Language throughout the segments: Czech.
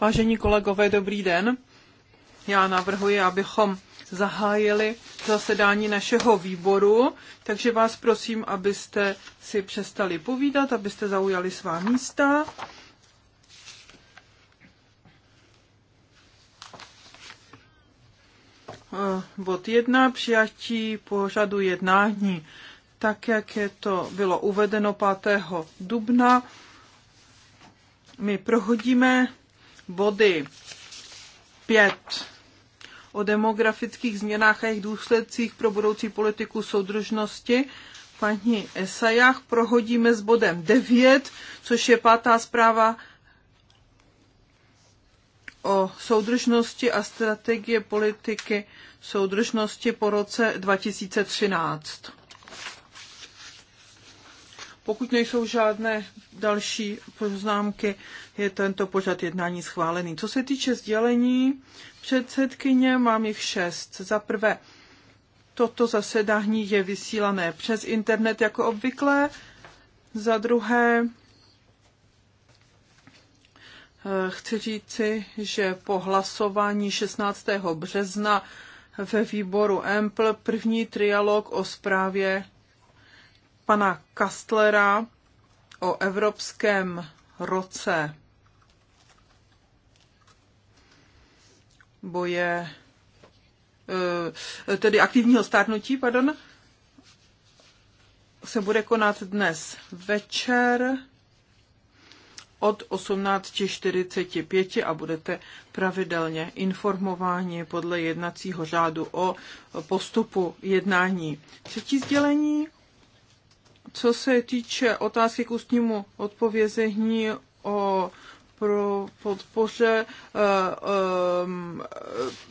Vážení kolegové, dobrý den. Já navrhuji, abychom zahájili zasedání našeho výboru, takže vás prosím, abyste si přestali povídat, abyste zaujali svá místa. Eh, bod jedna. Přijatí pořadu jednání. Tak, jak je to bylo uvedeno 5. dubna, my prohodíme body 5 o demografických změnách a jejich důsledcích pro budoucí politiku soudržnosti paní Esajach prohodíme s bodem 9, což je pátá zpráva o soudržnosti a strategie politiky soudržnosti po roce 2013. Pokud nejsou žádné další poznámky, je tento pořad jednání schválený. Co se týče sdělení předsedkyně, mám jich šest. Za prvé, toto zasedání je vysílané přes internet jako obvykle. Za druhé, eh, chci říci, že po hlasování 16. března ve výboru EMPL první trialog o zprávě pana Kastlera o Evropském roce boje, eh, tedy aktivního stárnutí, pardon, se bude konat dnes večer od 18.45 a budete pravidelně informováni podle jednacího řádu o postupu jednání. Třetí sdělení co se týče otázky k ústnímu odpovězení o pro podpoře eh, eh, mm,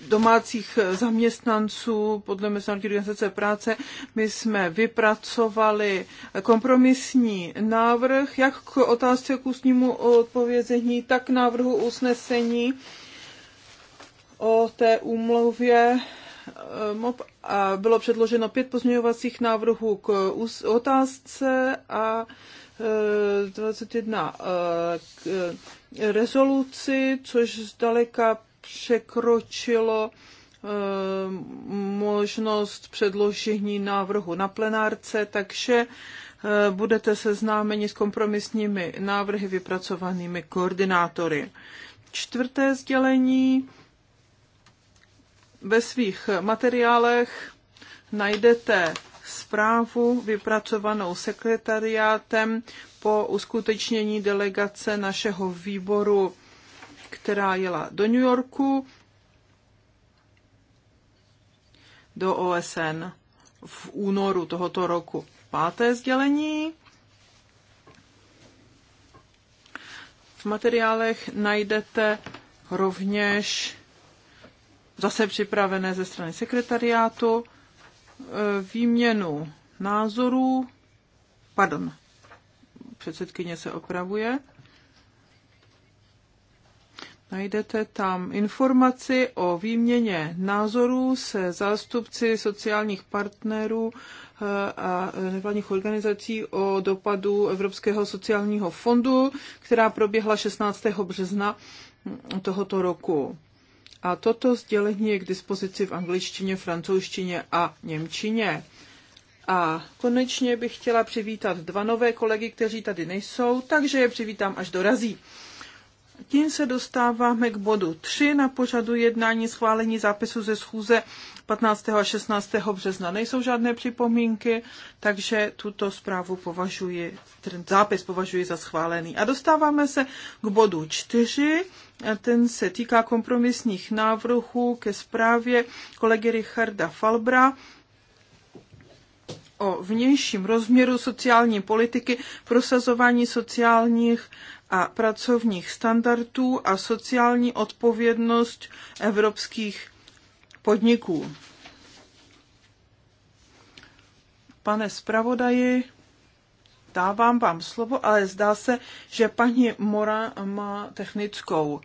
domácích zaměstnanců podle Mezinárodní organizace práce. My jsme vypracovali kompromisní návrh, jak k otázce k ústnímu odpovězení, tak k návrhu usnesení o té úmluvě Eh, MOP a bylo předloženo pět pozměňovacích návrhů k otázce a 21 eh, eh, k rezoluci, což zdaleka překročilo možnost předložení návrhu na plenárce, takže budete seznámeni s kompromisními návrhy vypracovanými koordinátory. Čtvrté sdělení ve svých materiálech najdete zprávu vypracovanou sekretariátem po uskutečnění delegace našeho výboru, která jela do New Yorku, do OSN v únoru tohoto roku. Páté sdělení. V materiálech najdete rovněž zase připravené ze strany sekretariátu, e, výměnu názorů, pardon, předsedkyně se opravuje, Najdete tam informaci o výměně názorů se zástupci sociálních partnerů e, a nevládních organizací o dopadu Evropského sociálního fondu, která proběhla 16. března tohoto roku. A toto sdělení je k dispozici v angličtině, francouzštině a němčině. A konečně bych chtěla přivítat dva nové kolegy, kteří tady nejsou, takže je přivítám, až dorazí. Tím se dostáváme k bodu 3 na pořadu jednání schválení zápisu ze schůze 15. a 16. března. Nejsou žádné připomínky, takže tuto zprávu považuji, zápis považuji za schválený. A dostáváme se k bodu 4. Ten se týká kompromisních návrhů ke zprávě kolegy Richarda Falbra o vnějším rozměru sociální politiky, prosazování sociálních a pracovních standardů a sociální odpovědnost evropských podniků. Pane zpravodaji, dávám vám slovo, ale zdá se, že paní Mora má technickou.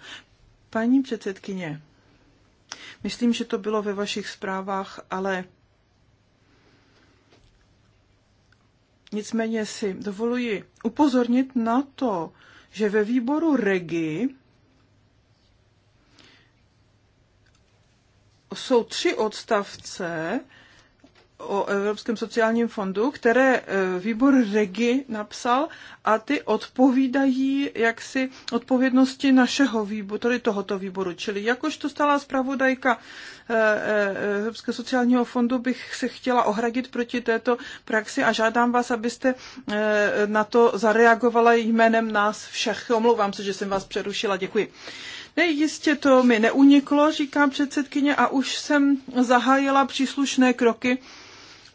Paní předsedkyně, myslím, že to bylo ve vašich zprávách, ale nicméně si dovoluji upozornit na to, že ve výboru REGI jsou tři odstavce o Evropském sociálním fondu, které eh, výbor Regi napsal a ty odpovídají jaksi odpovědnosti našeho výboru, tedy tohoto výboru. Čili jakožto stala zpravodajka eh, eh, Evropského sociálního fondu bych se chtěla ohradit proti této praxi a žádám vás, abyste na to zareagovala jménem nás všech. Omlouvám se, že jsem vás přerušila. Děkuji. Ne, jistě to mi neuniklo, říká předsedkyně, a už jsem zahájila příslušné kroky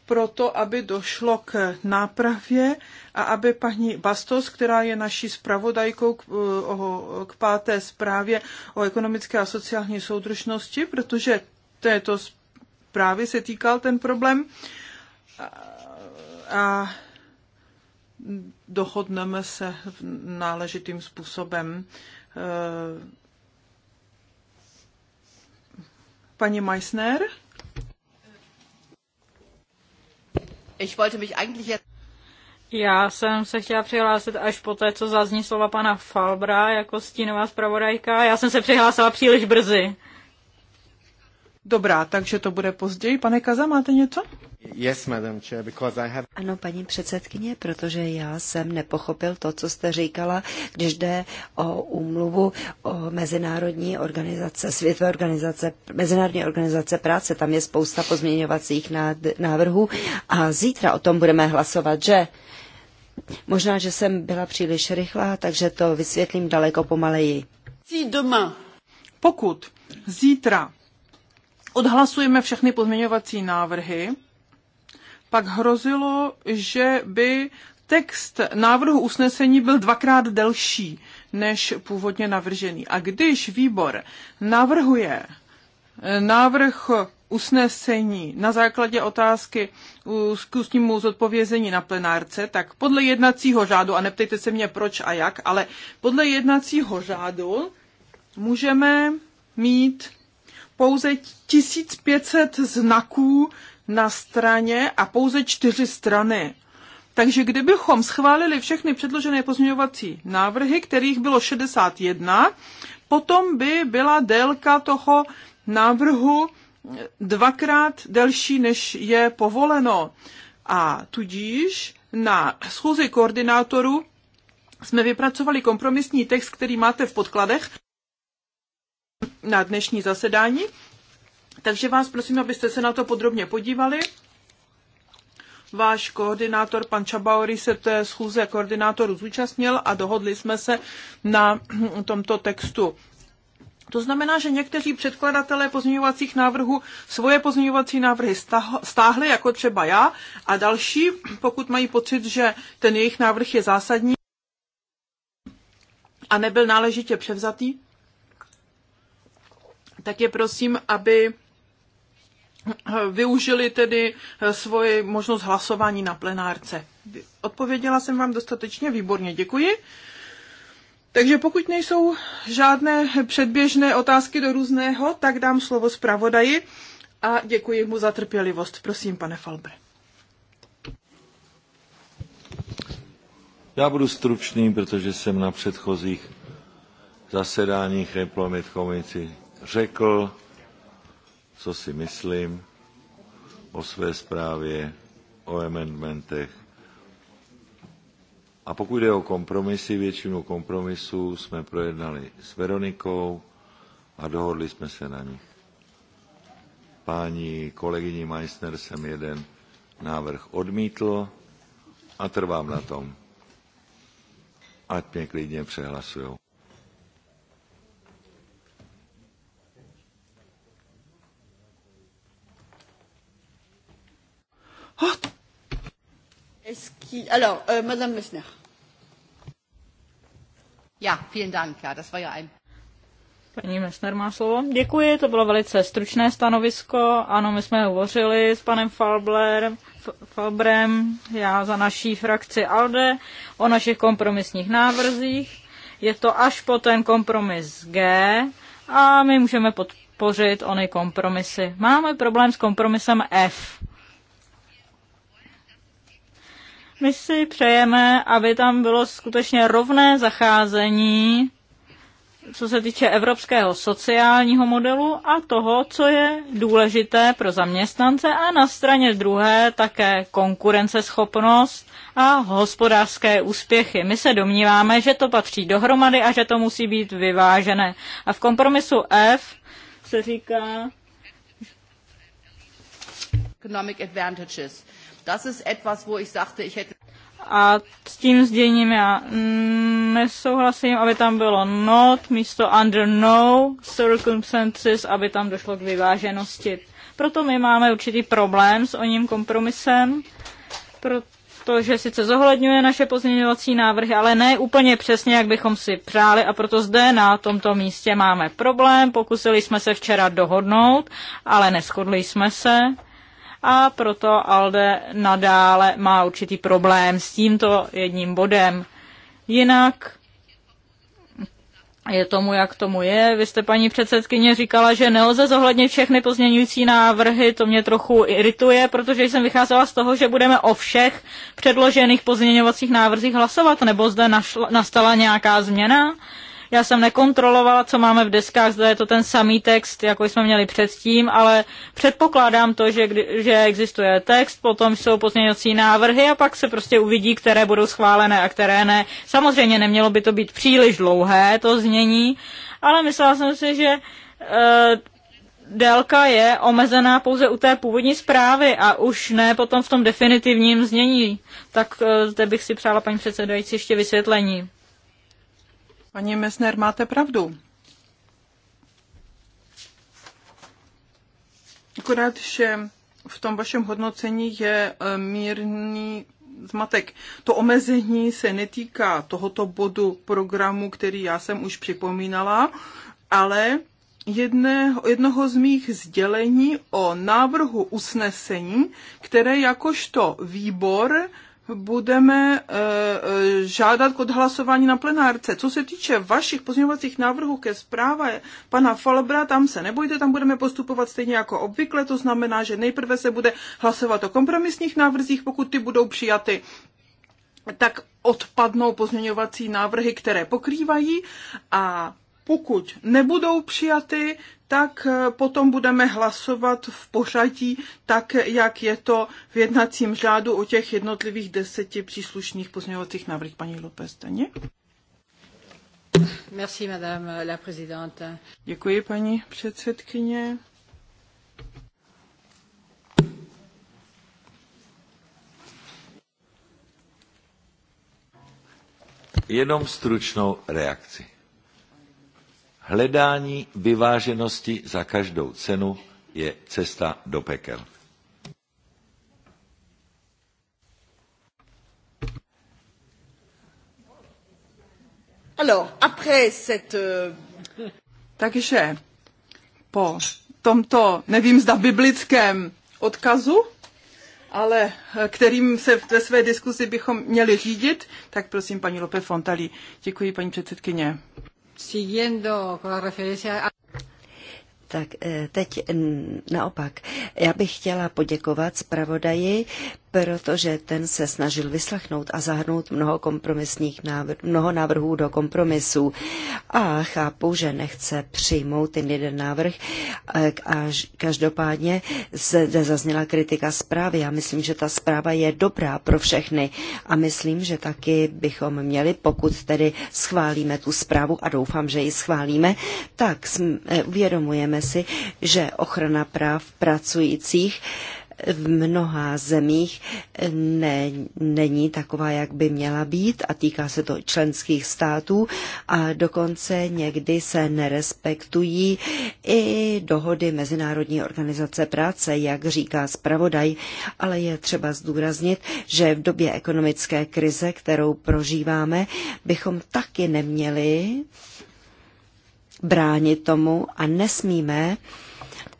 pro to, aby došlo k nápravě a aby paní Bastos, která je naší zpravodajkou k, eh, k páté zprávě o ekonomické a sociální soudržnosti, protože této zprávy se týkal ten problém, a, a dohodneme se náležitým způsobem eh, Paní Meissner? Ich wollte mich eigentlich jetzt já jsem se chtěla přihlásit až po té, co zazní slova pana Falbra jako stínová zpravodajka. Já jsem se přihlásila příliš brzy. Dobrá, takže to bude později. Pane Kaza, máte něco? Yes, Madam Chair, because I have... Ano, paní předsedkyně, protože já jsem nepochopil to, co jste říkala, když jde o úmluvu o Mezinárodní organizace, Světové organizace, Mezinárodní organizace práce. Tam je spousta pozměňovacích návrhů a zítra o tom budeme hlasovat, že? Možná, že jsem byla příliš rychlá, takže to vysvětlím daleko pomaleji. Doma. Pokud zítra odhlasujeme všechny pozměňovací návrhy, pak hrozilo, že by text návrhu usnesení byl dvakrát delší než původně navržený. A když výbor navrhuje eh, návrh usnesení na základě otázky k ústnímu zodpovězení na plenárce, tak podle jednacího řádu, a neptejte se mě proč a jak, ale podle jednacího řádu můžeme mít pouze 1500 znaků na straně a pouze čtyři strany. Takže kdybychom schválili všechny předložené pozměňovací návrhy, kterých bylo 61, potom by byla délka toho návrhu dvakrát delší, než je povoleno. A tudíž na schůzi koordinátorů jsme vypracovali kompromisní text, který máte v podkladech na dnešní zasedání takže vás prosím, abyste se na to podrobně podívali. Váš koordinátor, pan Čabaori, se té schůze koordinátorů zúčastnil a dohodli jsme se na tomto textu. To znamená, že někteří předkladatelé pozměňovacích návrhů svoje pozměňovací návrhy stáhli, jako třeba já, a další, pokud mají pocit, že ten jejich návrh je zásadní a nebyl náležitě převzatý, tak je prosím, aby využili tedy eh, svoji možnost hlasování na plenárce. Odpověděla jsem vám dostatečně výborně, děkuji. Takže pokud nejsou žádné předběžné otázky do různého, tak dám slovo zpravodaji a děkuji mu za trpělivost. Prosím, pane Falbre. Já budu stručný, protože jsem na předchozích zasedáních Replomit komici řekl, co si myslím o své zprávě, o amendmentech. A pokud jde o kompromisy, většinu kompromisů jsme projednali s Veronikou a dohodli jsme se na nich. Páni kolegyni Meissner jsem jeden návrh odmítl a trvám na tom. Ať mě klidně přehlasujou. Est-ce Alors, euh, Madame Messner. Ja, vielen Dank. Ja, das war ja ein... Paní Messner má slovo. Děkuji, to bylo velice stručné stanovisko. Ano, my jsme hovořili s panem Falbler, Falbrem, já za naší frakci ALDE, o našich kompromisních návrzích. Je to až po ten kompromis G a my můžeme podpořit ony kompromisy. Máme problém s kompromisem F my si přejeme, aby tam bylo skutečně rovné zacházení, co se týče evropského sociálního modelu a toho, co je důležité pro zaměstnance a na straně druhé také konkurenceschopnost a hospodářské úspěchy. My se domníváme, že to patří dohromady a že to musí být vyvážené. A v kompromisu F se říká economic advantages Das ist etwas, wo ich sagte, ich hätte a s tím zděním já nesouhlasím, aby tam bylo not místo under no circumstances, aby tam došlo k vyváženosti. Proto my máme určitý problém s oním kompromisem, protože sice zohledňuje naše pozměňovací návrhy, ale ne úplně přesně, jak bychom si přáli a proto zde na tomto místě máme problém. Pokusili jsme se včera dohodnout, ale neschodli jsme se a proto ALDE nadále má určitý problém s tímto jedním bodem. Jinak je tomu, jak tomu je. Vy jste, paní předsedkyně, říkala, že nelze zohlednit všechny pozměňující návrhy. To mě trochu irituje, protože jsem vycházela z toho, že budeme o všech předložených pozměňovacích návrzích hlasovat. Nebo zde našla, nastala nějaká změna? Já jsem nekontrolovala, co máme v deskách, zda je to ten samý text, jako jsme měli předtím, ale předpokládám to, že, kdy, že existuje text, potom jsou pozměňovací návrhy a pak se prostě uvidí, které budou schválené a které ne. Samozřejmě nemělo by to být příliš dlouhé, to znění, ale myslela jsem si, že e, délka je omezená pouze u té původní zprávy a už ne potom v tom definitivním znění. Tak eh, zde bych si přála paní předsedající ještě vysvětlení. Paní Mesner, máte pravdu. Akorát, že v tom vašem hodnocení je eh, mírný zmatek. To omezení se netýká tohoto bodu programu, který já jsem už připomínala, ale jedného, jednoho z mých sdělení o návrhu usnesení, které jakožto výbor budeme eh, eh, žádat k odhlasování na plenárce. Co se týče vašich pozměňovacích návrhů ke zprávě pana Falbra, tam se nebojte, tam budeme postupovat stejně jako obvykle, to znamená, že nejprve se bude hlasovat o kompromisních návrzích, pokud ty budou přijaty tak odpadnou pozměňovací návrhy, které pokrývají a pokud nebudou přijaty, tak eh, potom budeme hlasovat v pořadí tak, jak je to v jednacím řádu o těch jednotlivých deseti příslušných pozměňovacích návrh paní López Daně. Merci, madame la présidente. Děkuji, paní předsedkyně. Jenom stručnou reakci. Hledání vyváženosti za každou cenu je cesta do pekel. Alors, après cette... Euh, Takže po tomto, nevím zda biblickém odkazu, ale eh, kterým se ve své diskusi bychom měli řídit, tak prosím paní Lope Fontali. Děkuji paní předsedkyně siguiendo con la referencia a... Tak eh, teď naopak, já bych chtěla poděkovat zpravodaji, protože ten se snažil vyslechnout a zahrnout mnoho kompromisních návr- mnoho návrhů do kompromisů. A chápu, že nechce přijmout ten jeden návrh. Až každopádně zde zazněla kritika zprávy. Já myslím, že ta zpráva je dobrá pro všechny a myslím, že taky bychom měli, pokud tedy schválíme tu zprávu a doufám, že ji schválíme, tak eh, uvědomujeme si, že ochrana práv pracujících v mnoha zemích ne, není taková, jak by měla být a týká se to členských států a dokonce někdy se nerespektují i dohody Mezinárodní organizace práce, jak říká zpravodaj, ale je třeba zdůraznit, že v době ekonomické krize, kterou prožíváme, bychom taky neměli bránit tomu a nesmíme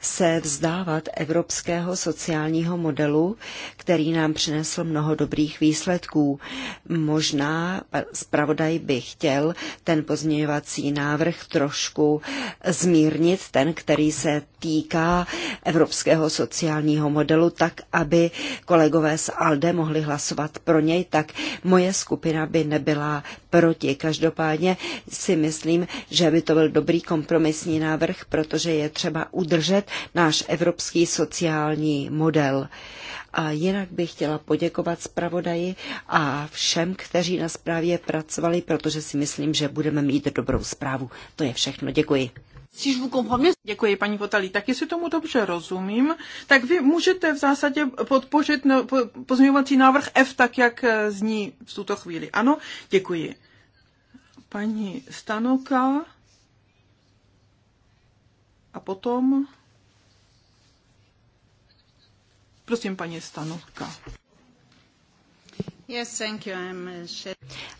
se vzdávat evropského sociálního modelu, který nám přinesl mnoho dobrých výsledků. Možná zpravodaj by chtěl ten pozměňovací návrh trošku zmírnit, ten, který se týká evropského sociálního modelu, tak, aby kolegové z ALDE mohli hlasovat pro něj, tak moje skupina by nebyla proti. Každopádně si myslím, že by to byl dobrý kompromisní návrh, protože je třeba udržet náš evropský sociální model. A jinak bych chtěla poděkovat zpravodaji a všem, kteří na zprávě pracovali, protože si myslím, že budeme mít dobrou zprávu. To je všechno. Děkuji. Děkuji, paní Votalí. Tak jestli tomu dobře rozumím, tak vy můžete v zásadě podpořit no, pozměňovací návrh F tak, jak eh, zní v tuto chvíli. Ano, děkuji. Paní Stanoka a potom Prosím, paní Stanovka. Uh,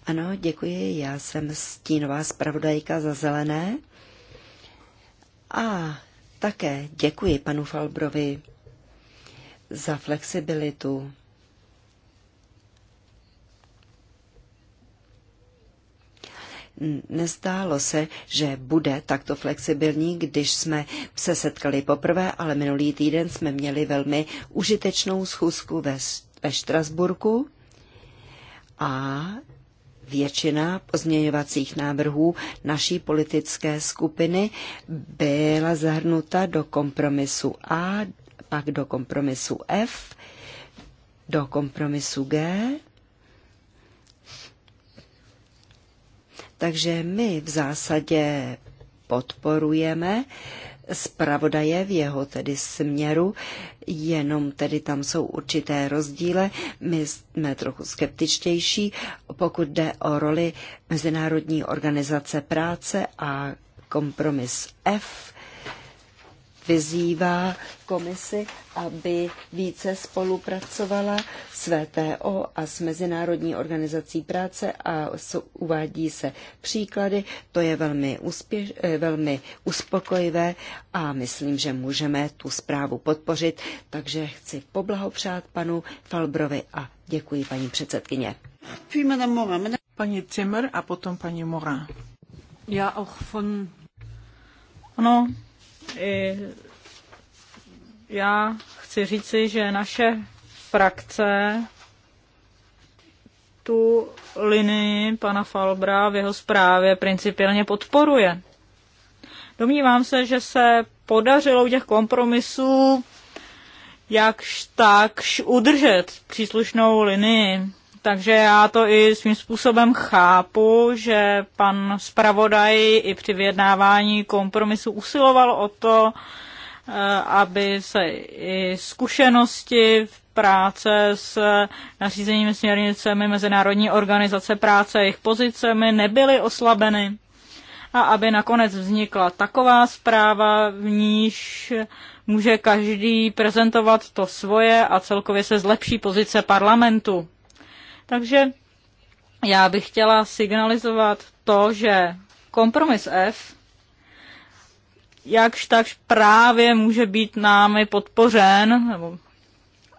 ano, děkuji. Já jsem stínová zpravodajka za zelené. A také děkuji panu Falbrovi za flexibilitu Nezdálo se, že bude takto flexibilní, když jsme se setkali poprvé, ale minulý týden jsme měli velmi užitečnou schůzku ve, ve Štrasburku a Většina pozměňovacích návrhů naší politické skupiny byla zahrnuta do kompromisu A, pak do kompromisu F, do kompromisu G Takže my v zásadě podporujeme zpravodaje v jeho tedy směru, jenom tedy tam jsou určité rozdíle. My jsme trochu skeptičtější, pokud jde o roli Mezinárodní organizace práce a kompromis F, vyzývá komisi, aby více spolupracovala s VTO a s Mezinárodní organizací práce a uvádí se příklady. To je velmi, eh, velmi uspokojivé a myslím, že můžeme tu zprávu podpořit. Takže chci poblahopřát panu Falbrovi a děkuji paní předsedkyně. Paní Zimmer a potom paní Morin. Já auch von... Ano, i já chci říci, že naše frakce tu linii pana Falbra v jeho zprávě principiálně podporuje. Domnívám se, že se podařilo u těch kompromisů jakž takž udržet příslušnou linii. Takže já to i svým způsobem chápu, že pan zpravodaj i při vyjednávání kompromisu usiloval o to, eh, aby se i zkušenosti v práce s nařízeními směrnicemi Mezinárodní organizace práce, jejich pozicemi nebyly oslabeny a aby nakonec vznikla taková zpráva, v níž může každý prezentovat to svoje a celkově se zlepší pozice parlamentu. Takže já bych chtěla signalizovat to, že kompromis F jakž takž právě může být námi podpořen, nebo,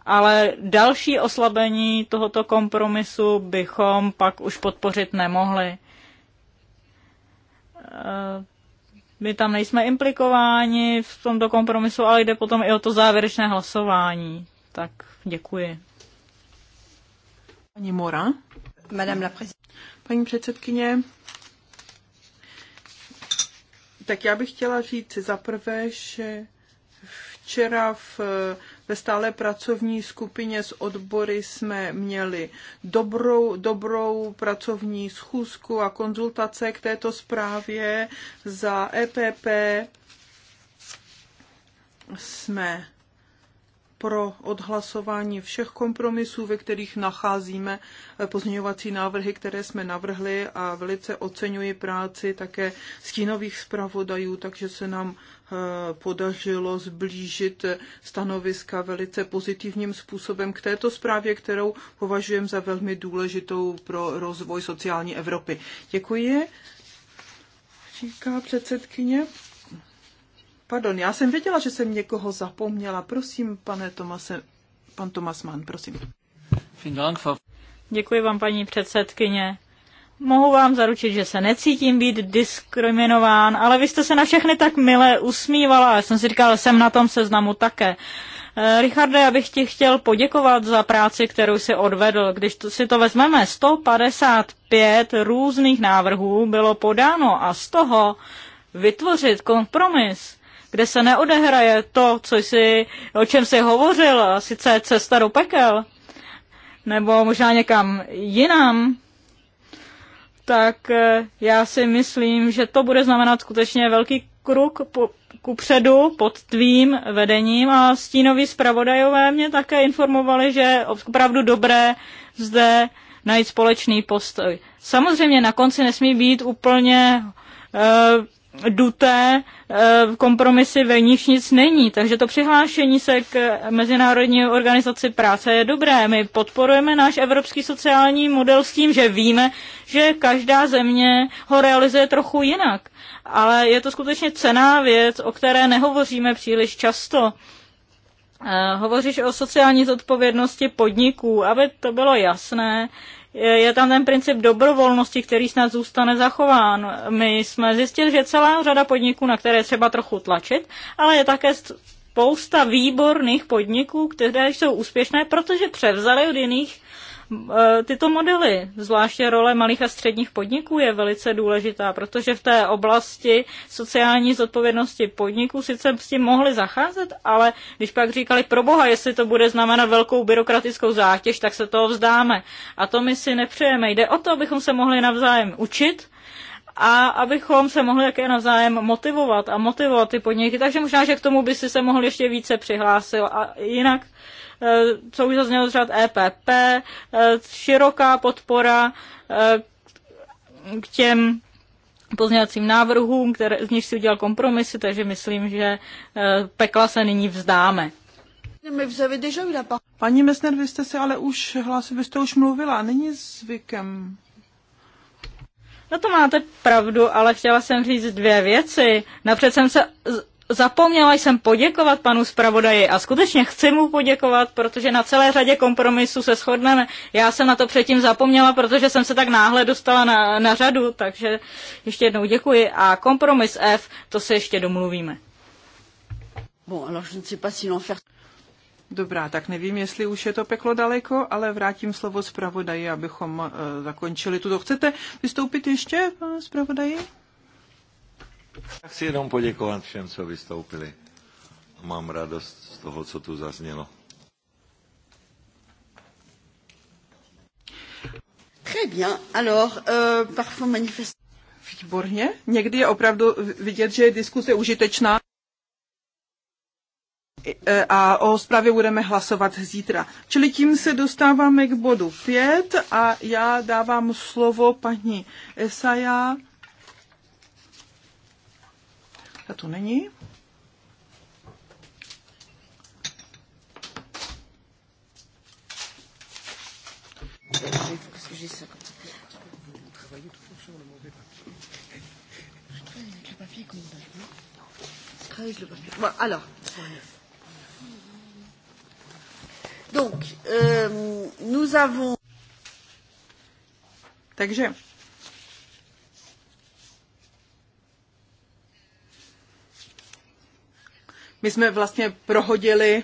ale další oslabení tohoto kompromisu bychom pak už podpořit nemohli. Eh, my tam nejsme implikováni v tomto kompromisu, ale jde potom i o to závěrečné hlasování. Tak děkuji. Paní Mora. Madame la Paní předsedkyně, tak já bych chtěla říct zaprvé, že včera v, ve stále pracovní skupině s odbory jsme měli dobrou, dobrou pracovní schůzku a konzultace k této zprávě za EPP. Jsme pro odhlasování všech kompromisů, ve kterých nacházíme eh, pozměňovací návrhy, které jsme navrhli a velice oceňuji práci také stínových zpravodajů, takže se nám eh, podařilo zblížit eh, stanoviska velice pozitivním způsobem k této zprávě, kterou považuji za velmi důležitou pro rozvoj sociální Evropy. Děkuji, říká předsedkyně. Pardon, já jsem věděla, že jsem někoho zapomněla. Prosím, pane Tomase, pan Tomas Mann, prosím. Děkuji vám, paní předsedkyně. Mohu vám zaručit, že se necítím být diskriminován, ale vy jste se na všechny tak milé usmívala. Já jsem si říkala, jsem na tom seznamu také. Eh, Richarde, já bych ti chtěl poděkovat za práci, kterou si odvedl. Když to, si to vezmeme, 155 různých návrhů bylo podáno a z toho vytvořit kompromis kde se neodehraje to, co jsi, o čem jsi hovořil, a sice cesta do pekel, nebo možná někam jinam, tak eh, já si myslím, že to bude znamenat skutečně velký kruk po, ku předu pod tvým vedením a stínoví zpravodajové mě také informovali, že je opravdu dobré zde najít společný postoj. Samozřejmě na konci nesmí být úplně eh, duté eh, kompromisy, ve nichž nic není. Takže to přihlášení se k Mezinárodní organizaci práce je dobré. My podporujeme náš evropský sociální model s tím, že víme, že každá země ho realizuje trochu jinak. Ale je to skutečně cená věc, o které nehovoříme příliš často. Eh, hovoříš o sociální zodpovědnosti podniků, aby to bylo jasné, je tam ten princip dobrovolnosti, který snad zůstane zachován. My jsme zjistili, že celá řada podniků, na které třeba trochu tlačit, ale je také spousta výborných podniků, které jsou úspěšné, protože převzali od jiných Eh, tyto modely. Zvláště role malých a středních podniků je velice důležitá, protože v té oblasti sociální zodpovědnosti podniků sice s tím mohli zacházet, ale když pak říkali pro boha, jestli to bude znamenat velkou byrokratickou zátěž, tak se toho vzdáme. A to my si nepřejeme. Jde o to, abychom se mohli navzájem učit, a abychom se mohli také navzájem motivovat a motivovat ty podniky. Takže možná, že k tomu by si se mohl ještě více přihlásil. A jinak Eh, co už zaznělo z řad EPP, eh, široká podpora eh, k těm pozněvacím návrhům, které, z nich si udělal kompromisy, takže myslím, že pekla se nyní vzdáme. Paní Mesner, vy jste se ale už hlásil, vy jste už mluvila, není zvykem. No to máte pravdu, ale chtěla jsem říct dvě věci. Napřed jsem se zapomněla jsem poděkovat panu zpravodaji a skutečně chci mu poděkovat, protože na celé řadě kompromisů se shodneme. Já jsem na to předtím zapomněla, protože jsem se tak náhle dostala na, na řadu, takže ještě jednou děkuji a kompromis F, to se ještě domluvíme. Dobrá, tak nevím, jestli už je to peklo daleko, ale vrátím slovo zpravodaji, abychom uh, zakončili tuto. Chcete vystoupit ještě, pane zpravodaji? Chci jenom poděkovat všem, co vystoupili. A mám radost z toho, co tu zaznělo. Euh, Výborně. Někdy je opravdu vidět, že je diskuse užitečná e, a o zprávě budeme hlasovat zítra. Čili tím se dostáváme k bodu 5 a já dávám slovo paní Esaja ta tu není. Alors, donc, euh, nous avons. Takže my jsme vlastně prohodili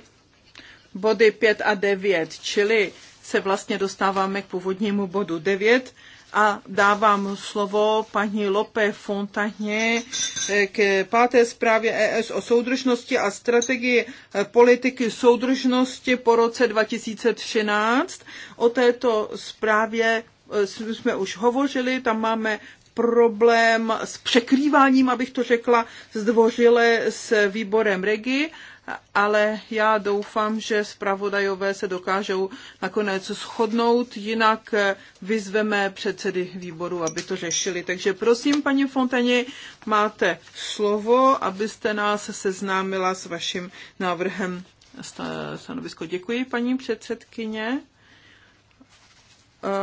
body 5 a 9, čili se vlastně dostáváme k původnímu bodu 9 a dávám slovo paní Lope Fontaně eh, k páté zprávě ES o soudržnosti a strategii eh, politiky soudržnosti po roce 2013. O této zprávě eh, jsme už hovořili, tam máme problém s překrýváním, abych to řekla, zdvořile s výborem Regi, ale já doufám, že zpravodajové se dokážou nakonec shodnout, jinak vyzveme předsedy výboru, aby to řešili. Takže prosím, paní Fontani, máte slovo, abyste nás seznámila s vaším návrhem stanovisko. Děkuji, paní předsedkyně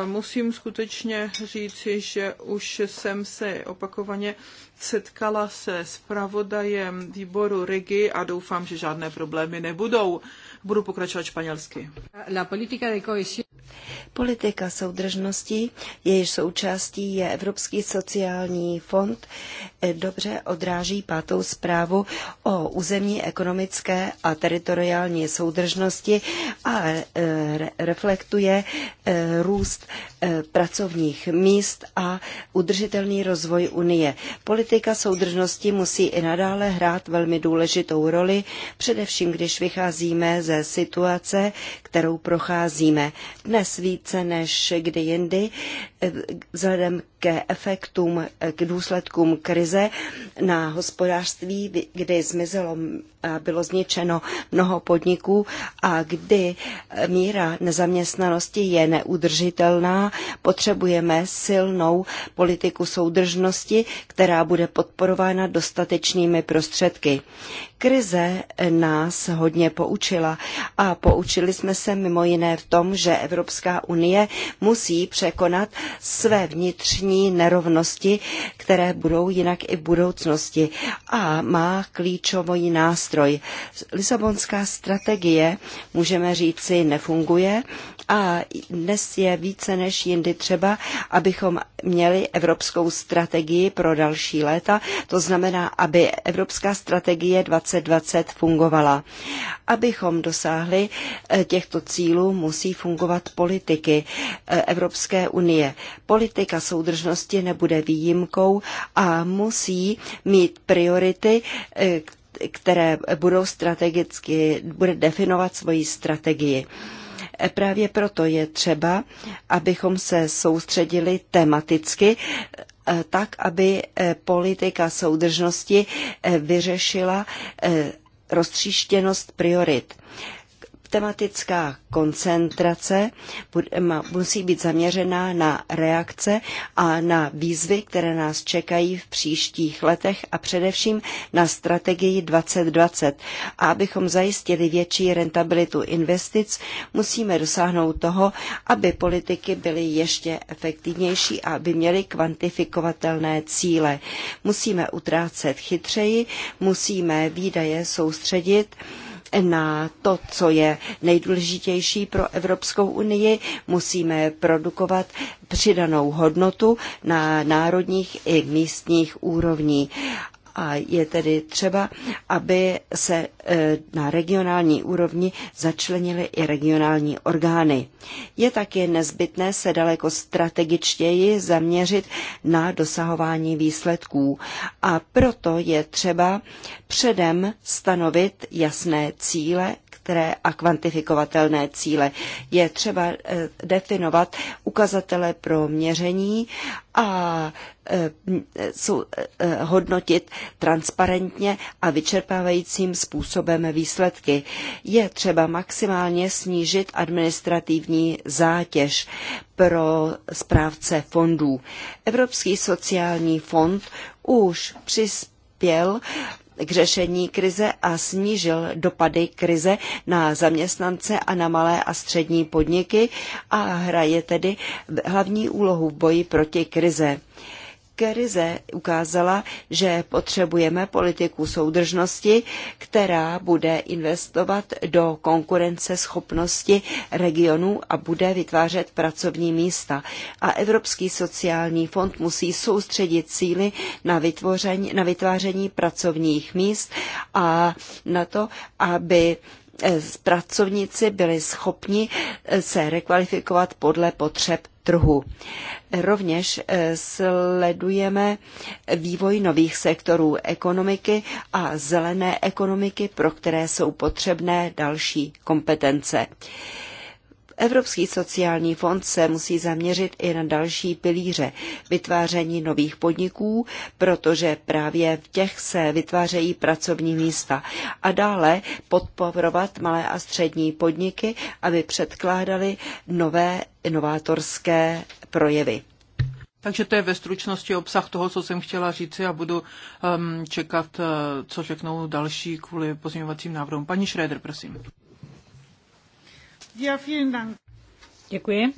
musím skutečně říci, že už jsem se opakovaně setkala se zpravodajem výboru Regi a doufám, že žádné problémy nebudou. Budu pokračovat španělsky. La politika de cohesión Politika soudržnosti, jejíž součástí je Evropský sociální fond, eh, dobře odráží pátou zprávu o územní ekonomické a teritoriální soudržnosti a eh, reflektuje eh, růst pracovních míst a udržitelný rozvoj Unie. Politika soudržnosti musí i nadále hrát velmi důležitou roli, především když vycházíme ze situace, kterou procházíme dnes více než kdy jindy, eh, vzhledem k efektům, k důsledkům krize na hospodářství, kdy zmizelo a bylo zničeno mnoho podniků a kdy míra nezaměstnanosti je neudržitelná, potřebujeme silnou politiku soudržnosti, která bude podporována dostatečnými prostředky. Krize nás hodně poučila a poučili jsme se mimo jiné v tom, že Evropská unie musí překonat své vnitřní sociální nerovnosti, které budou jinak i v budoucnosti. A má klíčový nástroj. Lisabonská strategie, můžeme říci, nefunguje a dnes je více než jindy třeba, abychom měli evropskou strategii pro další léta, to znamená, aby evropská strategie 2020 fungovala. Abychom dosáhli eh, těchto cílů, musí fungovat politiky eh, Evropské unie. Politika soudržnosti soudržnosti nebude výjimkou a musí mít priority, eh, které budou strategicky, bude definovat svoji strategii. Eh, právě proto je třeba, abychom se soustředili tematicky eh, tak, aby politika soudržnosti vyřešila roztříštěnost priorit tematická koncentrace musí být zaměřená na reakce a na výzvy, které nás čekají v příštích letech a především na strategii 2020. A abychom zajistili větší rentabilitu investic, musíme dosáhnout toho, aby politiky byly ještě efektivnější a aby měly kvantifikovatelné cíle. Musíme utrácet chytřeji, musíme výdaje soustředit na to, co je nejdůležitější pro Evropskou unii. Musíme produkovat přidanou hodnotu na národních i místních úrovních a je tedy třeba, aby se e, na regionální úrovni začlenily i regionální orgány. Je také nezbytné se daleko strategičtěji zaměřit na dosahování výsledků a proto je třeba předem stanovit jasné cíle chytré a kvantifikovatelné cíle. Je třeba eh, definovat ukazatele pro měření a eh, eh, hodnotit transparentně a vyčerpávajícím způsobem výsledky. Je třeba maximálně snížit administrativní zátěž pro správce fondů. Evropský sociální fond už přispěl k řešení krize a snížil dopady krize na zaměstnance a na malé a střední podniky a hraje tedy hlavní úlohu v boji proti krize krize ukázala, že potřebujeme politiku soudržnosti, která bude investovat do konkurenceschopnosti regionů a bude vytvářet pracovní místa. A Evropský sociální fond musí soustředit síly na, vytvoření, na vytváření pracovních míst a na to, aby pracovníci byli schopni eh, se rekvalifikovat podle potřeb trhu. Rovněž eh, sledujeme vývoj nových sektorů ekonomiky a zelené ekonomiky, pro které jsou potřebné další kompetence. Evropský sociální fond se musí zaměřit i na další pilíře vytváření nových podniků, protože právě v těch se vytvářejí pracovní místa a dále podporovat malé a střední podniky, aby předkládali nové inovátorské projevy. Takže to je ve stručnosti obsah toho, co jsem chtěla říci a budu um, čekat, uh, co řeknou další kvůli pozměňovacím návrhům. Paní Šréder, prosím. Děkuji.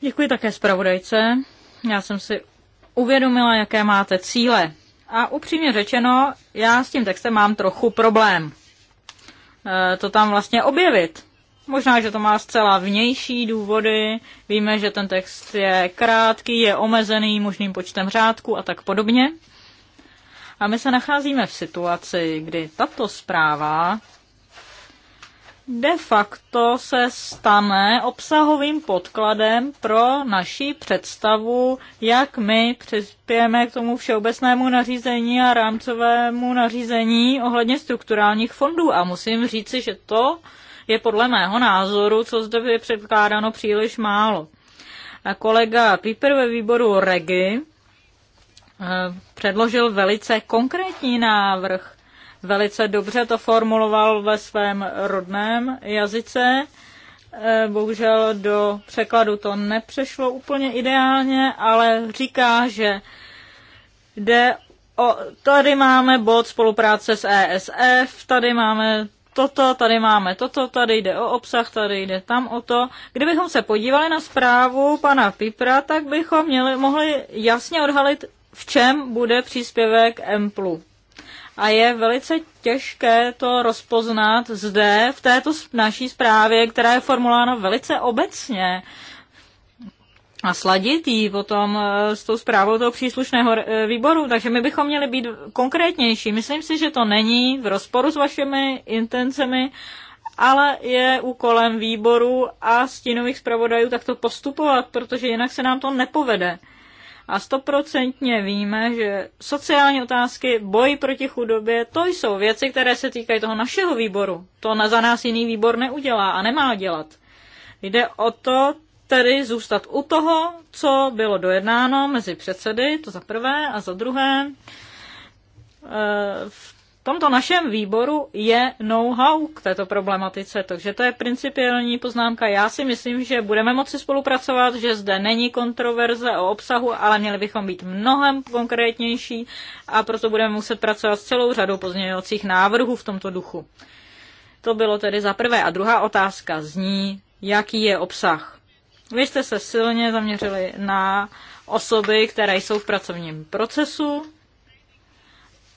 Děkuji také zpravodajce. Já jsem si uvědomila, jaké máte cíle. A upřímně řečeno, já s tím textem mám trochu problém. E, to tam vlastně objevit. Možná, že to má zcela vnější důvody. Víme, že ten text je krátký, je omezený možným počtem řádků a tak podobně. A my se nacházíme v situaci, kdy tato zpráva de facto se stane obsahovým podkladem pro naši představu, jak my přispějeme k tomu všeobecnému nařízení a rámcovému nařízení ohledně strukturálních fondů. A musím říci, že to je podle mého názoru, co zde je předkládáno příliš málo. A kolega Piper ve výboru REGI eh, předložil velice konkrétní návrh velice dobře to formuloval ve svém rodném jazyce. E, bohužel do překladu to nepřešlo úplně ideálně, ale říká, že jde o, tady máme bod spolupráce s ESF, tady máme toto, tady máme toto, tady jde o obsah, tady jde tam o to. Kdybychom se podívali na zprávu pana Pipra, tak bychom měli, mohli jasně odhalit, v čem bude příspěvek M+ a je velice těžké to rozpoznat zde v této naší zprávě, která je formulována velice obecně a sladit ji potom e, s tou zprávou toho příslušného e, výboru. Takže my bychom měli být konkrétnější. Myslím si, že to není v rozporu s vašimi intencemi, ale je úkolem výboru a stínových zpravodajů takto postupovat, protože jinak se nám to nepovede. A stoprocentně víme, že sociální otázky, boj proti chudobě, to jsou věci, které se týkají toho našeho výboru. To na, za nás jiný výbor neudělá a nemá dělat. Jde o to tedy zůstat u toho, co bylo dojednáno mezi předsedy, to za prvé, a za druhé, eh, v tomto našem výboru je know-how k této problematice, takže to je principiální poznámka. Já si myslím, že budeme moci spolupracovat, že zde není kontroverze o obsahu, ale měli bychom být mnohem konkrétnější a proto budeme muset pracovat s celou řadou pozměňovacích návrhů v tomto duchu. To bylo tedy za prvé. A druhá otázka zní, jaký je obsah. Vy jste se silně zaměřili na osoby, které jsou v pracovním procesu,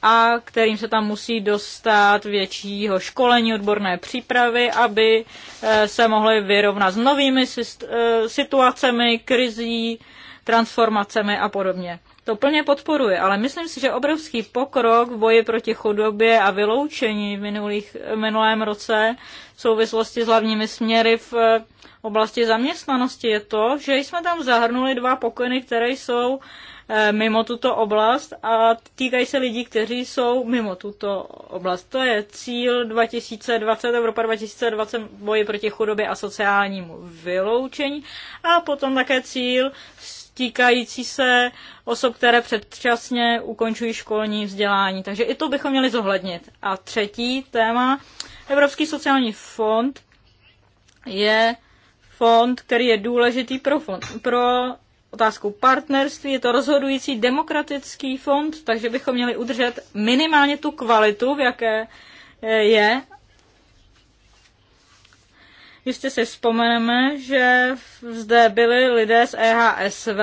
a kterým se tam musí dostat většího školení, odborné přípravy, aby eh, se mohli vyrovnat s novými eh, situacemi, krizí, transformacemi a podobně. To plně podporuje, ale myslím si, že obrovský pokrok v boji proti chudobě a vyloučení v, minulých, v minulém roce v souvislosti s hlavními směry v eh, oblasti zaměstnanosti je to, že jsme tam zahrnuli dva pokyny, které jsou uh, Eh, mimo tuto oblast a týkají se lidí, kteří jsou mimo tuto oblast. To je cíl 2020, Evropa 2020 boji proti chudobě a sociálnímu vyloučení a potom také cíl týkající se osob, které předčasně ukončují školní vzdělání. Takže i to bychom měli zohlednit. A třetí téma, Evropský sociální fond je fond, který je důležitý pro, fond, pro otázkou partnerství, je to rozhodující demokratický fond, takže bychom měli udržet minimálně tu kvalitu, v jaké eh, je. Jistě si vzpomeneme, že zde byli lidé z EHSV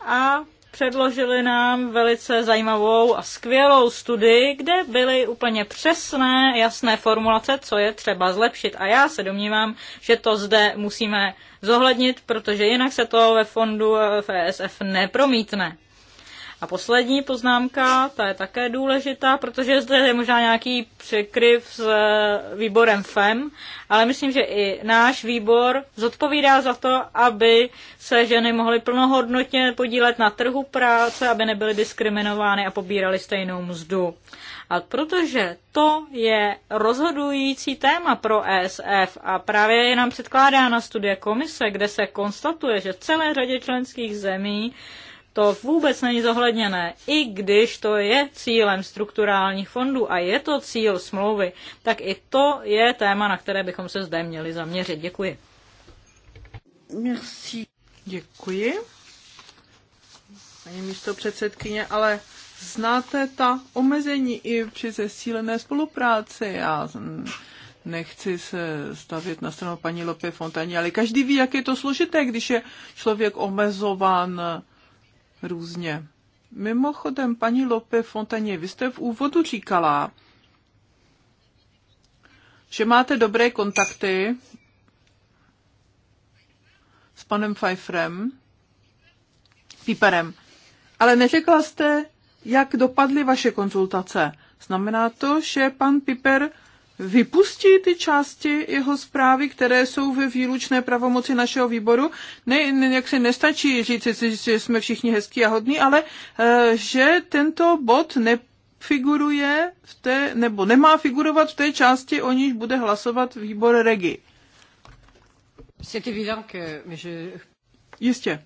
a Předložili nám velice zajímavou a skvělou studii, kde byly úplně přesné, jasné formulace, co je třeba zlepšit. A já se domnívám, že to zde musíme zohlednit, protože jinak se to ve fondu FSF eh, e nepromítne. A poslední poznámka, ta je také důležitá, protože zde je možná nějaký překryv s eh, výborem FEM, ale myslím, že i náš výbor zodpovídá za to, aby se ženy mohly plnohodnotně podílet na trhu práce, aby nebyly diskriminovány a pobíraly stejnou mzdu. A protože to je rozhodující téma pro ESF a právě je nám předkládána studie komise, kde se konstatuje, že v celé řadě členských zemí to vůbec není zohledněné, i když to je cílem strukturálních fondů a je to cíl smlouvy, tak i to je téma, na které bychom se zde měli zaměřit. Děkuji. Merci. Děkuji. Paní místo předsedkyně, ale znáte ta omezení i při zesílené spolupráci. Já nechci se stavět na stranu paní Lopé Fontaní, ale každý ví, jak je to složité, když je člověk omezován různě. Mimochodem, paní Lope Fontaně, vy jste v úvodu říkala, že máte dobré kontakty s panem Pfeifferem, Píperem, ale neřekla jste, jak dopadly vaše konzultace. Znamená to, že pan Piper vypustí ty části jeho zprávy, které jsou ve výlučné pravomoci našeho výboru. Ne, ne, jak se nestačí říct, že jsme všichni hezký a hodní, ale eh, že tento bod ne figuruje v té, nebo nemá figurovat v té části, o níž bude hlasovat výbor Regi. Jistě.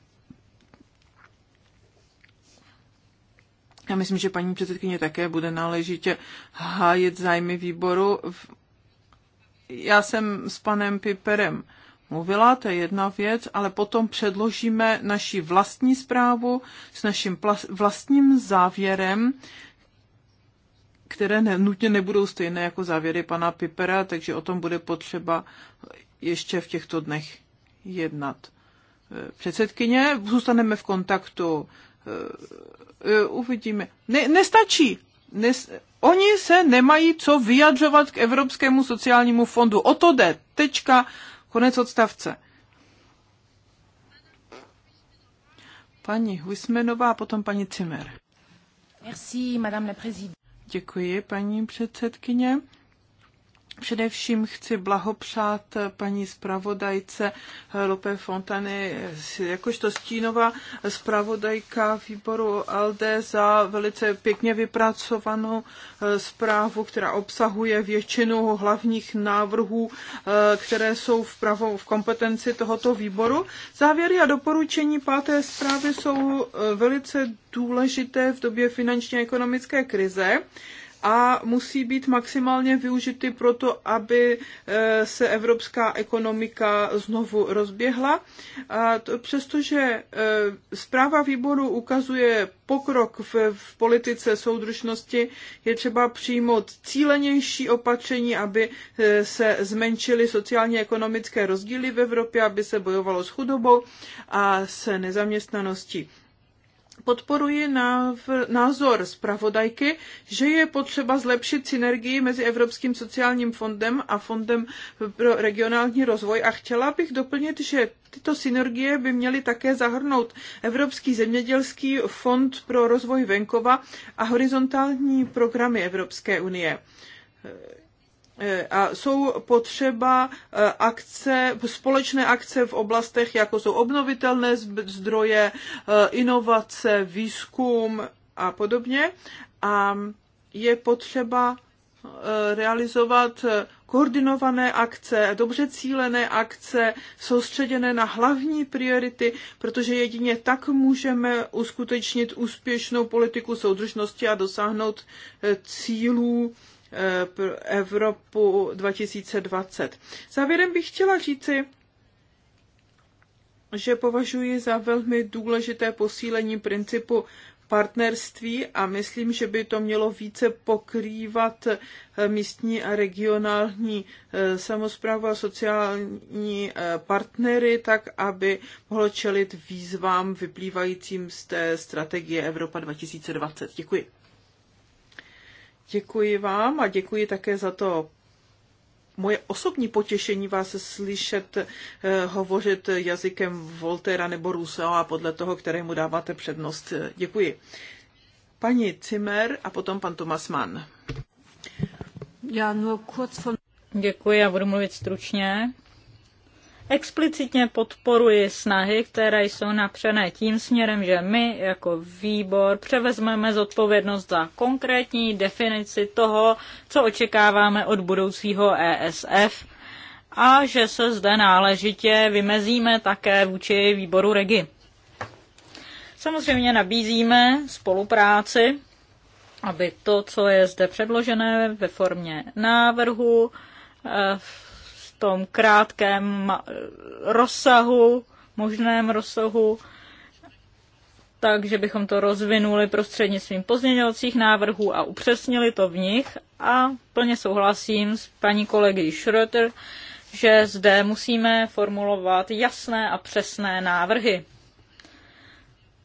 Já myslím, že paní předsedkyně také bude náležitě hájit zájmy výboru. Já jsem s panem Piperem mluvila, to je jedna věc, ale potom předložíme naši vlastní zprávu s naším vlastním závěrem, které ne, nutně nebudou stejné jako závěry pana Pipera, takže o tom bude potřeba ještě v těchto dnech jednat. Eh, předsedkyně, zůstaneme v kontaktu eh, E, uvidíme. Ne, nestačí. Nes, oni se nemají co vyjadřovat k Evropskému sociálnímu fondu. O to jde. Tečka. Konec odstavce. Paní Huismenová, potom paní Cimer. Merci, madame la Děkuji, paní předsedkyně. Především chci blahopřát paní zpravodajce Lope Fontany, jakožto stínová zpravodajka výboru ALDE za velice pěkně vypracovanou eh, zprávu, která obsahuje většinu hlavních návrhů, eh, které jsou v, v kompetenci tohoto výboru. Závěry a doporučení páté zprávy jsou eh, velice důležité v době finanční a ekonomické krize a musí být maximálně využity to, aby eh, se evropská ekonomika znovu rozběhla. A to, přestože eh, zpráva výboru ukazuje pokrok v, v politice soudržnosti, je třeba přijmout cílenější opatření, aby eh, se zmenšily sociálně ekonomické rozdíly v Evropě, aby se bojovalo s chudobou a se nezaměstnaností podporuji názor zpravodajky, že je potřeba zlepšit synergii mezi Evropským sociálním fondem a Fondem pro regionální rozvoj a chtěla bych doplnit, že tyto synergie by měly také zahrnout Evropský zemědělský fond pro rozvoj venkova a horizontální programy Evropské unie a jsou potřeba e, akce, společné akce v oblastech, jako jsou obnovitelné zdroje, e, inovace, výzkum a podobně. A je potřeba e, realizovat koordinované akce, dobře cílené akce, soustředěné na hlavní priority, protože jedině tak můžeme uskutečnit úspěšnou politiku soudržnosti a dosáhnout cílů Evropu 2020. Závěrem bych chtěla říci, že považuji za velmi důležité posílení principu partnerství a myslím, že by to mělo více pokrývat eh, místní a regionální eh, samozprávu a sociální eh, partnery, tak aby mohlo čelit výzvám vyplývajícím z té strategie Evropa 2020. Děkuji. Děkuji vám a děkuji také za to moje osobní potěšení vás slyšet eh, hovořit jazykem Voltera nebo Rousseau podle toho, kterému dáváte přednost. Děkuji. Paní Cimer a potom pan Tomas Mann. Děkuji, já budu mluvit stručně explicitně podporuji snahy, které jsou napřené tím směrem, že my jako výbor převezmeme zodpovědnost za konkrétní definici toho, co očekáváme od budoucího ESF a že se zde náležitě vymezíme také vůči výboru REGI. Samozřejmě nabízíme spolupráci, aby to, co je zde předložené ve formě návrhu, eh, tom krátkém rozsahu, možném rozsahu, takže bychom to rozvinuli prostřednictvím pozměňovacích návrhů a upřesnili to v nich. A plně souhlasím s paní kolegy Schröter, že zde musíme formulovat jasné a přesné návrhy.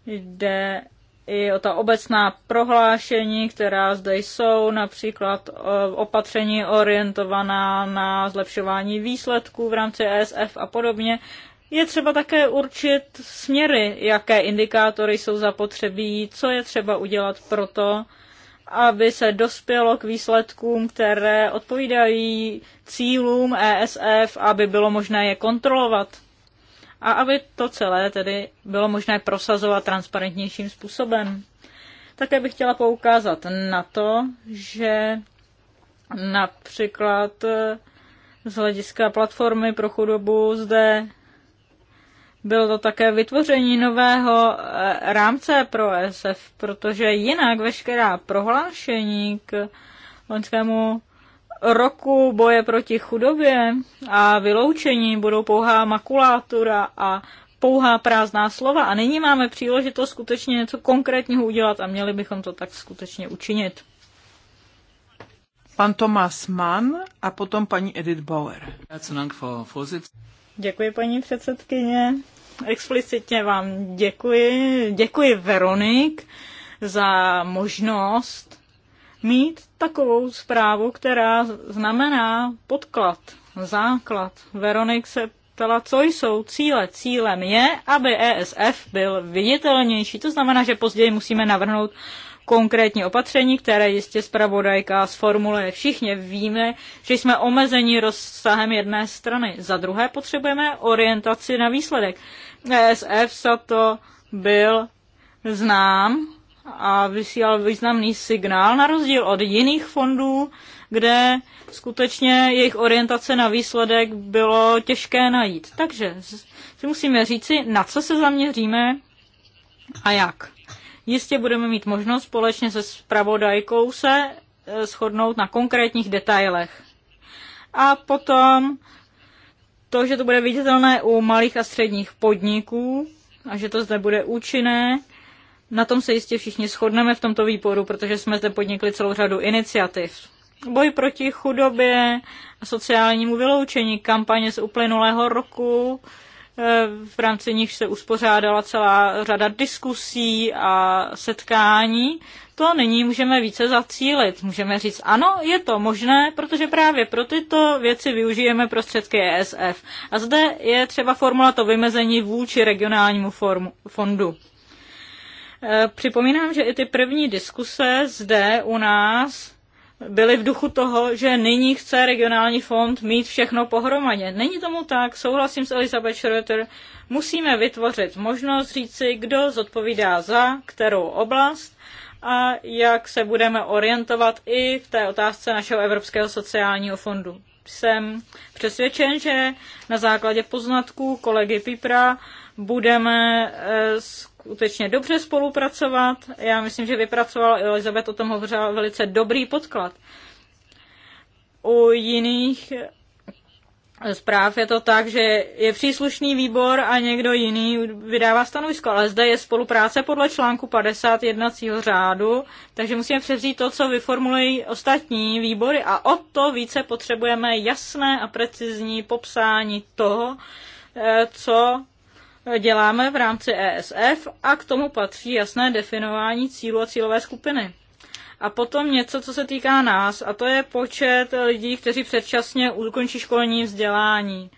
Jde i o ta obecná prohlášení, která zde jsou, například e, opatření orientovaná na zlepšování výsledků v rámci ESF a podobně. Je třeba také určit směry, jaké indikátory jsou zapotřebí, co je třeba udělat pro to, aby se dospělo k výsledkům, které odpovídají cílům ESF, aby bylo možné je kontrolovat a aby to celé tedy bylo možné prosazovat transparentnějším způsobem. Také bych chtěla poukázat na to, že například eh, z hlediska platformy pro chudobu zde bylo to také vytvoření nového eh, rámce pro ESF, protože jinak veškerá prohlášení k loňskému roku boje proti chudobě a vyloučení budou pouhá makulátura a pouhá prázdná slova a nyní máme příležitost skutečně něco konkrétního udělat a měli bychom to tak skutečně učinit. Pan Tomáš Mann a potom paní Edith Bauer. Děkuji, paní předsedkyně. Explicitně vám děkuji. Děkuji, Veronik, za možnost mít takovou zprávu, která znamená podklad, základ. Veronik se ptala, co jsou cíle. Cílem je, aby ESF byl viditelnější. To znamená, že později musíme navrhnout konkrétní opatření, které jistě zpravodajka sformuluje. Všichni víme, že jsme omezeni rozsahem jedné strany. Za druhé potřebujeme orientaci na výsledek. ESF za to byl znám a vysílal významný signál na rozdíl od jiných fondů, kde skutečně jejich orientace na výsledek bylo těžké najít. Takže si musíme říci, na co se zaměříme a jak. Jistě budeme mít možnost společně se zpravodajkou se eh, shodnout na konkrétních detailech. A potom to, že to bude viditelné u malých a středních podniků a že to zde bude účinné, na tom se jistě všichni shodneme v tomto výboru, protože jsme zde podnikli celou řadu iniciativ. Boj proti chudobě a sociálnímu vyloučení, kampaně z uplynulého roku, eh, v rámci nich se uspořádala celá řada diskusí a setkání. To nyní můžeme více zacílit. Můžeme říct, ano, je to možné, protože právě pro tyto věci využijeme prostředky ESF. A zde je třeba formulovat to vymezení vůči regionálnímu formu, fondu. Eh, připomínám, že i ty první diskuse zde u nás byly v duchu toho, že nyní chce regionální fond mít všechno pohromadě. Není tomu tak, souhlasím s Elizabeth Schroeter, musíme vytvořit možnost říci, kdo zodpovídá za kterou oblast a jak se budeme orientovat i v té otázce našeho Evropského sociálního fondu. Jsem přesvědčen, že na základě poznatků kolegy Pipra budeme eh, skutečně dobře spolupracovat. Já myslím, že vypracovala Elizabeth o tom hovořila velice dobrý podklad. U jiných eh, zpráv je to tak, že je příslušný výbor a někdo jiný vydává stanovisko, ale zde je spolupráce podle článku 50 jednacího řádu, takže musíme převzít to, co vyformulují ostatní výbory a o to více potřebujeme jasné a precizní popsání toho, eh, co děláme v rámci ESF a k tomu patří jasné definování cílu a cílové skupiny. A potom něco, co se týká nás, a to je počet lidí, kteří předčasně ukončí školní vzdělání.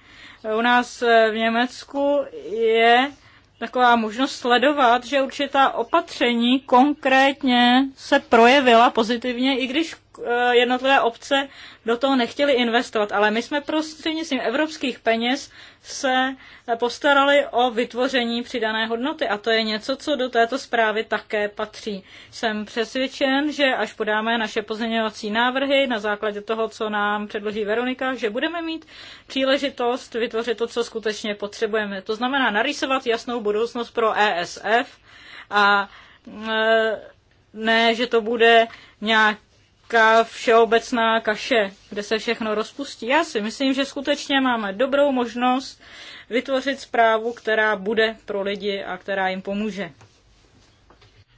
U nás v Německu je taková možnost sledovat, že určitá opatření konkrétně se projevila pozitivně, i když Eh, jednotlivé obce do toho nechtěli investovat, ale my jsme prostřednictvím evropských peněz se postarali o vytvoření přidané hodnoty a to je něco, co do této zprávy také patří. Jsem přesvědčen, že až podáme naše pozměňovací návrhy na základě toho, co nám předloží Veronika, že budeme mít příležitost vytvořit to, co skutečně potřebujeme. To znamená narýsovat jasnou budoucnost pro ESF a eh, ne, že to bude nějak ka- všeobecná kaše, kde se všechno rozpustí. Já si myslím, že skutečně máme dobrou možnost vytvořit zprávu, která bude pro lidi a která jim pomůže.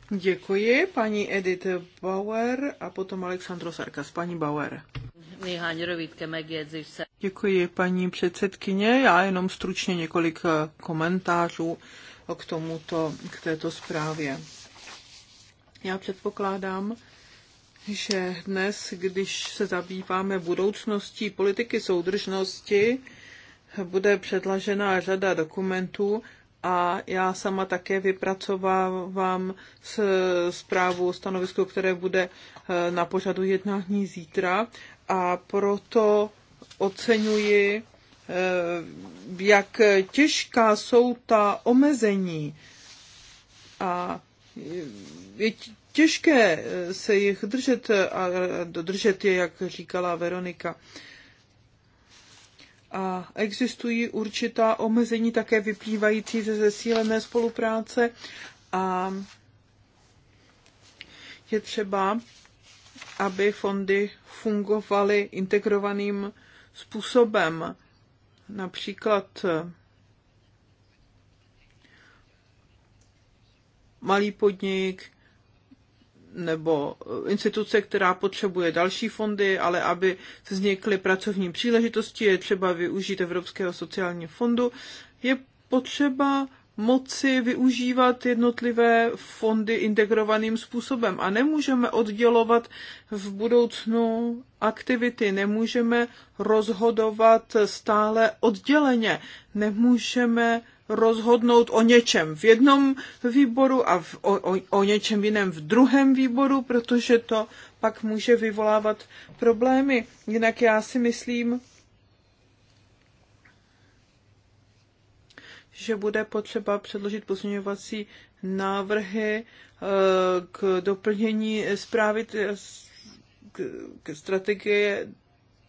Děkuji, paní Edith Bauer a potom Aleksandro Sarkas. Paní Bauer. Děkuji, paní předsedkyně. Já jenom stručně několik eh, komentářů eh, k tomuto, k této zprávě. Já předpokládám, že dnes, když se zabýváme budoucností politiky soudržnosti, bude předlažena řada dokumentů a já sama také vypracovávám zprávu stanovisku, které bude eh, na pořadu jednání zítra a proto oceňuji, eh, jak těžká jsou ta omezení a je těžké eh, se jich držet eh, a dodržet je, jak říkala Veronika. A existují určitá omezení také vyplývající ze zesílené spolupráce a je třeba, aby fondy fungovaly integrovaným způsobem. Například eh, malý podnik nebo eh, instituce, která potřebuje další fondy, ale aby se vznikly pracovní příležitosti, je třeba využít Evropského sociálního fondu. Je potřeba moci využívat jednotlivé fondy integrovaným způsobem a nemůžeme oddělovat v budoucnu aktivity, nemůžeme rozhodovat stále odděleně, nemůžeme rozhodnout o něčem v jednom výboru a v, o, o, o něčem jiném v druhém výboru, protože to pak může vyvolávat problémy. Jinak já si myslím, že bude potřeba předložit pozměňovací návrhy eh, k doplnění zprávy k strategie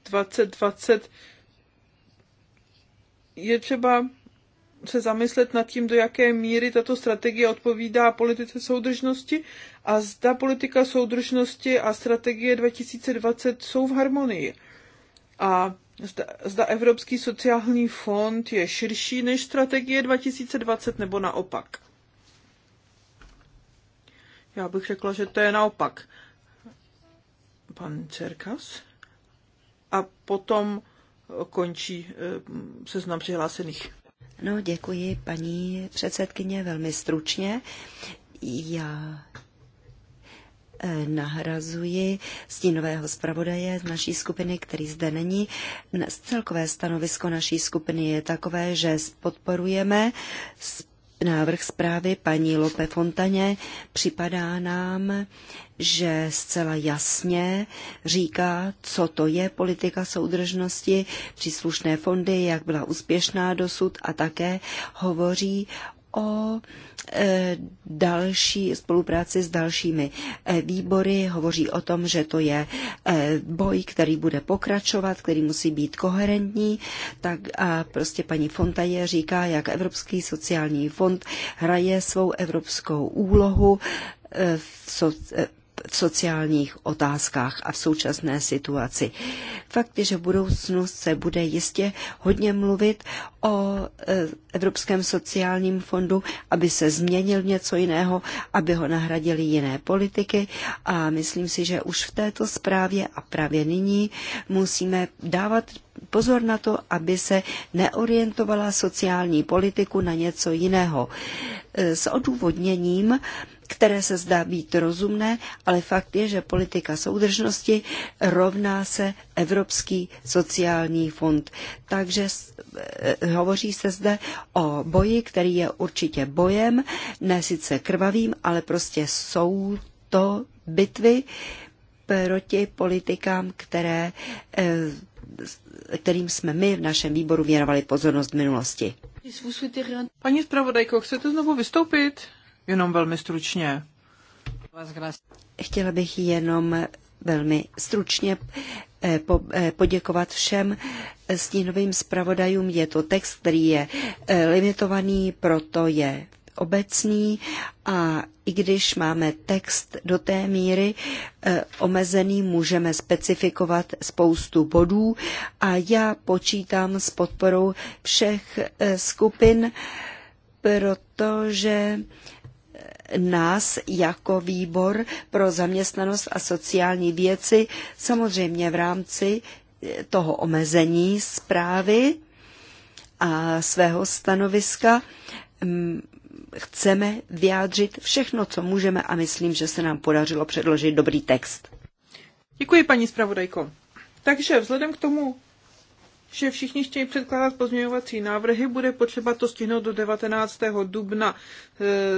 2020. Je třeba se zamyslet nad tím, do jaké míry tato strategie odpovídá politice soudržnosti a zda politika soudržnosti a strategie 2020 jsou v harmonii. A zda, zda Evropský sociální fond je širší než strategie 2020 nebo naopak. Já bych řekla, že to je naopak. Pan Cerkas. A potom končí eh, seznam přihlášených. No, děkuji paní předsedkyně velmi stručně. Já eh, nahrazuji stínového zpravodaje z naší skupiny, který zde není. Celkové stanovisko naší skupiny je takové, že podporujeme návrh zprávy paní Lope Fontaně připadá nám, že zcela jasně říká, co to je politika soudržnosti, příslušné fondy, jak byla úspěšná dosud a také hovoří o e, další spolupráci s dalšími e, výbory. Hovoří o tom, že to je e, boj, který bude pokračovat, který musí být koherentní. Tak a prostě paní Fontaje říká, jak Evropský sociální fond hraje svou evropskou úlohu v so, v sociálních otázkách a v současné situaci. Fakt je, že v budoucnu se bude jistě hodně mluvit o e, Evropském sociálním fondu, aby se změnil něco jiného, aby ho nahradili jiné politiky a myslím si, že už v této zprávě a právě nyní musíme dávat pozor na to, aby se neorientovala sociální politiku na něco jiného. E, s odůvodněním, které se zdá být rozumné, ale fakt je, že politika soudržnosti rovná se Evropský sociální fond. Takže eh, hovoří se zde o boji, který je určitě bojem, ne sice krvavým, ale prostě jsou to bitvy proti politikám, které, eh, kterým jsme my v našem výboru věnovali pozornost v minulosti. Paní zpravodajko, chcete znovu vystoupit? jenom velmi stručně. Chtěla bych jenom velmi stručně eh, eh, poděkovat všem stínovým zpravodajům. Je to text, který je eh, limitovaný, proto je obecný a i když máme text do té míry omezený, můžeme specifikovat spoustu bodů a já počítám s podporou všech skupin, protože nás jako výbor pro zaměstnanost a sociální věci, samozřejmě v rámci eh, toho omezení zprávy a svého stanoviska mm, chceme vyjádřit všechno, co můžeme a myslím, že se nám podařilo předložit dobrý text. Děkuji, paní zpravodajko. Takže vzhledem k tomu, že všichni chtějí předkládat pozměňovací návrhy, bude potřeba to stihnout do 19. dubna.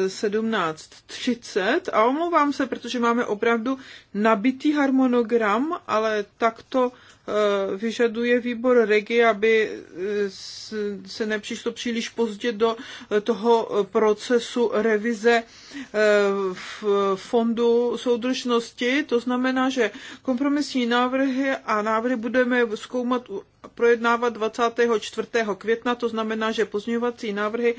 17.30 a omlouvám se, protože máme opravdu nabitý harmonogram, ale takto eh, vyžaduje výbor Regi, aby eh, se nepřišlo příliš pozdě do eh, toho procesu revize v fondu soudržnosti. To znamená, že kompromisní návrhy a návrhy budeme zkoumat projednávat 24. května, to znamená, že pozměňovací návrhy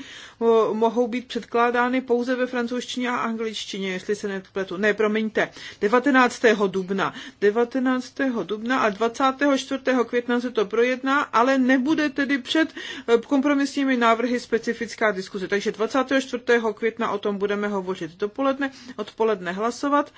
mohou být předkládány překládány pouze ve francouzštině a angličtině, jestli se nepletu. Ne, promiňte, 19. dubna. 19. dubna a 24. května se to projedná, ale nebude tedy před eh, kompromisními návrhy specifická diskuze. Takže 24. května o tom budeme hovořit dopoledne, odpoledne hlasovat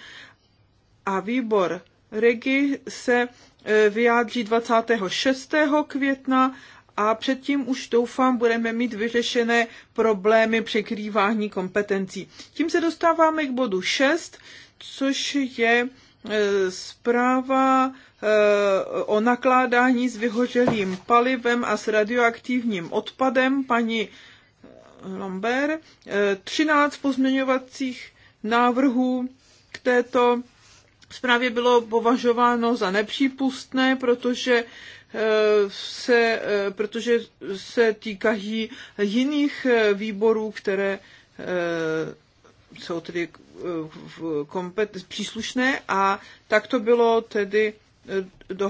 a výbor Regi se eh, vyjádří 26. května a předtím už doufám budeme mít vyřešené problémy překrývání kompetencí. Tím se dostáváme k bodu 6, což je e, zpráva e, o nakládání s vyhořelým palivem a s radioaktivním odpadem paní Lambert. 13 e, pozměňovacích návrhů k této zprávě bylo považováno za nepřípustné, protože Eh, se, eh, protože se týkají jiných eh, výborů, které jsou tedy kompet- příslušné a tak to bylo tedy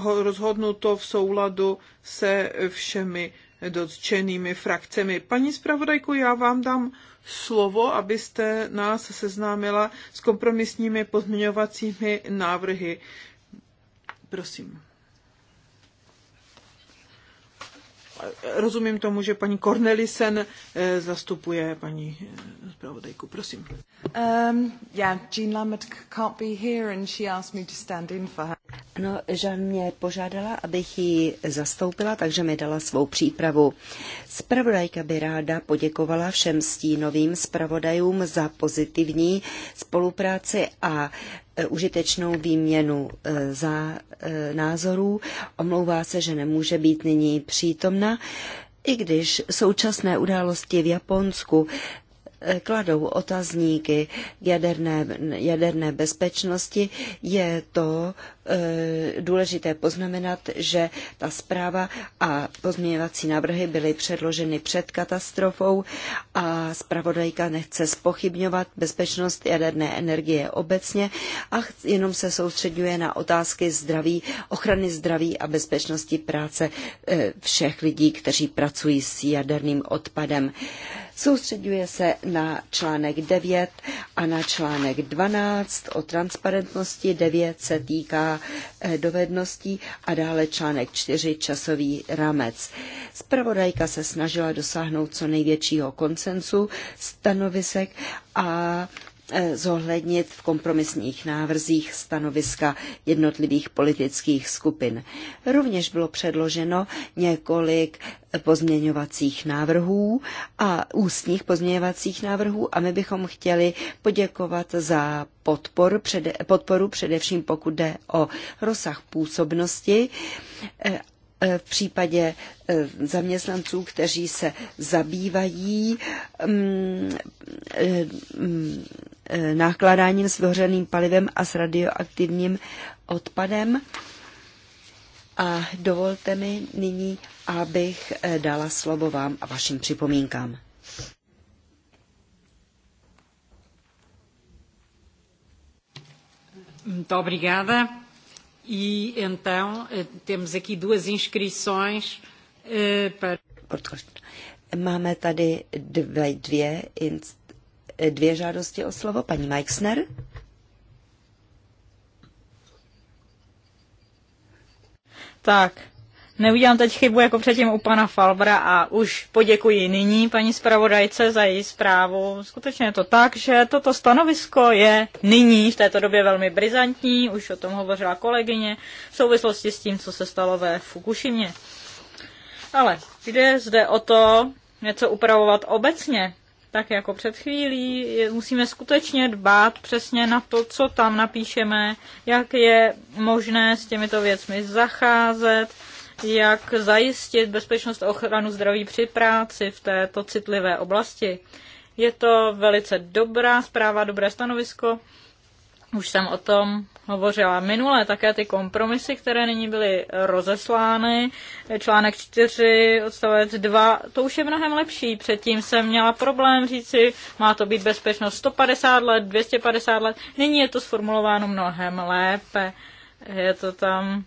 rozhodnuto v souladu se všemi dotčenými frakcemi. Paní zpravodajku, já vám dám slovo, abyste nás seznámila s kompromisními pozměňovacími návrhy. Prosím. Rozumím tomu, že paní Cornelisen eh, zastupuje paní eh, zpravodajku. Prosím. Um, yeah, Jean Lambert can't be here and she asked me to stand in for her. No, Žan mě požádala, abych ji zastoupila, takže mi dala svou přípravu. Spravodajka by ráda poděkovala všem stínovým spravodajům za pozitivní spolupráci a e, užitečnou výměnu e, za e, názorů. Omlouvá se, že nemůže být nyní přítomna. I když současné události v Japonsku Eh, kladou otazníky jaderné, jaderné bezpečnosti, je to e, důležité poznamenat, že ta zpráva a pozměňovací návrhy byly předloženy před katastrofou a zpravodajka nechce spochybňovat bezpečnost jaderné energie obecně a jenom se soustředňuje na otázky zdraví, ochrany zdraví a bezpečnosti práce e, všech lidí, kteří pracují s jaderným odpadem. E, Soustředuje se na článek 9 a na článek 12 o transparentnosti. 9 se týká eh, dovedností a dále článek 4 časový rámec. Spravodajka se snažila dosáhnout co největšího konsensu stanovisek a Eh, zohlednit v kompromisních návrzích stanoviska jednotlivých politických skupin. Rovněž bylo předloženo několik pozměňovacích návrhů a ústních pozměňovacích návrhů a my bychom chtěli poděkovat za podporu, přede, podporu především pokud jde o rozsah působnosti eh, Eh, v případě eh, zaměstnanců, kteří se zabývají mm, eh, mm, nákladáním s vyhořeným palivem a s radioaktivním odpadem. A dovolte mi nyní, abych dala slovo vám a vašim připomínkám. Muito obrigada. E então eh, temos aqui duas inscrições eh, para. Máme tady dvě, dvě, eh, dvě žádosti o slovo. Paní Meixner. Tak, neudělám teď chybu jako předtím u pana Falbra a už poděkuji nyní paní zpravodajce za její zprávu. Skutečně je to tak, že toto stanovisko je nyní v této době velmi brizantní, už o tom hovořila kolegyně, v souvislosti s tím, co se stalo ve Fukušimě. Ale jde zde o to něco upravovat obecně, tak jako před chvílí, musíme skutečně dbát přesně na to, co tam napíšeme, jak je možné s těmito věcmi zacházet, jak zajistit bezpečnost a ochranu zdraví při práci v této citlivé oblasti. Je to velice dobrá zpráva, dobré stanovisko. Už jsem o tom hovořila minule, také ty kompromisy, které nyní byly rozeslány, článek 4, odstavec 2, to už je mnohem lepší. Předtím jsem měla problém říci, má to být bezpečnost 150 let, 250 let, nyní je to sformulováno mnohem lépe. Je to tam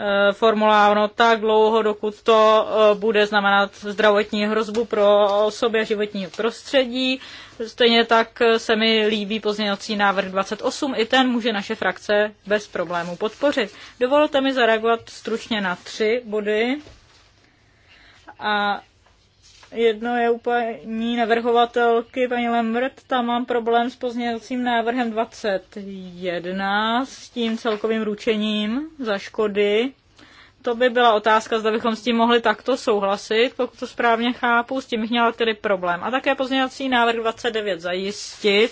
Eh, formuláno tak dlouho, dokud to eh, bude znamenat zdravotní hrozbu pro osoby a životní prostředí. Stejně tak eh, se mi líbí pozměňovací návrh 28, i ten může naše frakce bez problémů podpořit. Dovolte mi zareagovat stručně na tři body. A Jedno je u paní navrhovatelky, paní Lambert, tam mám problém s pozměňovacím návrhem 21 s tím celkovým ručením za škody. To by byla otázka, zda bychom s tím mohli takto souhlasit, pokud to správně chápu, s tím bych měla tedy problém. A také pozměňovací návrh 29 zajistit,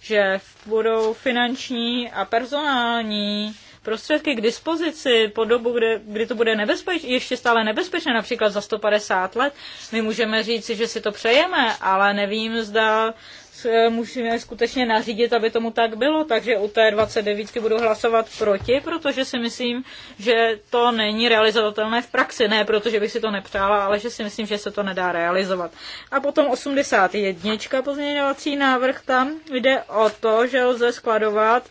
že budou finanční a personální prostředky k dispozici po dobu, kde, kdy to bude nebezpeč, ještě stále nebezpečné, například za 150 let, my můžeme říct, že si to přejeme, ale nevím, zda musíme skutečně nařídit, aby tomu tak bylo, takže u té 29 budu hlasovat proti, protože si myslím, že to není realizovatelné v praxi, ne protože bych si to nepřála, ale že si myslím, že se to nedá realizovat. A potom 81 pozměňovací návrh tam jde o to, že lze skladovat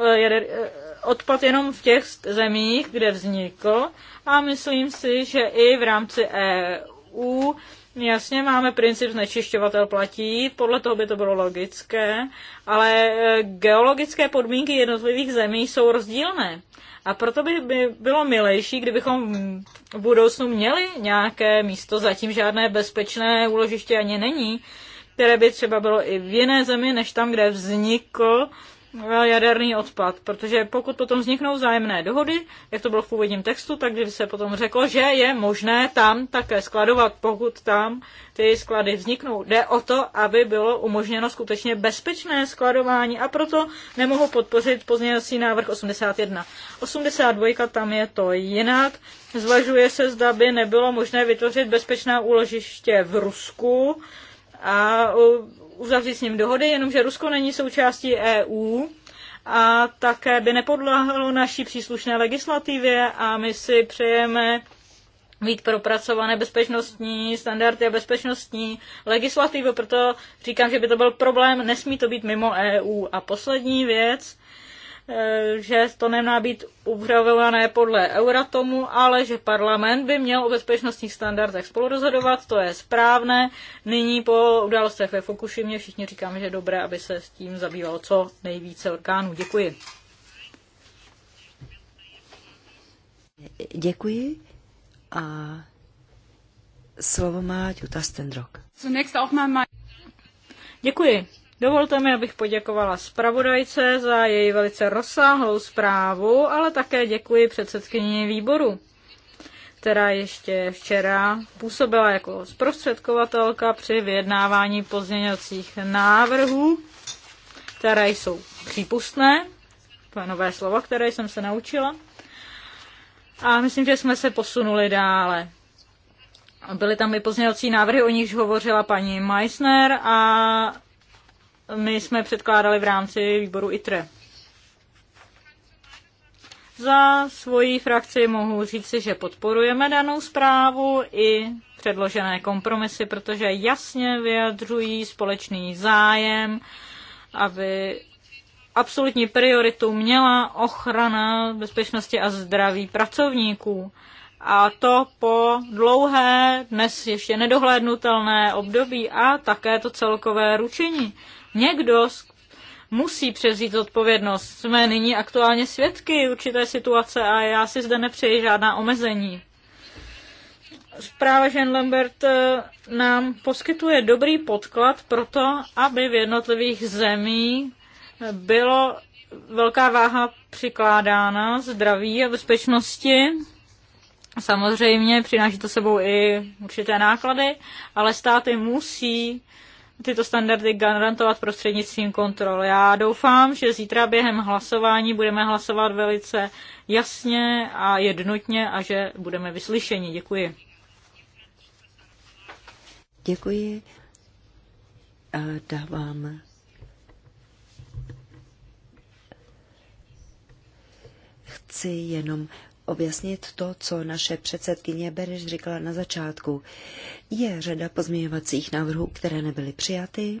eh, eh, odpad jenom v těch zemích, kde vznikl a myslím si, že i v rámci EU Jasně, máme princip znečišťovatel platí, podle toho by to bylo logické, ale e, geologické podmínky jednotlivých zemí jsou rozdílné. A proto by, by bylo milejší, kdybychom v budoucnu měli nějaké místo, zatím žádné bezpečné úložiště ani není, které by třeba bylo i v jiné zemi, než tam, kde vznikl jaderný odpad, protože pokud potom vzniknou zájemné dohody, jak to bylo v původním textu, tak by se potom řeklo, že je možné tam také skladovat, pokud tam ty sklady vzniknou. Jde o to, aby bylo umožněno skutečně bezpečné skladování a proto nemohu podpořit pozměňovací návrh 81. 82 tam je to jinak. Zvažuje se, zda by nebylo možné vytvořit bezpečná úložiště v Rusku, a uzavřít s ním dohody, jenomže Rusko není součástí EU a také by nepodlehlo naší příslušné legislativě a my si přejeme mít propracované bezpečnostní standardy a bezpečnostní legislativu, proto říkám, že by to byl problém, nesmí to být mimo EU. A poslední věc, Eh, že to nemá být upravované podle Euratomu, ale že parlament by měl o bezpečnostních standardech spolurozhodovat, to je správné. Nyní po událostech ve Fukushimě všichni říkáme, že je dobré, aby se s tím zabývalo co nejvíce orgánů. Děkuji. Děkuji a slovo má Juta Stendrok. Zunächst auch mal Děkuji. Dovolte mi, abych poděkovala zpravodajce za její velice rozsáhlou zprávu, ale také děkuji předsedkyni výboru, která ještě včera působila jako zprostředkovatelka při vyjednávání pozměňovacích návrhů, které jsou přípustné, to je nové slovo, které jsem se naučila. A myslím, že jsme se posunuli dále. Byly tam i pozměňovací návrhy, o nichž hovořila paní Meissner a my jsme předkládali v rámci výboru ITRE. Za svoji frakci mohu říci, že podporujeme danou zprávu i předložené kompromisy, protože jasně vyjadřují společný zájem, aby absolutní prioritu měla ochrana bezpečnosti a zdraví pracovníků. A to po dlouhé, dnes ještě nedohlédnutelné období a také to celkové ručení. Někdo musí převzít odpovědnost. Jsme nyní aktuálně svědky určité situace a já si zde nepřeji žádná omezení. Zpráva Jean Lambert eh, nám poskytuje dobrý podklad pro to, aby v jednotlivých zemí bylo velká váha přikládána zdraví a bezpečnosti. Samozřejmě přináší to sebou i určité náklady, ale státy musí tyto standardy garantovat prostřednictvím kontrol. Já doufám, že zítra během hlasování budeme hlasovat velice jasně a jednotně a že budeme vyslyšeni. Děkuji. Děkuji a dávám chci jenom objasnit to, co naše předsedkyně Bereš říkala na začátku. Je řada pozměňovacích návrhů, které nebyly přijaty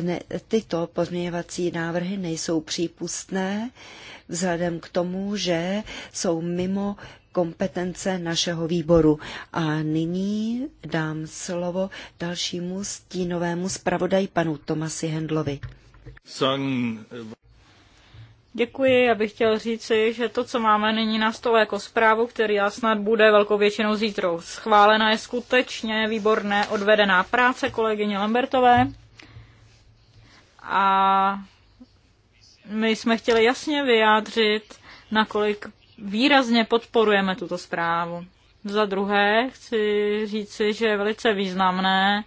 ne, tyto pozměňovací návrhy nejsou přípustné vzhledem k tomu, že jsou mimo kompetence našeho výboru. A nyní dám slovo dalšímu stínovému zpravodaji panu Tomasi Hendlovi. Děkuji, já bych chtěl říci, že to, co máme nyní na stole jako zprávu, já snad bude velkou většinou zítrou schválena, je skutečně výborné odvedená práce kolegyně Lambertové a my jsme chtěli jasně vyjádřit, nakolik výrazně podporujeme tuto zprávu. Za druhé chci říci, že je velice významné,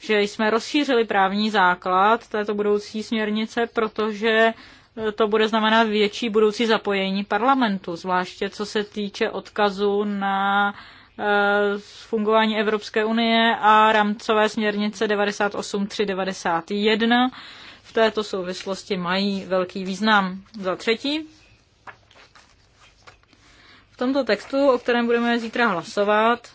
že jsme rozšířili právní základ této budoucí směrnice, protože to bude znamenat větší budoucí zapojení parlamentu, zvláště co se týče odkazu na Eh, z fungování Evropské unie a rámcové směrnice 98391 v této souvislosti mají velký význam. Za třetí, v tomto textu, o kterém budeme zítra hlasovat,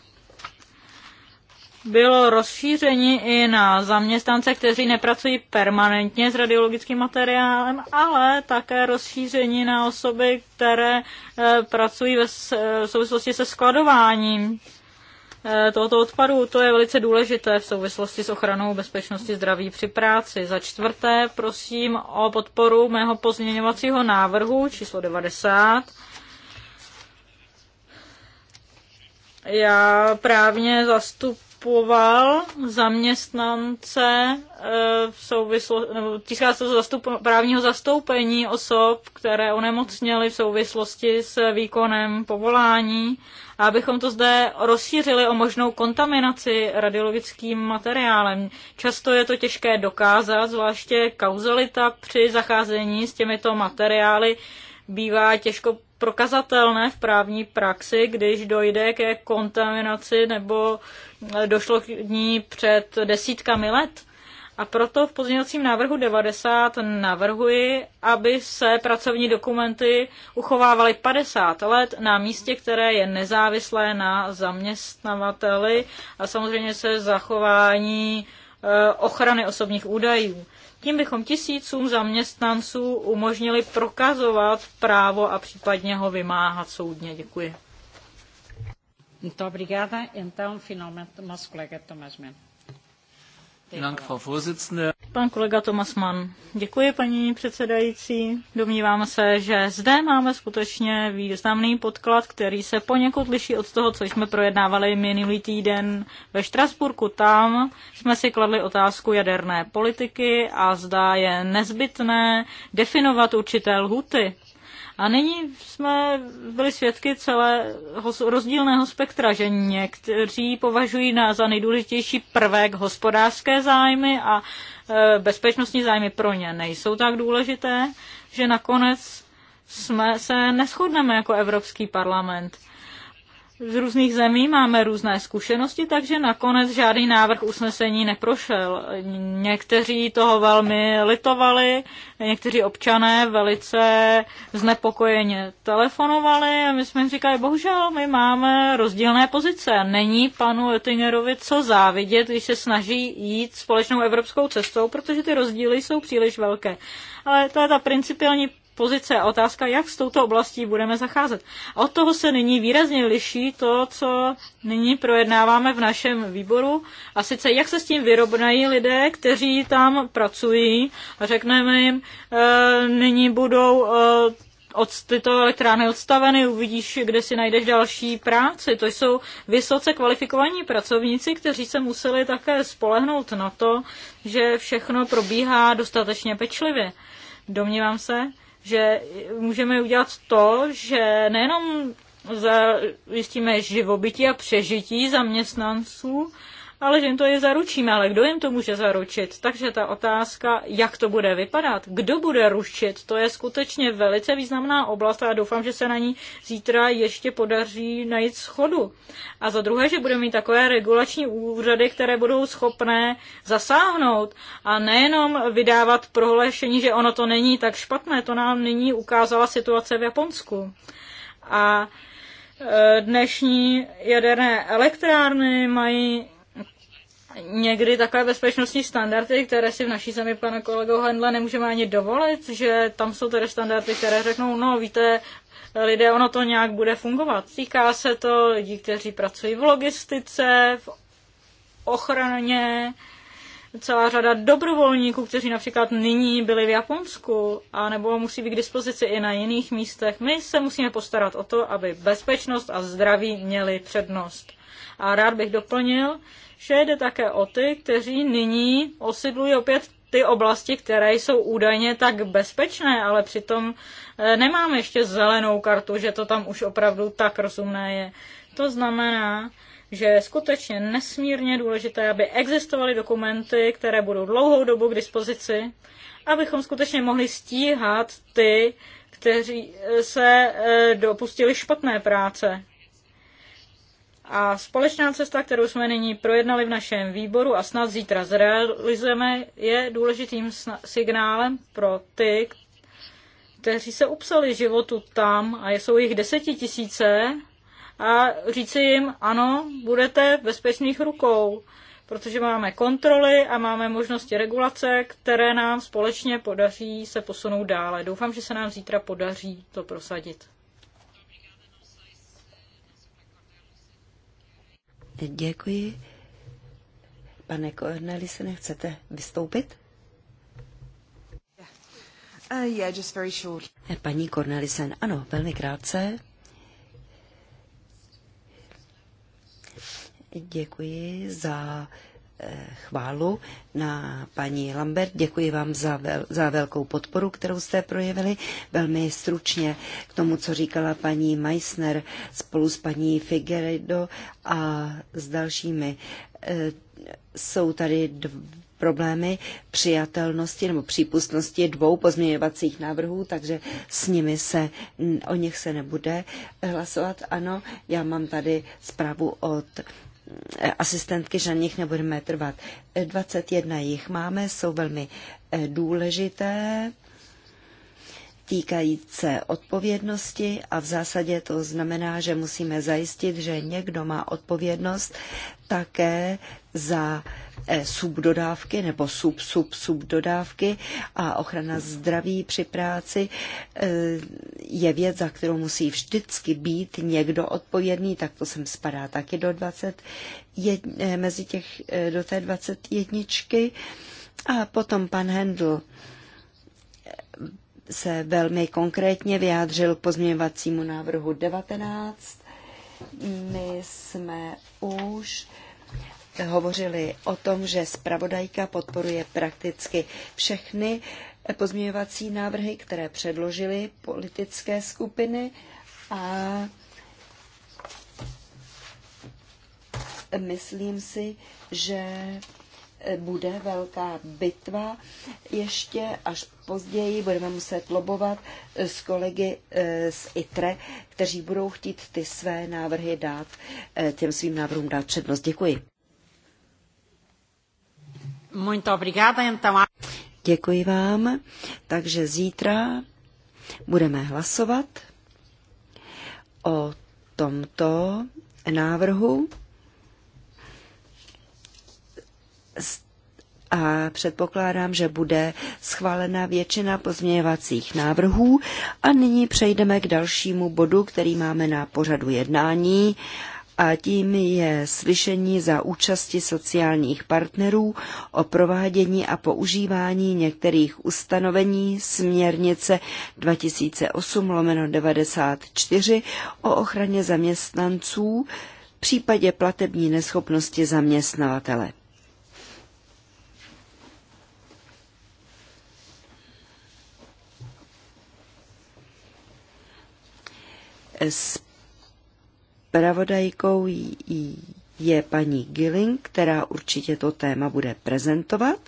bylo rozšíření i na zaměstnance, kteří nepracují permanentně s radiologickým materiálem, ale také rozšíření na osoby, které eh, pracují ve eh, souvislosti se skladováním eh, tohoto odpadu. To je velice důležité v souvislosti s ochranou bezpečnosti zdraví při práci. Za čtvrté prosím o podporu mého pozměňovacího návrhu číslo 90 Já právně zastup zastupoval zaměstnance eh, v souvislosti, nebo týká se to zastup, právního zastoupení osob, které onemocněly v souvislosti s výkonem povolání, a abychom to zde rozšířili o možnou kontaminaci radiologickým materiálem. Často je to těžké dokázat, zvláště kauzalita při zacházení s těmito materiály bývá těžko prokazatelné v právní praxi, když dojde ke kontaminaci nebo došlo k ní před desítkami let. A proto v pozměňovacím návrhu 90 navrhuji, aby se pracovní dokumenty uchovávaly 50 let na místě, které je nezávislé na zaměstnavateli a samozřejmě se zachování eh, ochrany osobních údajů. Tím bychom tisícům zaměstnanců umožnili prokazovat právo a případně ho vymáhat soudně. Děkuji. Muito obrigada. Então, finalmente, o nosso colega Tomás Pan kolega Tomas Mann. Děkuji, paní předsedající. Domnívám se, že zde máme skutečně významný podklad, který se poněkud liší od toho, co jsme projednávali minulý týden ve Štrasburku. Tam jsme si kladli otázku jaderné politiky a zdá je nezbytné definovat určité lhuty a nyní jsme byli svědky celého rozdílného spektra, že někteří považují na za nejdůležitější prvek hospodářské zájmy a e, bezpečnostní zájmy pro ně nejsou tak důležité, že nakonec jsme se neschodneme jako Evropský parlament z různých zemí máme různé zkušenosti, takže nakonec žádný návrh usnesení neprošel. Někteří toho velmi litovali, někteří občané velice znepokojeně telefonovali a my jsme říkali, bohužel my máme rozdílné pozice. Není panu Oettingerovi co závidět, když se snaží jít společnou evropskou cestou, protože ty rozdíly jsou příliš velké. Ale to je ta principiální pozice a otázka, jak s touto oblastí budeme zacházet. A od toho se nyní výrazně liší to, co nyní projednáváme v našem výboru. A sice, jak se s tím vyrobnají lidé, kteří tam pracují a řekneme jim, e, nyní budou e, od tyto elektrárny odstaveny, uvidíš, kde si najdeš další práci. To jsou vysoce kvalifikovaní pracovníci, kteří se museli také spolehnout na to, že všechno probíhá dostatečně pečlivě. Domnívám se, že můžeme udělat to, že nejenom zajistíme živobytí a přežití zaměstnanců, ale že jim to je zaručíme. Ale kdo jim to může zaručit? Takže ta otázka, jak to bude vypadat, kdo bude rušit, to je skutečně velice významná oblast a já doufám, že se na ní zítra ještě podaří najít schodu. A za druhé, že budeme mít takové regulační úřady, které budou schopné zasáhnout a nejenom vydávat prohlášení, že ono to není tak špatné, to nám nyní ukázala situace v Japonsku. A e, dnešní jaderné elektrárny mají někdy takové bezpečnostní standardy, které si v naší zemi, pane kolego Hendle, nemůžeme ani dovolit, že tam jsou tedy standardy, které řeknou, no víte, lidé, ono to nějak bude fungovat. Týká se to lidí, kteří pracují v logistice, v ochraně, celá řada dobrovolníků, kteří například nyní byli v Japonsku, a nebo musí být k dispozici i na jiných místech. My se musíme postarat o to, aby bezpečnost a zdraví měli přednost. A rád bych doplnil, že jde také o ty, kteří nyní osidlují opět ty oblasti, které jsou údajně tak bezpečné, ale přitom eh, nemáme ještě zelenou kartu, že to tam už opravdu tak rozumné je. To znamená, že je skutečně nesmírně důležité, aby existovaly dokumenty, které budou dlouhou dobu k dispozici, abychom skutečně mohli stíhat ty, kteří eh, se eh, dopustili špatné práce. A společná cesta, kterou jsme nyní projednali v našem výboru a snad zítra zrealizujeme, je důležitým signálem pro ty, kteří se upsali životu tam a jsou jich desetitisíce a říci jim, ano, budete v bezpečných rukou, protože máme kontroly a máme možnosti regulace, které nám společně podaří se posunout dále. Doufám, že se nám zítra podaří to prosadit. Děkuji. Pane Koerneli, se nechcete vystoupit? Uh, yeah, just very short. Eh, paní Cornelisen, ano, velmi krátce. Děkuji za chválu na paní Lambert. Děkuji vám za, vel, za velkou podporu, kterou jste projevili. Velmi stručně k tomu, co říkala paní Meissner spolu s paní Figueredo a s dalšími. E, jsou tady dv problémy přijatelnosti nebo přípustnosti dvou pozměňovacích návrhů, takže s nimi se, o nich se nebude hlasovat. Ano, já mám tady zprávu od Eh, asistentky, že na nich nebudeme trvat. 21 eh, jich máme, jsou velmi eh, důležité týkající odpovědnosti a v zásadě to znamená, že musíme zajistit, že někdo má odpovědnost také za eh, subdodávky nebo sub, sub, dodávky a ochrana zdraví při práci eh, je věc, za kterou musí vždycky být někdo odpovědný, tak to sem spadá taky do 20, jed, eh, mezi těch, do té 21. A potom pan Hendl se velmi konkrétně vyjádřil k pozměňovacímu návrhu 19. My jsme už hovořili o tom, že zpravodajka podporuje prakticky všechny pozměňovací návrhy, které předložily politické skupiny a myslím si, že bude velká bitva ještě až později. Budeme muset lobovat eh, s kolegy eh, z ITRE, kteří budou chtít ty své návrhy dát, eh, těm svým návrhům dát přednost. Děkuji. Muito obrigada, então. Děkuji vám. Takže zítra budeme hlasovat o tomto návrhu. a předpokládám, že bude schválena většina pozměňovacích návrhů. A nyní přejdeme k dalšímu bodu, který máme na pořadu jednání a tím je slyšení za účasti sociálních partnerů o provádění a používání některých ustanovení směrnice 2008-94 o ochraně zaměstnanců v případě platební neschopnosti zaměstnavatele. Spravodajkou je paní Gilling, která určitě to téma bude prezentovat.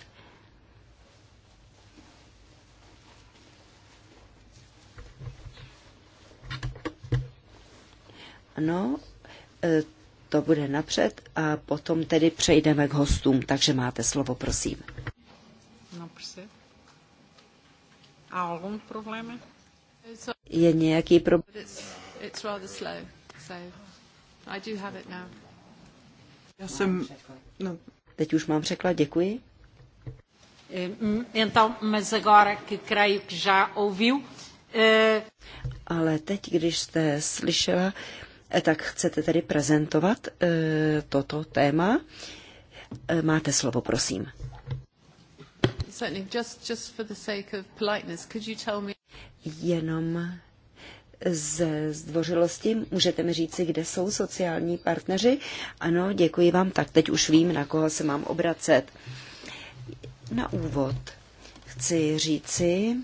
Ano, e, to bude napřed a potom tedy přejdeme k hostům, takže máte slovo, prosím. No, prosím. A Je nějaký problém? It's rather slow, so I do have it now. Já jsem... No. Teď už mám překlad, děkuji. Então, mas agora que creio que já ouviu... E, Ale teď, když jste slyšela, e, tak chcete tedy prezentovat e, toto téma. Máte slovo, prosím. Jenom z zdvořilosti. Můžete mi říci, kde jsou sociální partneři? Ano, děkuji vám. Tak teď už vím, na koho se mám obracet. Na úvod chci říci,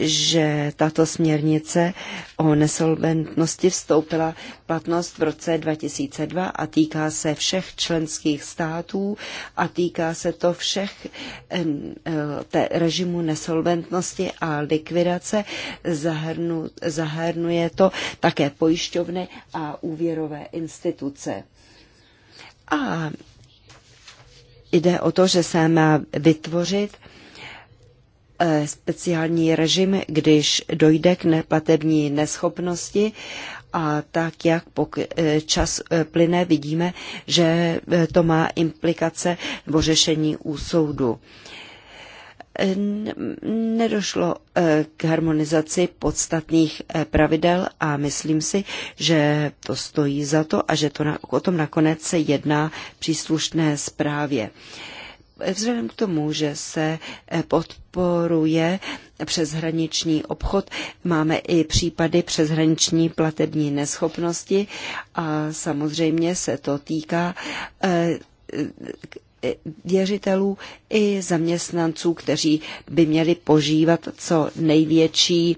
že tato směrnice o nesolventnosti vstoupila v platnost v roce 2002 a týká se všech členských států a týká se to všech eh, te, režimu nesolventnosti a likvidace. Zahrnu, zahrnuje to také pojišťovny a úvěrové instituce. A jde o to, že se má vytvořit Eh, speciální režim, když dojde k neplatební neschopnosti a tak, jak eh, čas eh, plyne, vidíme, že to má implikace nebo řešení u soudu. Nedošlo k harmonizaci podstatných pravidel a myslím si, že to stojí za to a že to, o tom nakonec se jedná příslušné zprávě. Vzhledem k tomu, že se eh, podporuje přeshraniční obchod, máme i případy přeshraniční platební neschopnosti a samozřejmě se to týká eh, eh, věřitelů i zaměstnanců, kteří by měli požívat co největší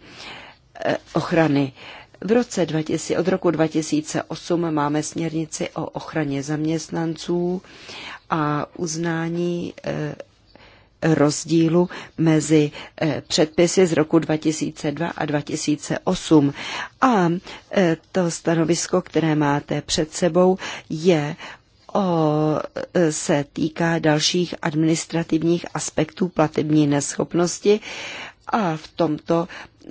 ochrany. V roce 2000, od roku 2008 máme směrnici o ochraně zaměstnanců a uznání eh, rozdílu mezi eh, předpisy z roku 2002 a 2008. A eh, to stanovisko, které máte před sebou, je o, se týká dalších administrativních aspektů platební neschopnosti a v tomto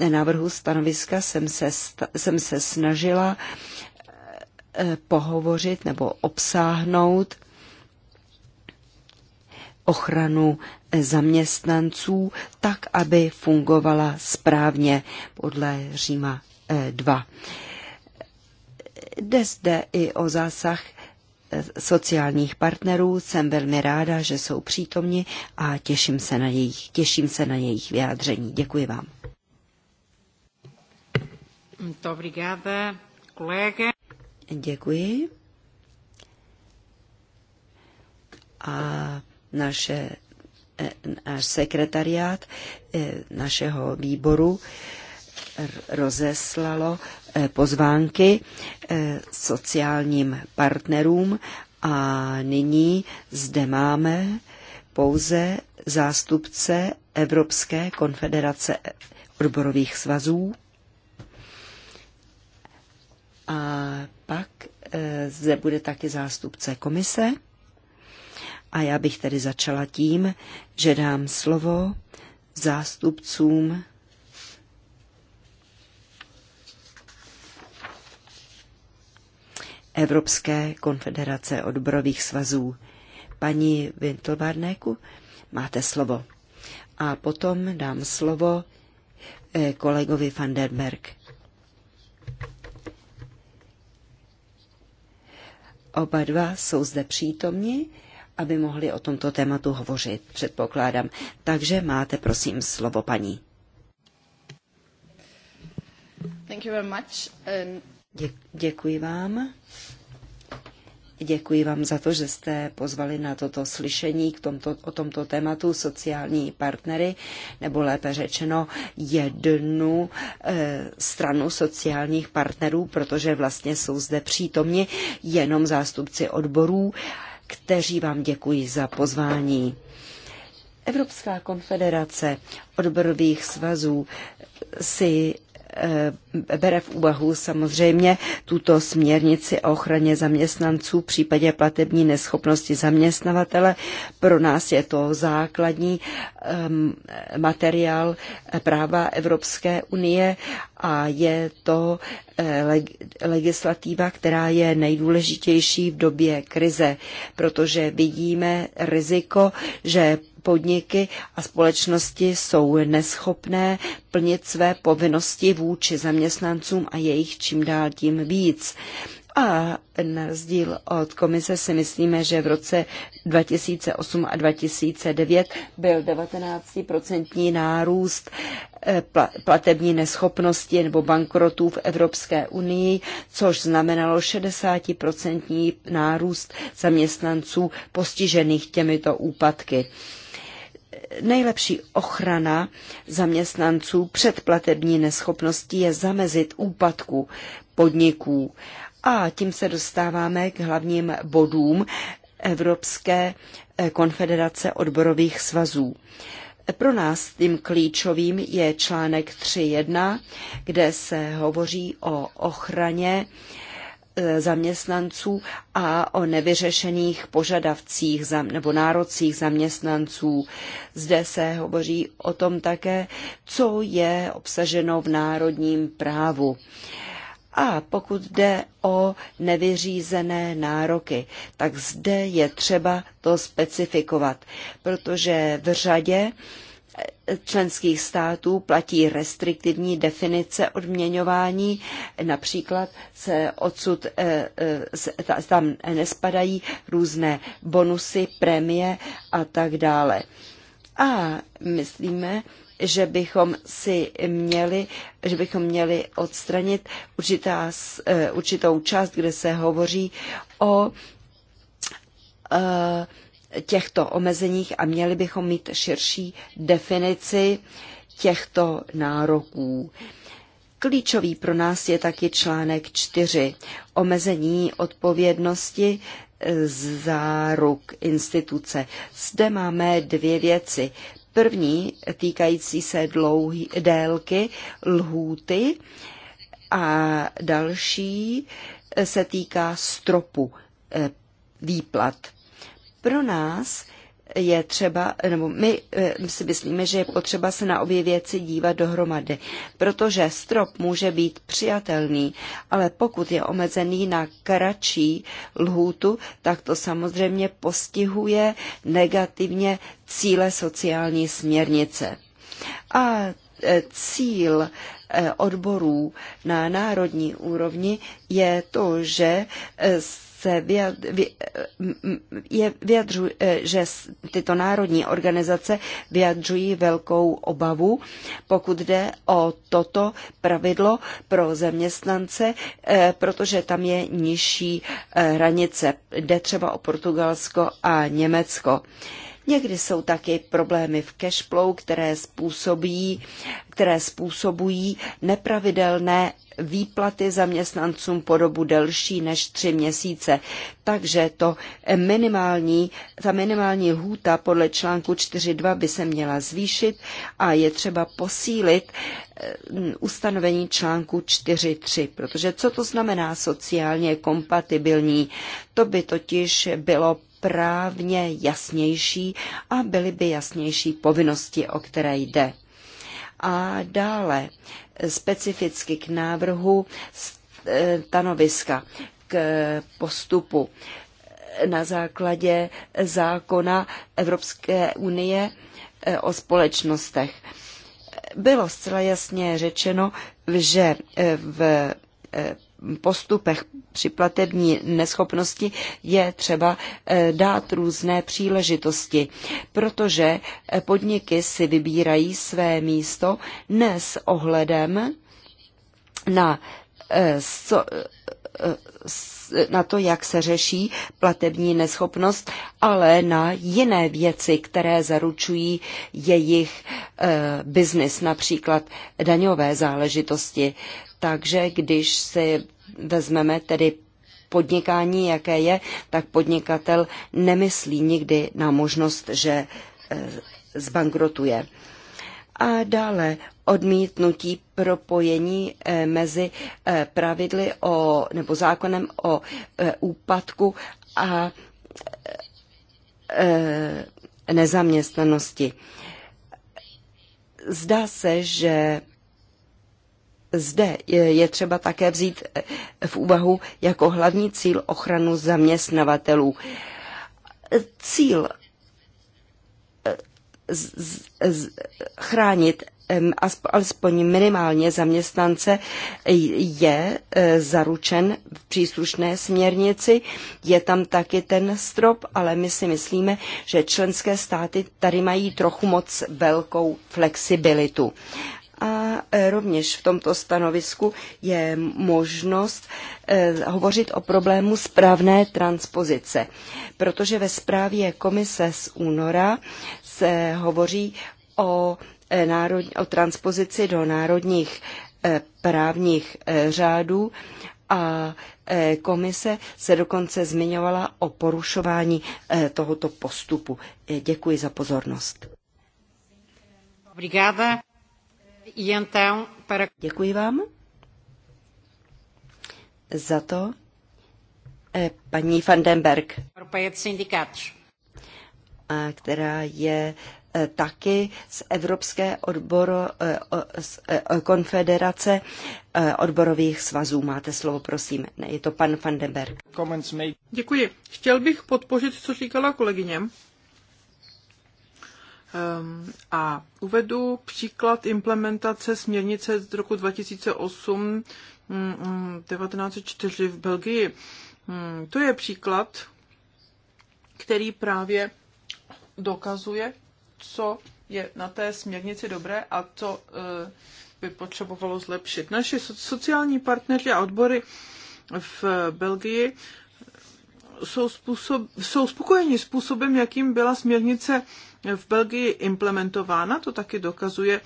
návrhu stanoviska jsem se, jsem se snažila pohovořit nebo obsáhnout ochranu eh, zaměstnanců tak, aby fungovala správně podle Říma 2. Eh, Jde zde i o zásah eh, sociálních partnerů. Jsem velmi ráda, že jsou přítomni a těším se na jejich, těším se na jejich vyjádření. Děkuji vám. Děkuji. A naše, eh, náš sekretariát eh, našeho výboru rozeslalo eh, pozvánky sociálním partnerům a nyní zde máme pouze zástupce Evropské konfederace odborových svazů a pak zde bude taky zástupce komise. A já bych tedy začala tím, že dám slovo zástupcům Evropské konfederace odborových svazů. Paní Vintelbarnéku, máte slovo. A potom dám slovo eh, kolegovi van der Berg. Oba dva jsou zde přítomni aby mohli o tomto tématu hovořit, předpokládám. Takže máte, prosím, slovo paní. Thank you very much. And... Um, Dě- děkuji vám. Děkuji vám za to, že jste pozvali na toto slyšení k tomto, o tomto tématu sociální partnery, nebo lépe řečeno jednu e, stranu sociálních partnerů, protože vlastně jsou zde přítomni jenom zástupci odborů. E, kteří vám děkuji za pozvání. Evropská konfederace odborových svazů si Eh, bere v úvahu samozřejmě tuto směrnici o ochraně zaměstnanců v případě platební neschopnosti zaměstnavatele. Pro nás je to základní materiál práva Evropské unie a je to eh, legislativa, která je nejdůležitější v době krize, protože vidíme riziko, že podniky a společnosti jsou neschopné plnit své povinnosti vůči zaměstnancům a jejich čím dál tím víc. A na rozdíl od komise si myslíme, že v roce 2008 a 2009 byl 19% nárůst eh, platební neschopnosti nebo bankrotů v Evropské unii, což znamenalo 60% nárůst zaměstnanců postižených těmito úpadky nejlepší ochrana zaměstnanců před platební neschopností je zamezit úpadku podniků. A tím se dostáváme k hlavním bodům Evropské eh, konfederace odborových svazů. Pro nás tím klíčovým je článek 3.1, kde se hovoří o ochraně eh, E, zaměstnanců a o nevyřešených požadavcích nebo nárocích zaměstnanců. Zde se hovoří o tom také, co je obsaženo v národním právu. A pokud jde o nevyřízené nároky, tak zde je třeba to specifikovat, protože v řadě členských států platí restriktivní definice odměňování. Například se odsud eh, eh, tam nespadají různé bonusy, prémie a tak dále. A myslíme, že bychom si měli, že bychom měli odstranit určitá, eh, určitou část, kde se hovoří o těchto omezeních a měli bychom mít širší definici těchto nároků. Klíčový pro nás je taky článek 4. Omezení odpovědnosti e, za ruk instituce. Zde máme dvě věci. První týkající se dlouhý, délky lhůty a další e, se týká stropu e, výplat pro nás je třeba, nebo my eh, si myslíme, že je potřeba se na obě věci dívat dohromady, protože strop může být přijatelný, ale pokud je omezený na kratší lhůtu, tak to samozřejmě postihuje negativně cíle sociální směrnice. A eh, cíl eh, odborů na národní úrovni je to, že se vyjadřují, eh, že tyto národní organizace vyjadřují velkou obavu, pokud jde o toto pravidlo pro zaměstnance, eh, protože tam je nižší eh, hranice. Jde třeba o Portugalsko a Německo. Někdy jsou taky problémy v cashflow, které způsobí, které způsobují nepravidelné výplaty zaměstnancům po dobu delší než tři měsíce. Takže to minimální, ta minimální lhůta podle článku 4.2 by se měla zvýšit a je třeba posílit eh, ustanovení článku 4.3, protože co to znamená sociálně kompatibilní? To by totiž bylo právně jasnější a byly by jasnější povinnosti, o které jde. A dále specificky k návrhu e, stanoviska, k postupu na základě zákona Evropské unie e, o společnostech. Bylo zcela jasně řečeno, že e, v postupech při platební neschopnosti je třeba eh, dát různé příležitosti, protože eh, podniky si vybírají své místo ne s ohledem na eh, na to, jak se řeší platební neschopnost, ale na jiné věci, které zaručují jejich e, biznis, například daňové záležitosti. Takže když si vezmeme tedy podnikání, jaké je, tak podnikatel nemyslí nikdy na možnost, že e, zbankrotuje. A dále odmítnutí propojení e, mezi e, pravidly o, nebo zákonem o úpadku a nezaměstnanosti. Zdá se, že zde je třeba také vzít eh, v úvahu jako hlavní cíl ochranu zaměstnavatelů. Cíl eh, z, z, chránit alespoň minimálně zaměstnance je eh, zaručen v příslušné směrnici. Je tam taky ten strop, ale my si myslíme, že členské státy tady mají trochu moc velkou flexibilitu a e, rovněž v tomto stanovisku je možnost e, hovořit o problému správné transpozice, protože ve zprávě komise z února se hovoří o, e, o transpozici do národních právních řádů a komise se dokonce zmiňovala o porušování tohoto postupu. Děkuji za pozornost. Obrigada. E Děkuji vám za to, eh, paní van Denberg, která je eh, taky z Evropské odboro, eh, z konfederace odborových svazů. Máte slovo, prosím. Ne, je to pan van Berg. Děkuji. Chtěl bych podpořit, co říkala kolegyně. Ehm, a uvedu příklad implementace směrnice z roku 2008 1904 mm, mm, v Belgii. Hmm, to je příklad, který právě dokazuje, co je na té směrnici dobré a co eh, by potřebovalo zlepšit. Naši sociální partneři a odbory v Belgii jsou, způsob, jsou spokojeni způsobem, jakým byla směrnice v Belgii implementována. To taky dokazuje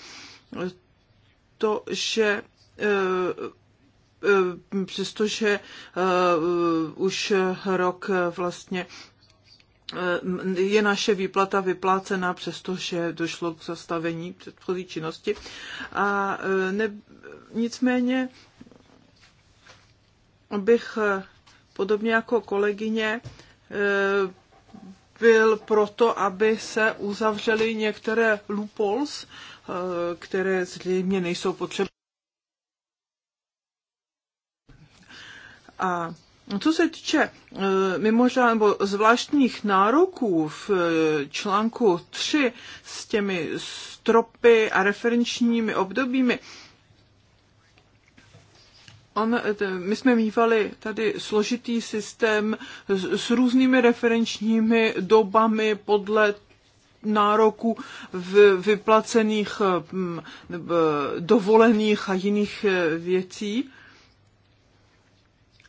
to, že eh, eh, přestože eh, už rok vlastně je naše výplata vyplácená, přestože došlo k zastavení předchozí činnosti. A ne, nicméně bych podobně jako kolegyně byl proto, aby se uzavřely některé loopholes, eh, které zřejmě nejsou potřeba. A co se týče eh, mimořádných nebo zvláštních nároků v eh, článku 3 s těmi stropy a referenčními obdobími, Eh, my jsme mývali tady složitý systém s, s různými referenčními dobami podle nároku v vyplacených eh, eh, dovolených a jiných věcí.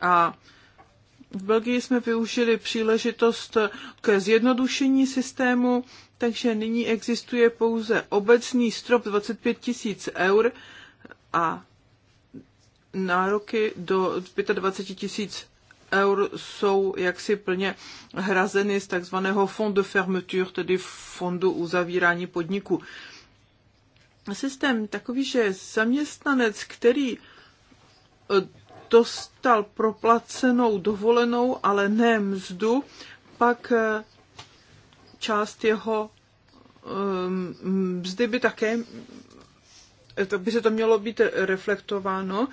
A v Belgii jsme využili příležitost ke zjednodušení systému, takže nyní existuje pouze obecný strop 25 tisíc eur a nároky do 25 tisíc eur jsou jaksi plně hrazeny z takzvaného fond de fermeture, tedy fondu uzavírání podniku. Systém takový, že zaměstnanec, který eh, dostal proplacenou dovolenou, ale ne mzdu, pak eh, část jeho eh, mzdy by také, to by se to mělo být reflektováno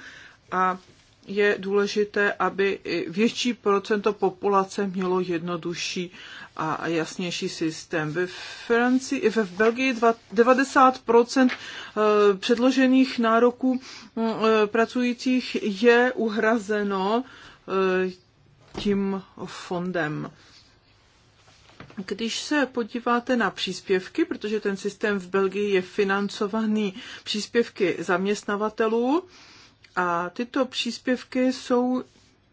a je důležité, aby větší procento populace mělo jednodušší a jasnější systém. Ve Francii i ve Belgii 90 eh, předložených nároků mm, eh, pracujících je uhrazeno eh, tím fondem. Když se podíváte na příspěvky, protože ten systém v Belgii je financovaný příspěvky zaměstnavatelů, a tyto příspěvky jsou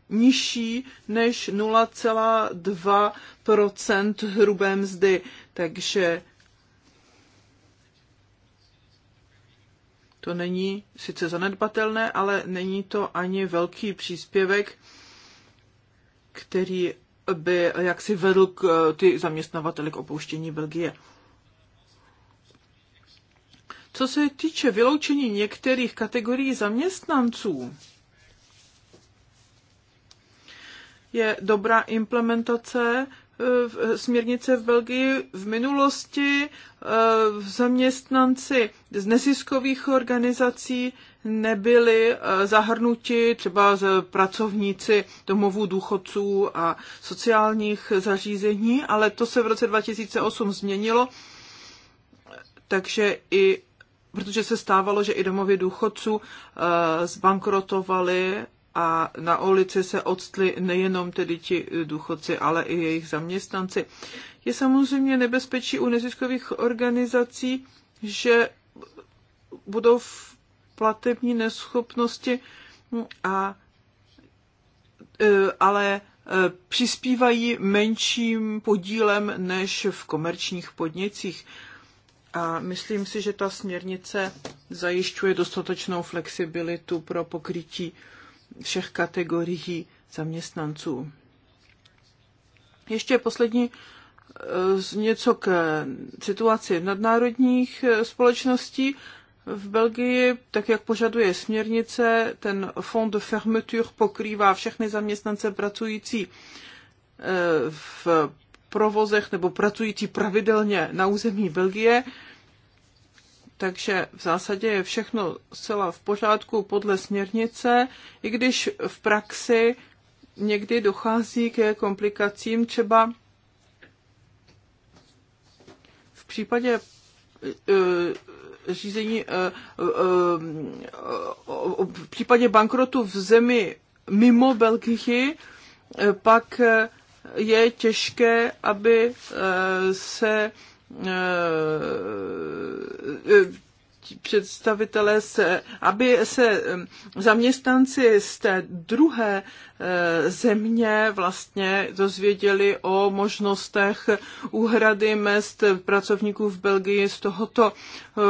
nižší než 0,2 hrubé mzdy. Takže to není sice zanedbatelné, ale není to ani velký příspěvek, který by jaksi vedl k ty zaměstnavateli k opouštění Belgie. Co se týče vyloučení některých kategorií zaměstnanců, je dobrá implementace eh, v eh, směrnice v Belgii v minulosti eh, zaměstnanci z neziskových organizací nebyli zahrnuti třeba z pracovníci domovů důchodců a sociálních zařízení, ale to se v roce 2008 změnilo, takže i protože se stávalo, že i domovy důchodců eh, zbankrotovali a na ulici se odstli nejenom tedy ti eh, důchodci, ale i jejich zaměstnanci. Je samozřejmě nebezpečí u neziskových organizací, že budou v platební neschopnosti, a, eh, ale přispívají menším podílem než v komerčních podnicích. A myslím si, že ta směrnice zajišťuje dostatečnou flexibilitu pro pokrytí všech kategorií zaměstnanců. Ještě poslední eh, něco k situaci nadnárodních eh, společností. V Belgii, tak jak požaduje směrnice, ten fond de fermeture pokrývá všechny zaměstnance pracující eh, v provozech nebo pracující pravidelně na území Belgie. Takže v zásadě je všechno zcela v pořádku podle směrnice, i když v praxi někdy dochází ke komplikacím, třeba v případě e, e, řízení e, v případě bankrotu v zemi mimo Belgii, pak je těžké, aby eh, se eh, představitelé, se, aby se eh, zaměstnanci z té druhé země vlastně dozvěděli o možnostech úhrady mest pracovníků v Belgii z tohoto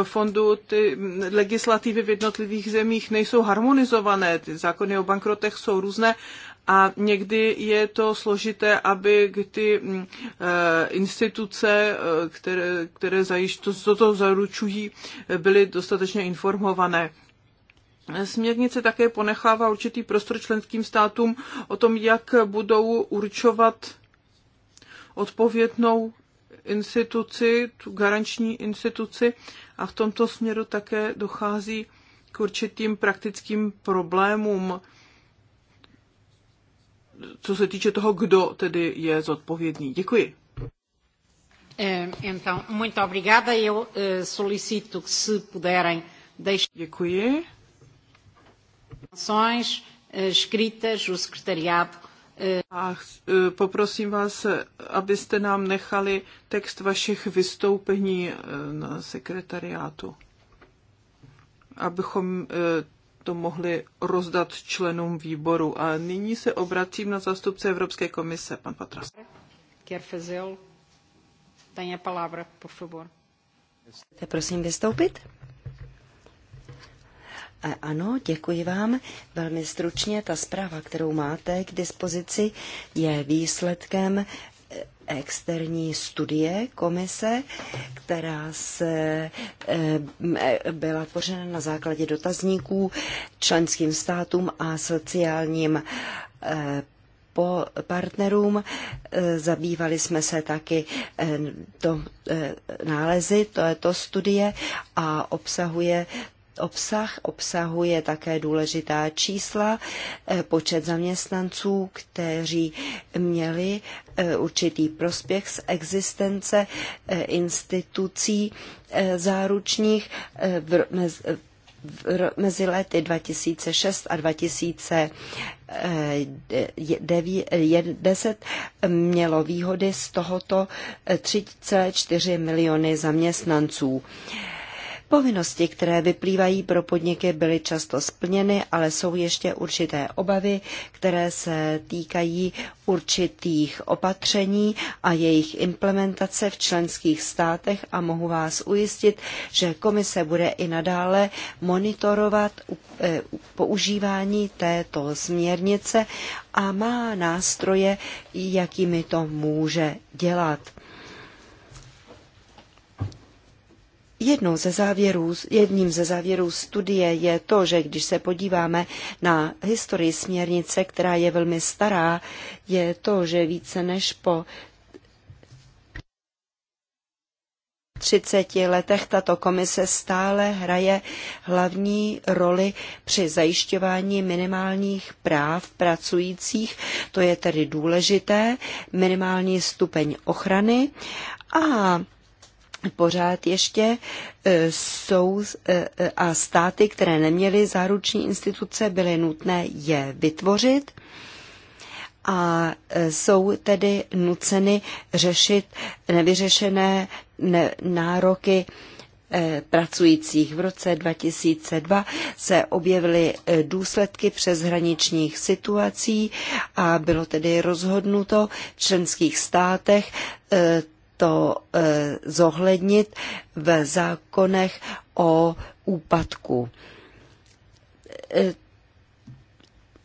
fondu. Ty hm, legislativy v jednotlivých zemích nejsou harmonizované, ty zákony o bankrotech jsou různé a někdy je to složité, aby ty mm, eh, instituce, eh, které, které zajiš, to, toto zaručují, eh, byly dostatečně informované. Směrnice také ponechává určitý prostor členským státům o tom, jak budou určovat odpovědnou instituci, tu garanční instituci a v tomto směru také dochází k určitým praktickým problémům co se týče toho, kdo tedy je zodpovědný. Děkuji. Então, muito obrigada. Eu solicito que se puderem deixar Děkuji. o secretariado a e, poprosím vás, abyste nám nechali text vašich vystoupení e, na sekretariátu, abychom e, to mohli rozdat členům výboru. A nyní se obracím na zástupce Evropské komise, pan Patras. Chcete prosím vystoupit? Ano, děkuji vám. Velmi stručně ta zpráva, kterou máte k dispozici, je výsledkem externí studie komise, která se eh, byla tvořena na základě dotazníků členským státům a sociálním eh, po partnerům. Eh, zabývali jsme se taky to nálezy to studie a obsahuje obsah obsahuje také důležitá čísla, eh, počet zaměstnanců, kteří měli eh, určitý prospěch z existence eh, institucí záručních mezi lety 2006 a 2010 mělo výhody z tohoto 3,4 miliony zaměstnanců. Povinnosti, které vyplývají pro podniky, byly často splněny, ale jsou ještě určité obavy, které se týkají určitých opatření a jejich implementace v členských státech a mohu vás ujistit, že komise bude i nadále monitorovat uh, používání této směrnice a má nástroje, jakými to může dělat. Jednou ze závěrů, jedním ze závěrů studie je to, že když se podíváme na historii směrnice, která je velmi stará, je to, že více než po 30 letech tato komise stále hraje hlavní roli při zajišťování minimálních práv pracujících. To je tedy důležité, minimální stupeň ochrany a pořád ještě e, jsou e, e, a státy, které neměly záruční instituce, byly nutné je vytvořit a jsou tedy nuceny řešit nevyřešené nároky pracujících. V roce 2002 se objevily důsledky přeshraničních situací a bylo tedy rozhodnuto v členských státech to eh, zohlednit v zákonech o úpadku eh,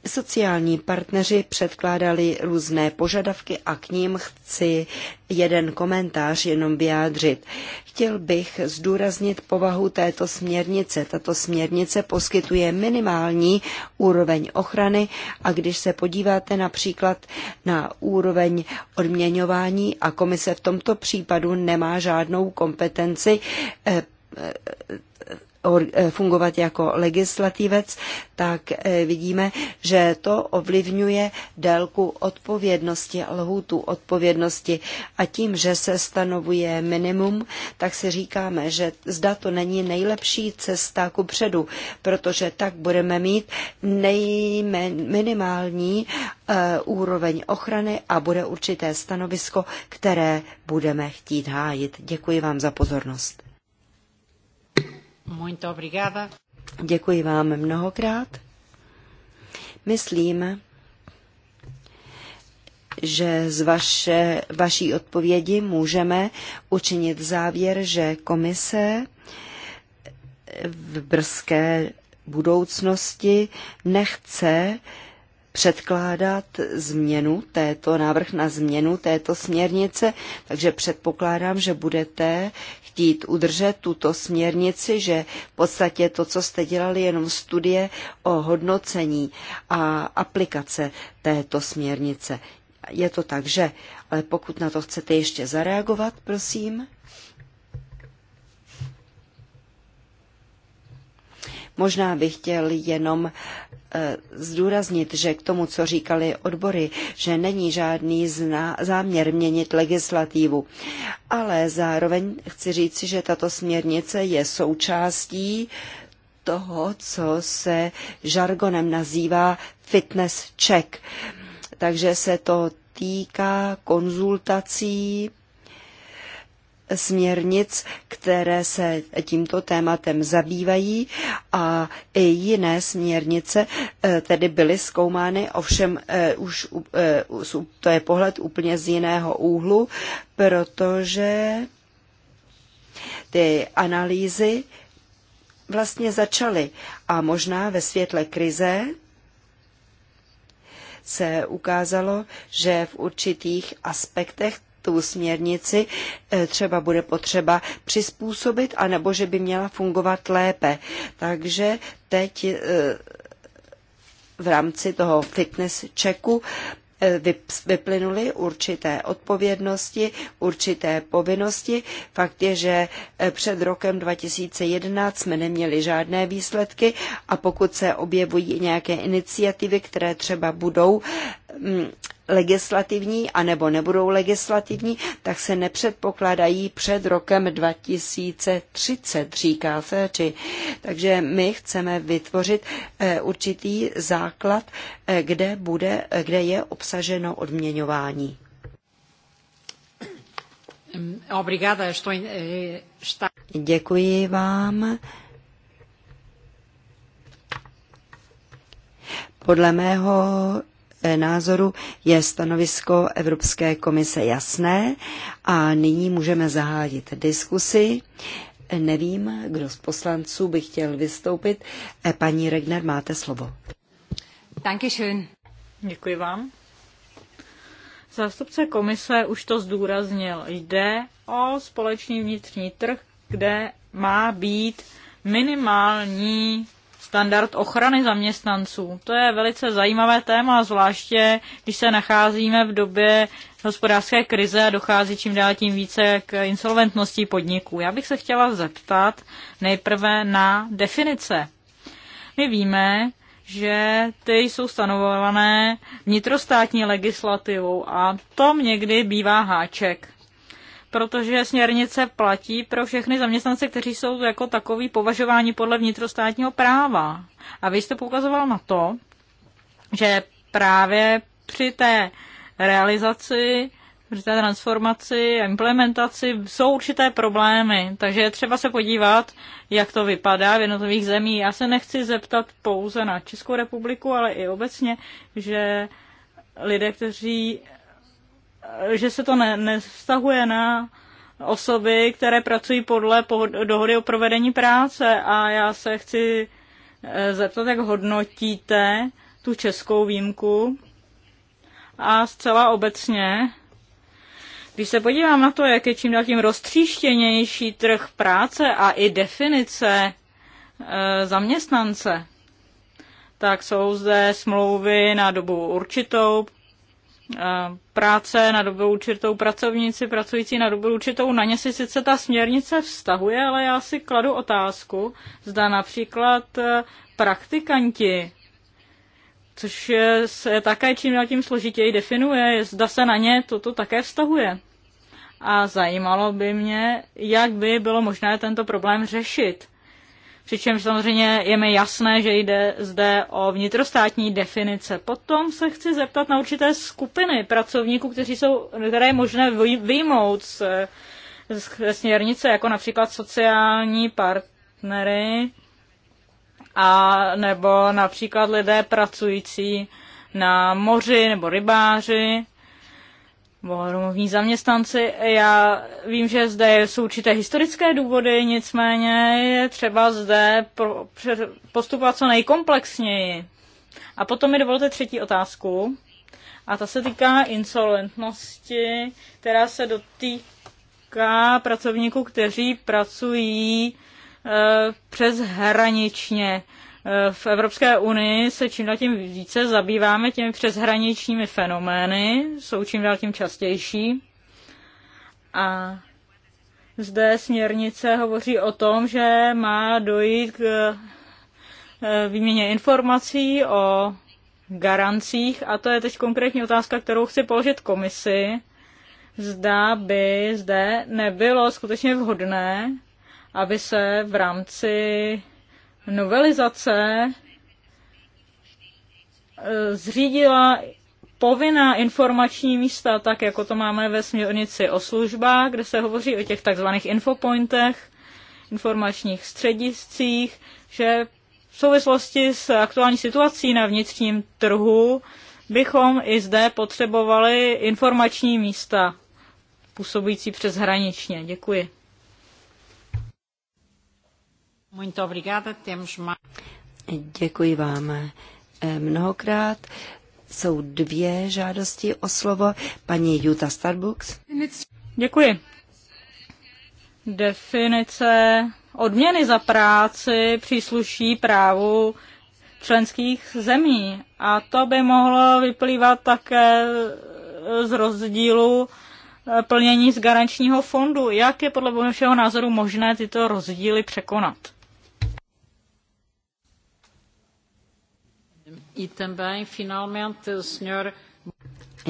Sociální partneři předkládali různé požadavky a k ním chci jeden komentář jenom vyjádřit. Chtěl bych zdůraznit povahu této směrnice. Tato směrnice poskytuje minimální úroveň ochrany a když se podíváte například na úroveň odměňování a komise v tomto případu nemá žádnou kompetenci eh, eh, Eh, fungovat jako legislativec, tak eh, vidíme, že to ovlivňuje délku odpovědnosti, lhůtu odpovědnosti. A tím, že se stanovuje minimum, tak si říkáme, že zda to není nejlepší cesta ku předu, protože tak budeme mít nejminimální eh, úroveň ochrany a bude určité stanovisko, které budeme chtít hájit. Děkuji vám za pozornost. Muito obrigada. Děkuji vám mnohokrát. Myslím, že z vaše, vaší odpovědi můžeme učinit závěr, že komise v brzké budoucnosti nechce předkládat změnu této, návrh na změnu této směrnice, takže předpokládám, že budete chtít udržet tuto směrnici, že v podstatě to, co jste dělali, jenom studie o hodnocení a aplikace této směrnice. Je to tak, že? Ale pokud na to chcete ještě zareagovat, prosím. Možná bych chtěl jenom Eh, zdůraznit, že k tomu, co říkali odbory, že není žádný zna- záměr měnit legislativu. Ale zároveň chci říct, že tato směrnice je součástí toho, co se žargonem nazývá fitness check. Takže se to týká konzultací směrnic, které se tímto tématem zabývají a i jiné směrnice eh, tedy byly zkoumány, ovšem eh, už eh, to je pohled úplně z jiného úhlu, protože ty analýzy vlastně začaly a možná ve světle krize se ukázalo, že v určitých aspektech tu směrnici eh, třeba bude potřeba přizpůsobit, anebo že by měla fungovat lépe. Takže teď eh, v rámci toho fitness checku eh, vyplynuly určité odpovědnosti, určité povinnosti. Fakt je, že před rokem 2011 jsme neměli žádné výsledky a pokud se objevují nějaké iniciativy, které třeba budou Mm, legislativní anebo nebudou legislativní, tak se nepředpokládají před rokem 2030, říká Ferči. Takže my chceme vytvořit eh, určitý základ, eh, kde, bude, eh, kde je obsaženo odměňování. Děkuji vám. Podle mého názoru je stanovisko Evropské komise jasné a nyní můžeme zahájit diskusi. Nevím, kdo z poslanců by chtěl vystoupit. E, paní Regner, máte slovo. Děkuji vám. Zástupce komise už to zdůraznil. Jde o společný vnitřní trh, kde má být minimální standard ochrany zaměstnanců. To je velice zajímavé téma, zvláště když se nacházíme v době hospodářské krize a dochází čím dál tím více k insolventnosti podniků. Já bych se chtěla zeptat nejprve na definice. My víme, že ty jsou stanovované vnitrostátní legislativou a tom někdy bývá háček protože směrnice platí pro všechny zaměstnance, kteří jsou jako takový považováni podle vnitrostátního práva. A vy jste poukazoval na to, že právě při té realizaci, při té transformaci a implementaci jsou určité problémy, takže je třeba se podívat, jak to vypadá v jednotlivých zemích. Já se nechci zeptat pouze na Českou republiku, ale i obecně, že lidé, kteří že se to ne, nestahuje na osoby, které pracují podle dohody o provedení práce. A já se chci eh, zeptat, jak hodnotíte tu českou výjimku. A zcela obecně, když se podívám na to, jak je čím dál tím roztříštěnější trh práce a i definice eh, zaměstnance, tak jsou zde smlouvy na dobu určitou, práce na dobu určitou, pracovníci pracující na dobu určitou, na ně si sice ta směrnice vztahuje, ale já si kladu otázku, zda například e, praktikanti, což se také čím dál tím složitěji definuje, zda se na ně toto také vztahuje. A zajímalo by mě, jak by bylo možné tento problém řešit Přičemž samozřejmě je mi jasné, že jde zde o vnitrostátní definice. Potom se chci zeptat na určité skupiny pracovníků, kteří jsou, které je možné vyjmout z, z směrnice, jako například sociální partnery a nebo například lidé pracující na moři nebo rybáři Rumovní zaměstnanci. Já vím, že zde jsou určité historické důvody, nicméně je třeba zde postupovat co nejkomplexněji. A potom mi dovolte třetí otázku. A ta se týká insolventnosti, která se dotýká pracovníků, kteří pracují e, eh, přes hraničně v Evropské unii se čím dál tím více zabýváme těmi přeshraničními fenomény, jsou čím dál tím častější. A zde směrnice hovoří o tom, že má dojít k eh, výměně informací o garancích a to je teď konkrétní otázka, kterou chci položit komisi. Zda by zde nebylo skutečně vhodné, aby se v rámci novelizace eh, zřídila povinná informační místa, tak jako to máme ve směrnici o službách, kde se hovoří o těch takzvaných infopointech, informačních střediscích, že v souvislosti s aktuální situací na vnitřním trhu bychom i zde potřebovali informační místa působící přeshraničně. Děkuji. Děkuji vám eh, mnohokrát. Jsou dvě žádosti o slovo. Paní Juta Starbucks. Děkuji. Definice odměny za práci přísluší právu členských zemí. A to by mohlo vyplývat také eh, z rozdílu eh, plnění z garančního fondu. Jak je podle vašeho názoru možné tyto rozdíly překonat? E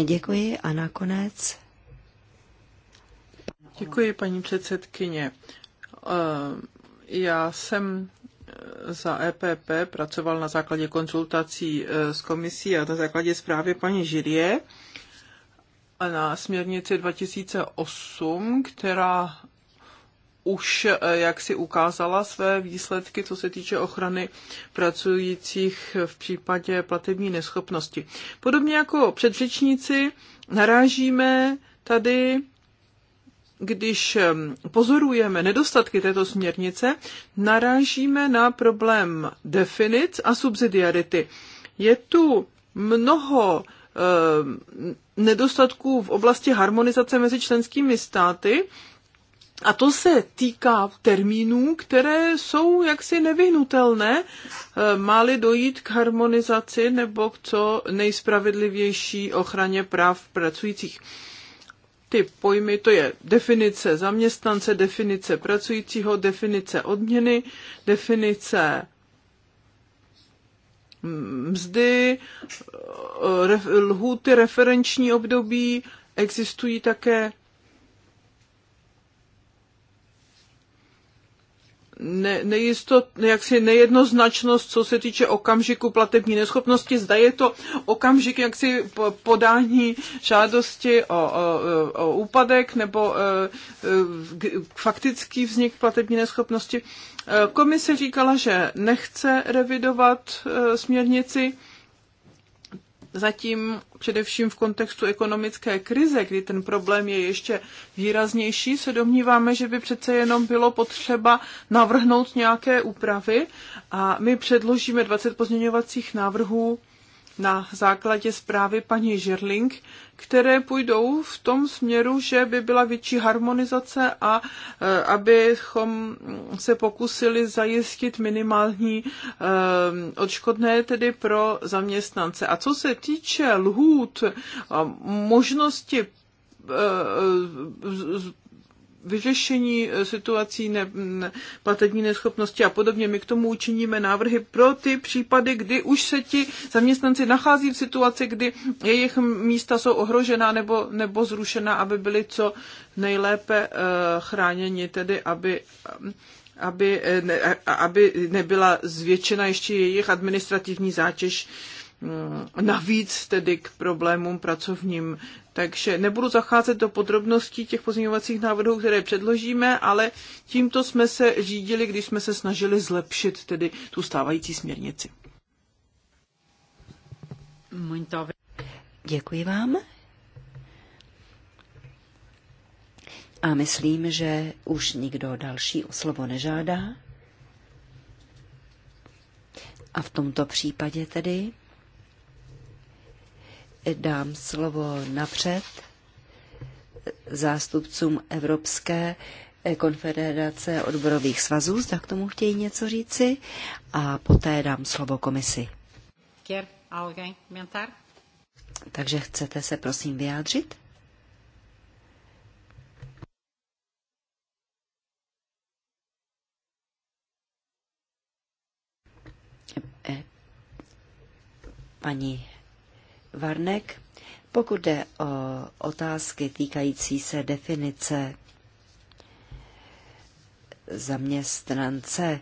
Děkuji a nakonec... Děkuji, paní předsedkyně. Eh, já jsem eh, za EPP pracoval na základě konzultací eh, s komisí a na základě zprávy paní Žirie na směrnici 2008, která už eh, jak si ukázala své výsledky, co se týče ochrany pracujících v případě platební neschopnosti. Podobně jako předřečníci narážíme tady když ehm, pozorujeme nedostatky této směrnice, narážíme na problém definic a subsidiarity. Je tu mnoho ehm, nedostatků v oblasti harmonizace mezi členskými státy a to se týká termínů, které jsou jaksi nevyhnutelné, eh, má-li dojít k harmonizaci nebo k co nejspravedlivější ochraně práv pracujících. Ty pojmy, to je definice zaměstnance, definice pracujícího, definice odměny, definice mm, mzdy, eh, lhůty referenční období, existují také ne, nejistot, jaksi nejednoznačnost, co se týče okamžiku platební neschopnosti. Zda je to okamžik jaksi podání žádosti o, o, o úpadek nebo e, e, faktický vznik platební neschopnosti. E, komise říkala, že nechce revidovat směrnici zatím především v kontextu ekonomické krize, kdy ten problém je ještě výraznější, se domníváme, že by přece jenom bylo potřeba navrhnout nějaké úpravy a my předložíme 20 pozměňovacích návrhů na základě zprávy paní Žirling, které půjdou v tom směru, že by byla větší harmonizace a e, abychom se pokusili zajistit minimální e, odškodné tedy pro zaměstnance. A co se týče lhůt, možnosti e, vyřešení eh, situací ne, ne, platební neschopnosti a podobně. My k tomu učiníme návrhy pro ty případy, kdy už se ti zaměstnanci nachází v situaci, kdy jejich místa jsou ohrožena nebo, nebo zrušena, aby byli co nejlépe eh, chráněni, tedy aby aby, ne, aby nebyla zvětšena ještě jejich administrativní zátěž Mm, navíc tedy k problémům pracovním. Takže nebudu zacházet do podrobností těch pozměňovacích návrhů, které předložíme, ale tímto jsme se řídili, když jsme se snažili zlepšit tedy tu stávající směrnici. Děkuji vám. A myslím, že už nikdo další o slovo nežádá. A v tomto případě tedy dám slovo napřed zástupcům Evropské konfederace odborových svazů, zda k tomu chtějí něco říci, a poté dám slovo komisi. Takže chcete se prosím vyjádřit? Eh, eh, paní Varnek. Pokud jde o otázky týkající se definice zaměstnance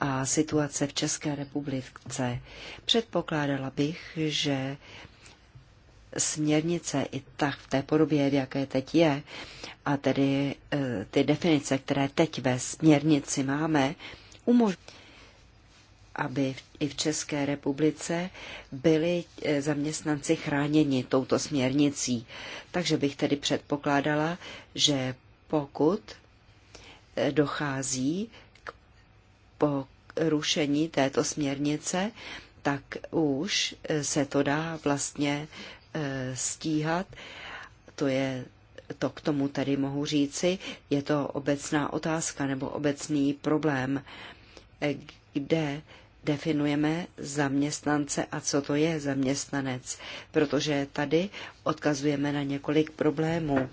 a situace v České republice, předpokládala bych, že směrnice i tak v té podobě, v jaké teď je, a tedy eh, ty definice, které teď ve směrnici máme, umožňují aby i v České republice byli eh, zaměstnanci chráněni touto směrnicí. Takže bych tedy předpokládala, že pokud eh, dochází k porušení této směrnice, tak už eh, se to dá vlastně stíhat. To je to k tomu tady mohu říci, je to obecná otázka nebo obecný problém, kde definujeme zaměstnance a co to je zaměstnanec, protože tady odkazujeme na několik problémů.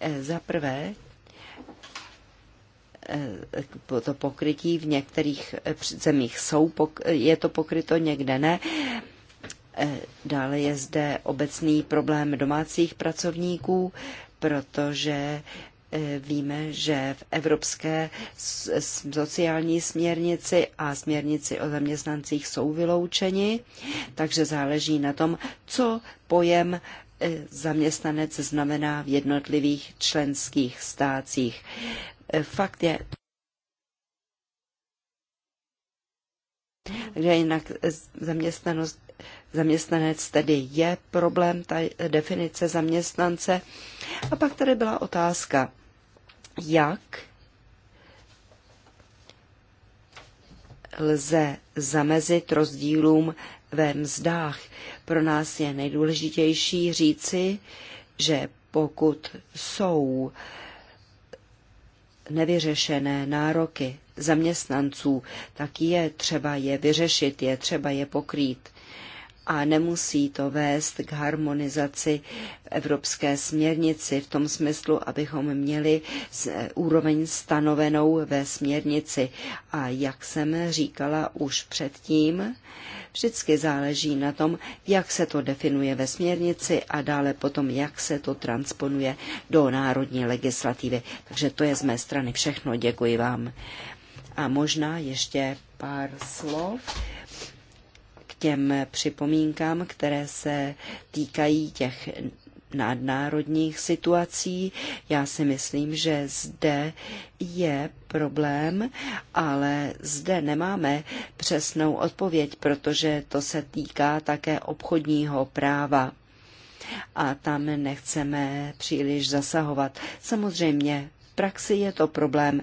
E, za prvé, e, to pokrytí v některých e, zemích jsou, je to pokryto, někde ne. Dále je zde obecný problém domácích pracovníků, protože Eh, víme, že v evropské sociální směrnici a směrnici o zaměstnancích jsou vyloučeni, takže záleží na tom, co pojem eh, zaměstnanec znamená v jednotlivých členských stácích. Eh, fakt je, Takže jinak zaměstnanost, zaměstnanec tedy je problém, ta definice zaměstnance. A pak tady byla otázka jak lze zamezit rozdílům ve mzdách. Pro nás je nejdůležitější říci, že pokud jsou nevyřešené nároky zaměstnanců, tak je třeba je vyřešit, je třeba je pokrýt a nemusí to vést k harmonizaci v evropské směrnici v tom smyslu, abychom měli eh, úroveň stanovenou ve směrnici. A jak jsem říkala už předtím, vždycky záleží na tom, jak se to definuje ve směrnici a dále potom, jak se to transponuje do národní legislativy. Takže to je z mé strany všechno. Děkuji vám. A možná ještě pár slov těm připomínkám, které se týkají těch nadnárodních situací. Já si myslím, že zde je problém, ale zde nemáme přesnou odpověď, protože to se týká také obchodního práva. A tam nechceme příliš zasahovat. Samozřejmě praxi je to problém,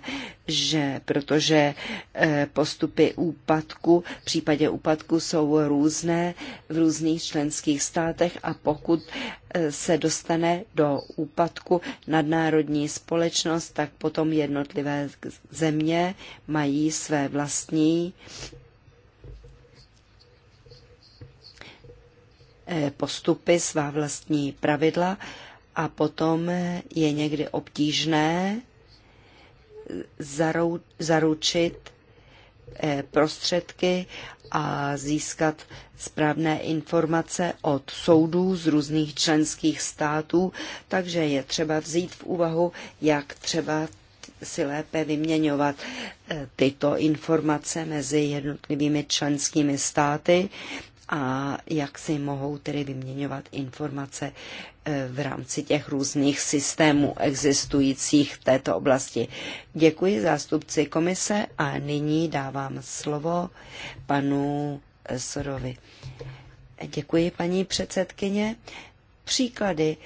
že protože eh, postupy úpadku, v případě úpadku jsou různé v různých členských státech a pokud eh, se dostane do úpadku nadnárodní společnost, tak potom jednotlivé země mají své vlastní eh, postupy, svá vlastní pravidla a potom je někdy obtížné zaručit eh, prostředky a získat správné informace od soudů z různých členských států, takže je třeba vzít v úvahu, jak třeba si lépe vyměňovat eh, tyto informace mezi jednotlivými členskými státy a jak si mohou tedy vyměňovat informace Eh, v rámci těch různých systémů existujících v této oblasti. Děkuji zástupci komise a nyní dávám slovo panu eh, Sorovi. Děkuji, paní předsedkyně. Příklady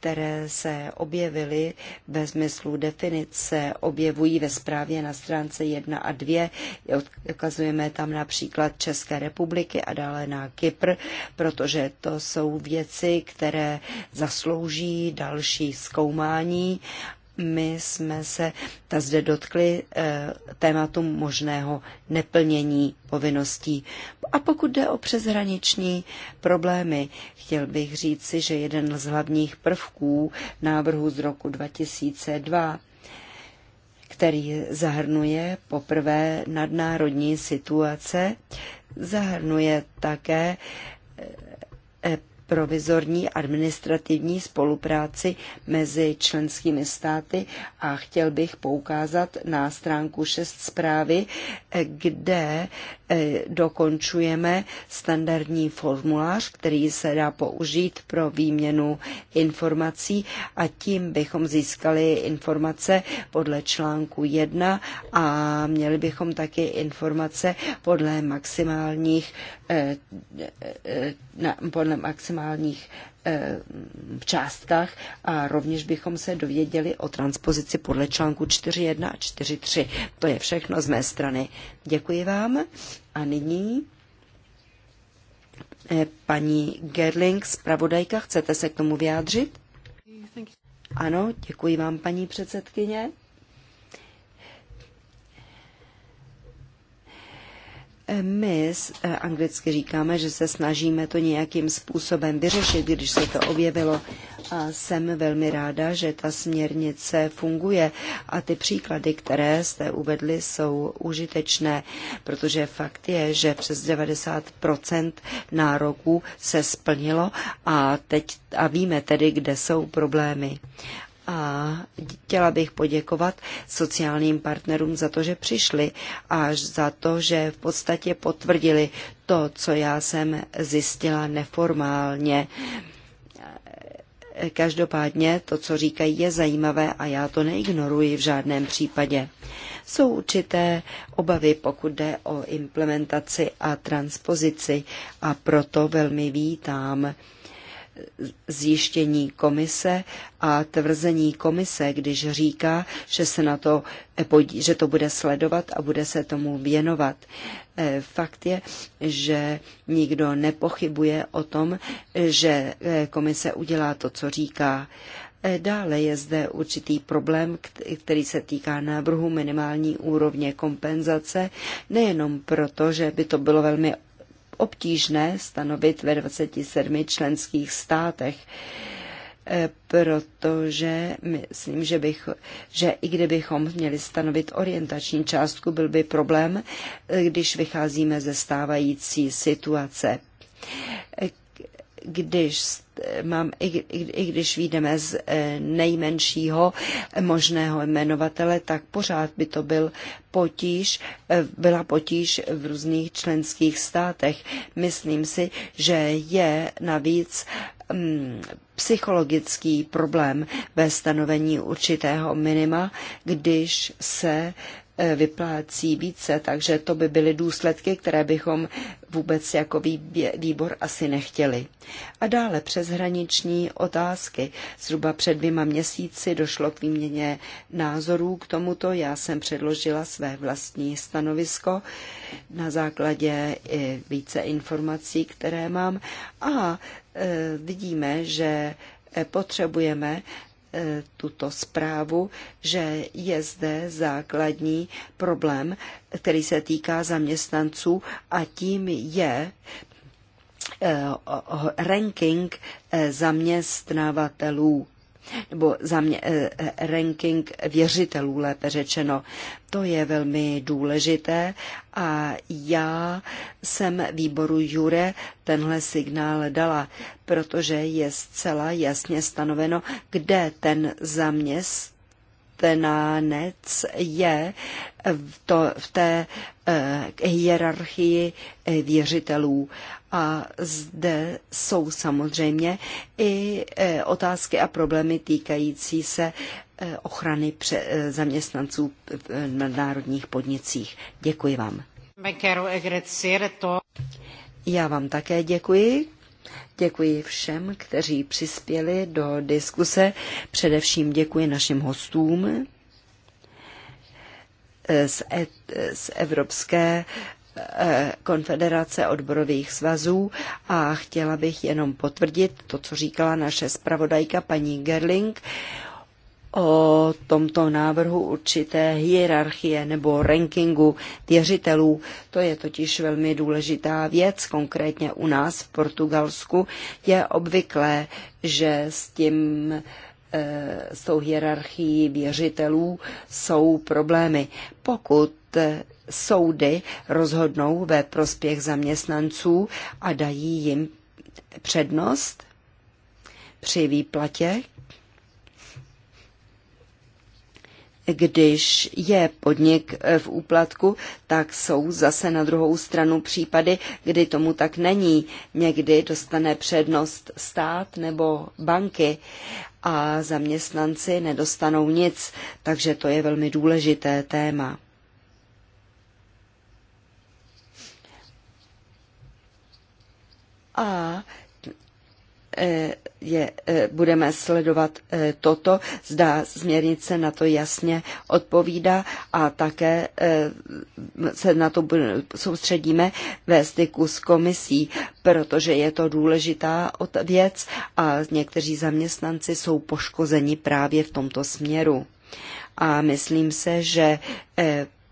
které se objevily ve smyslu definice, objevují ve zprávě na stránce 1 a 2. Ukazujeme tam například České republiky a dále na Kypr, protože to jsou věci, které zaslouží další zkoumání my jsme se zde dotkli eh, tématu možného neplnění povinností. A pokud jde o přeshraniční problémy, chtěl bych říci, že jeden z hlavních prvků návrhu z roku 2002 který zahrnuje poprvé nadnárodní situace, zahrnuje také provizorní administrativní spolupráci mezi členskými státy a chtěl bych poukázat na stránku 6 zprávy, kde E, dokončujeme standardní formulář, který se dá použít pro výměnu informací a tím bychom získali informace podle článku 1 a měli bychom taky informace podle maximálních e, e, podle maximálních Eh, v částkách a rovněž bychom se dověděli o transpozici podle článku 4.1 a 4.3. To je všechno z mé strany. Děkuji vám a nyní eh, paní Gerling, zpravodajka, chcete se k tomu vyjádřit? Ano, děkuji vám, paní předsedkyně. My eh, anglicky říkáme, že se snažíme to nějakým způsobem vyřešit, když se to objevilo. A jsem velmi ráda, že ta směrnice funguje a ty příklady, které jste uvedli, jsou užitečné, protože fakt je, že přes 90 nároků se splnilo a teď a víme tedy, kde jsou problémy. A chtěla bych poděkovat sociálním partnerům za to, že přišli a za to, že v podstatě potvrdili to, co já jsem zjistila neformálně. Každopádně to, co říkají, je zajímavé a já to neignoruji v žádném případě. Jsou určité obavy, pokud jde o implementaci a transpozici a proto velmi vítám zjištění komise a tvrzení komise, když říká, že se na to, e, že to bude sledovat a bude se tomu věnovat. E, fakt je, že nikdo nepochybuje o tom, že e, komise udělá to, co říká. Dále je zde určitý problém, který se týká návrhu minimální úrovně kompenzace, nejenom proto, že by to bylo velmi obtížné stanovit ve 27 členských státech eh, protože myslím, že, bych, že i kdybychom měli stanovit orientační částku, byl by problém, eh, když vycházíme ze stávající situace když, mám, i, i, i když výjdeme z eh, nejmenšího možného jmenovatele, tak pořád by to byl potíž, eh, byla potíž v různých členských státech. Myslím si, že je navíc mm, psychologický problém ve stanovení určitého minima, když se Eh, vyplácí více, takže to by byly důsledky, které bychom vůbec jako výbor asi nechtěli. A dále přeshraniční otázky. Zhruba před dvěma měsíci došlo k výměně názorů k tomuto. Já jsem předložila své vlastní stanovisko na základě i eh, více informací, které mám. A e, vidíme, že potřebujeme E, tuto zprávu, že je zde základní problém, který se týká zaměstnanců a tím je e, ranking e, zaměstnavatelů nebo eh, eh, ranking věřitelů, lépe řečeno. To je velmi důležité a já jsem výboru Jure tenhle signál dala, protože je zcela jasně stanoveno, kde ten zaměst tenánec je v, to, v té eh, hierarchii eh, věřitelů a zde jsou samozřejmě i e, otázky a problémy týkající se e, ochrany e, zaměstnanců v nadnárodních podnicích. Děkuji vám. Já vám také děkuji. Děkuji všem, kteří přispěli do diskuse. Především děkuji našim hostům z, e- z Evropské Eh, Konfederace odborových svazů a chtěla bych jenom potvrdit to, co říkala naše zpravodajka paní Gerling o tomto návrhu určité hierarchie nebo rankingu věřitelů. To je totiž velmi důležitá věc, konkrétně u nás v Portugalsku je obvyklé, že s tím s tou hierarchií věřitelů jsou problémy. Pokud soudy rozhodnou ve prospěch zaměstnanců a dají jim přednost při výplatě, Když je podnik v úplatku, tak jsou zase na druhou stranu případy, kdy tomu tak není. Někdy dostane přednost stát nebo banky a zaměstnanci nedostanou nic, takže to je velmi důležité téma. A Eh, je, eh, budeme sledovat eh, toto, zda směrnice na to jasně odpovídá a také se na to soustředíme ve styku s komisí, protože je to důležitá věc a někteří zaměstnanci jsou poškozeni právě v tomto směru. A myslím se, že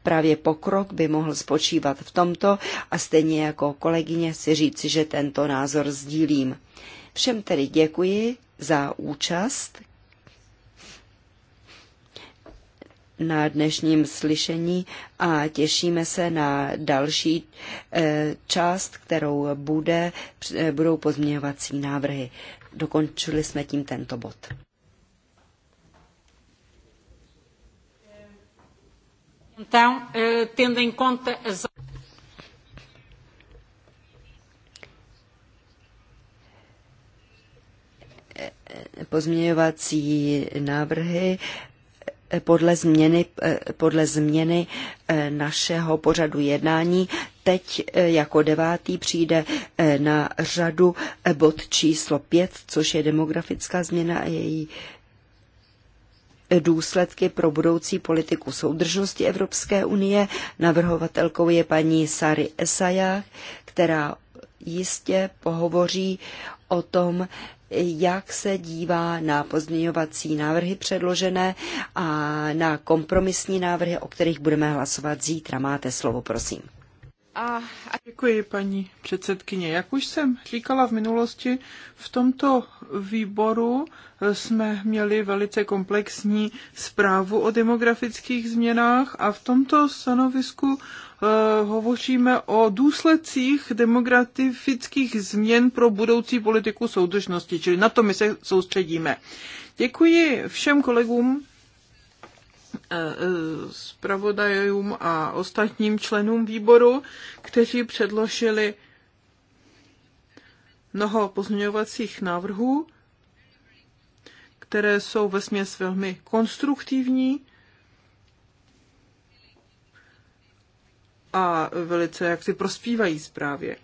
Právě pokrok by mohl spočívat v tomto a stejně jako kolegyně si říci, že tento názor sdílím. Všem tedy děkuji za účast na dnešním slyšení a těšíme se na další eh, část, kterou bude, eh, budou pozměňovací návrhy. Dokončili jsme tím tento bod. Então, eh, tendo em conta as pozměňovací návrhy podle změny, podle změny eh, našeho pořadu jednání. Teď eh, jako devátý přijde eh, na řadu bod číslo 5, což je demografická změna a její důsledky pro budoucí politiku soudržnosti Evropské unie. Navrhovatelkou je paní Sary Esajach, která jistě pohovoří o tom, jak se dívá na pozměňovací návrhy předložené a na kompromisní návrhy, o kterých budeme hlasovat zítra. Máte slovo, prosím. A, a děkuji, paní předsedkyně. Jak už jsem říkala v minulosti, v tomto výboru eh, jsme měli velice komplexní zprávu o demografických změnách a v tomto stanovisku Eh, hovoříme o důsledcích demografických změn pro budoucí politiku soudržnosti, čili na to my se soustředíme. Děkuji všem kolegům, eh, eh, zpravodajům a ostatním členům výboru, kteří předložili mnoho pozměňovacích návrhů, které jsou ve směs velmi konstruktivní a velice jak si prospívají zprávě.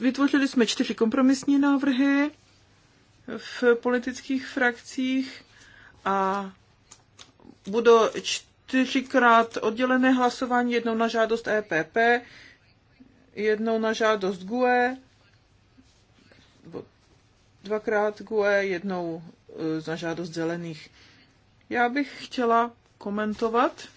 Vytvořili jsme čtyři kompromisní návrhy v politických frakcích a budou čtyřikrát oddělené hlasování, jednou na žádost EPP, jednou na žádost GUE, dvakrát GUE, jednou na e, žádost zelených. Já bych chtěla komentovat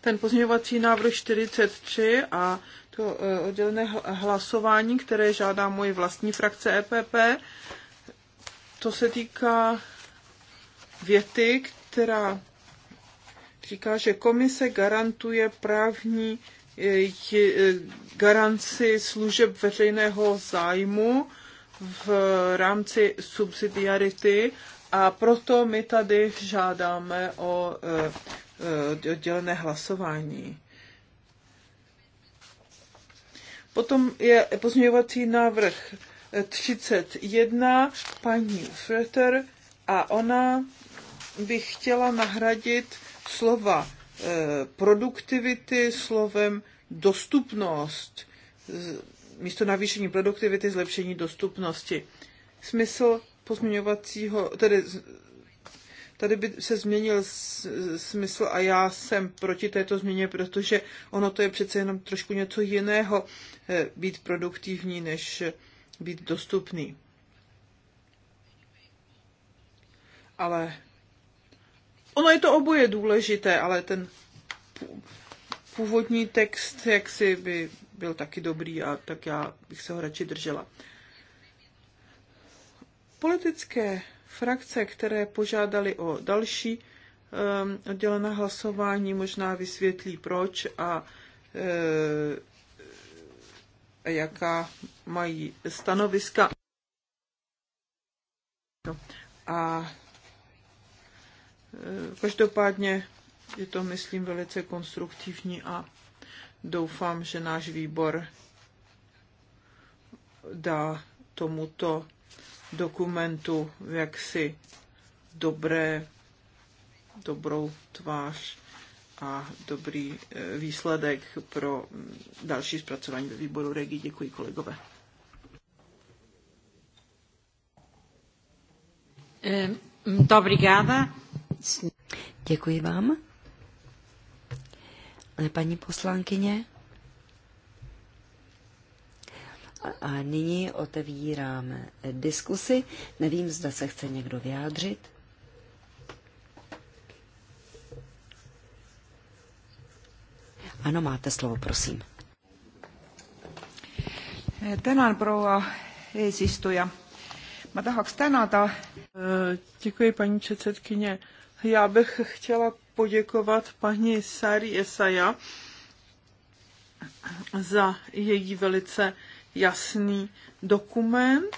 ten pozměňovací návrh 43 a to eh, oddělené hlasování, které žádá moje vlastní frakce EPP. To se týká věty, která říká, že komise garantuje právní eh, eh, garanci služeb veřejného zájmu v rámci subsidiarity a proto my tady žádáme o Eh, oddělené hlasování. Potom je pozměňovací návrh 31 paní Fretter a ona by chtěla nahradit slova eh, produktivity slovem dostupnost. Místo navýšení produktivity zlepšení dostupnosti. Smysl pozměňovacího, tedy tady by se změnil smysl a já jsem proti této změně, protože ono to je přece jenom trošku něco jiného eh, být produktivní, než eh, být dostupný. Ale ono je to oboje důležité, ale ten původní text jaksi by byl taky dobrý a tak já bych se ho radši držela. Politické Frakce, které požádali o další um, hlasování, možná vysvětlí proč a e, jaká mají stanoviska. A eh, Každopádně je to, myslím, velice konstruktivní a doufám, že náš výbor dá tomuto dokumentu jaksi dobré, dobrou tvář a dobrý eh, výsledek pro mm, další zpracování ve výboru Regi. Děkuji kolegové. Eh, Děkuji vám. Eh, paní poslankyně. A nyní otevíráme diskusy. Nevím, zda se chce někdo vyjádřit. Ano, máte slovo, prosím. Tenan, proua eesistuja. Ma tahaks tänada. Eh, děkuji, paní předsedkyně. Já bych chtěla poděkovat paní Sari Esaja za její velice jasný dokument.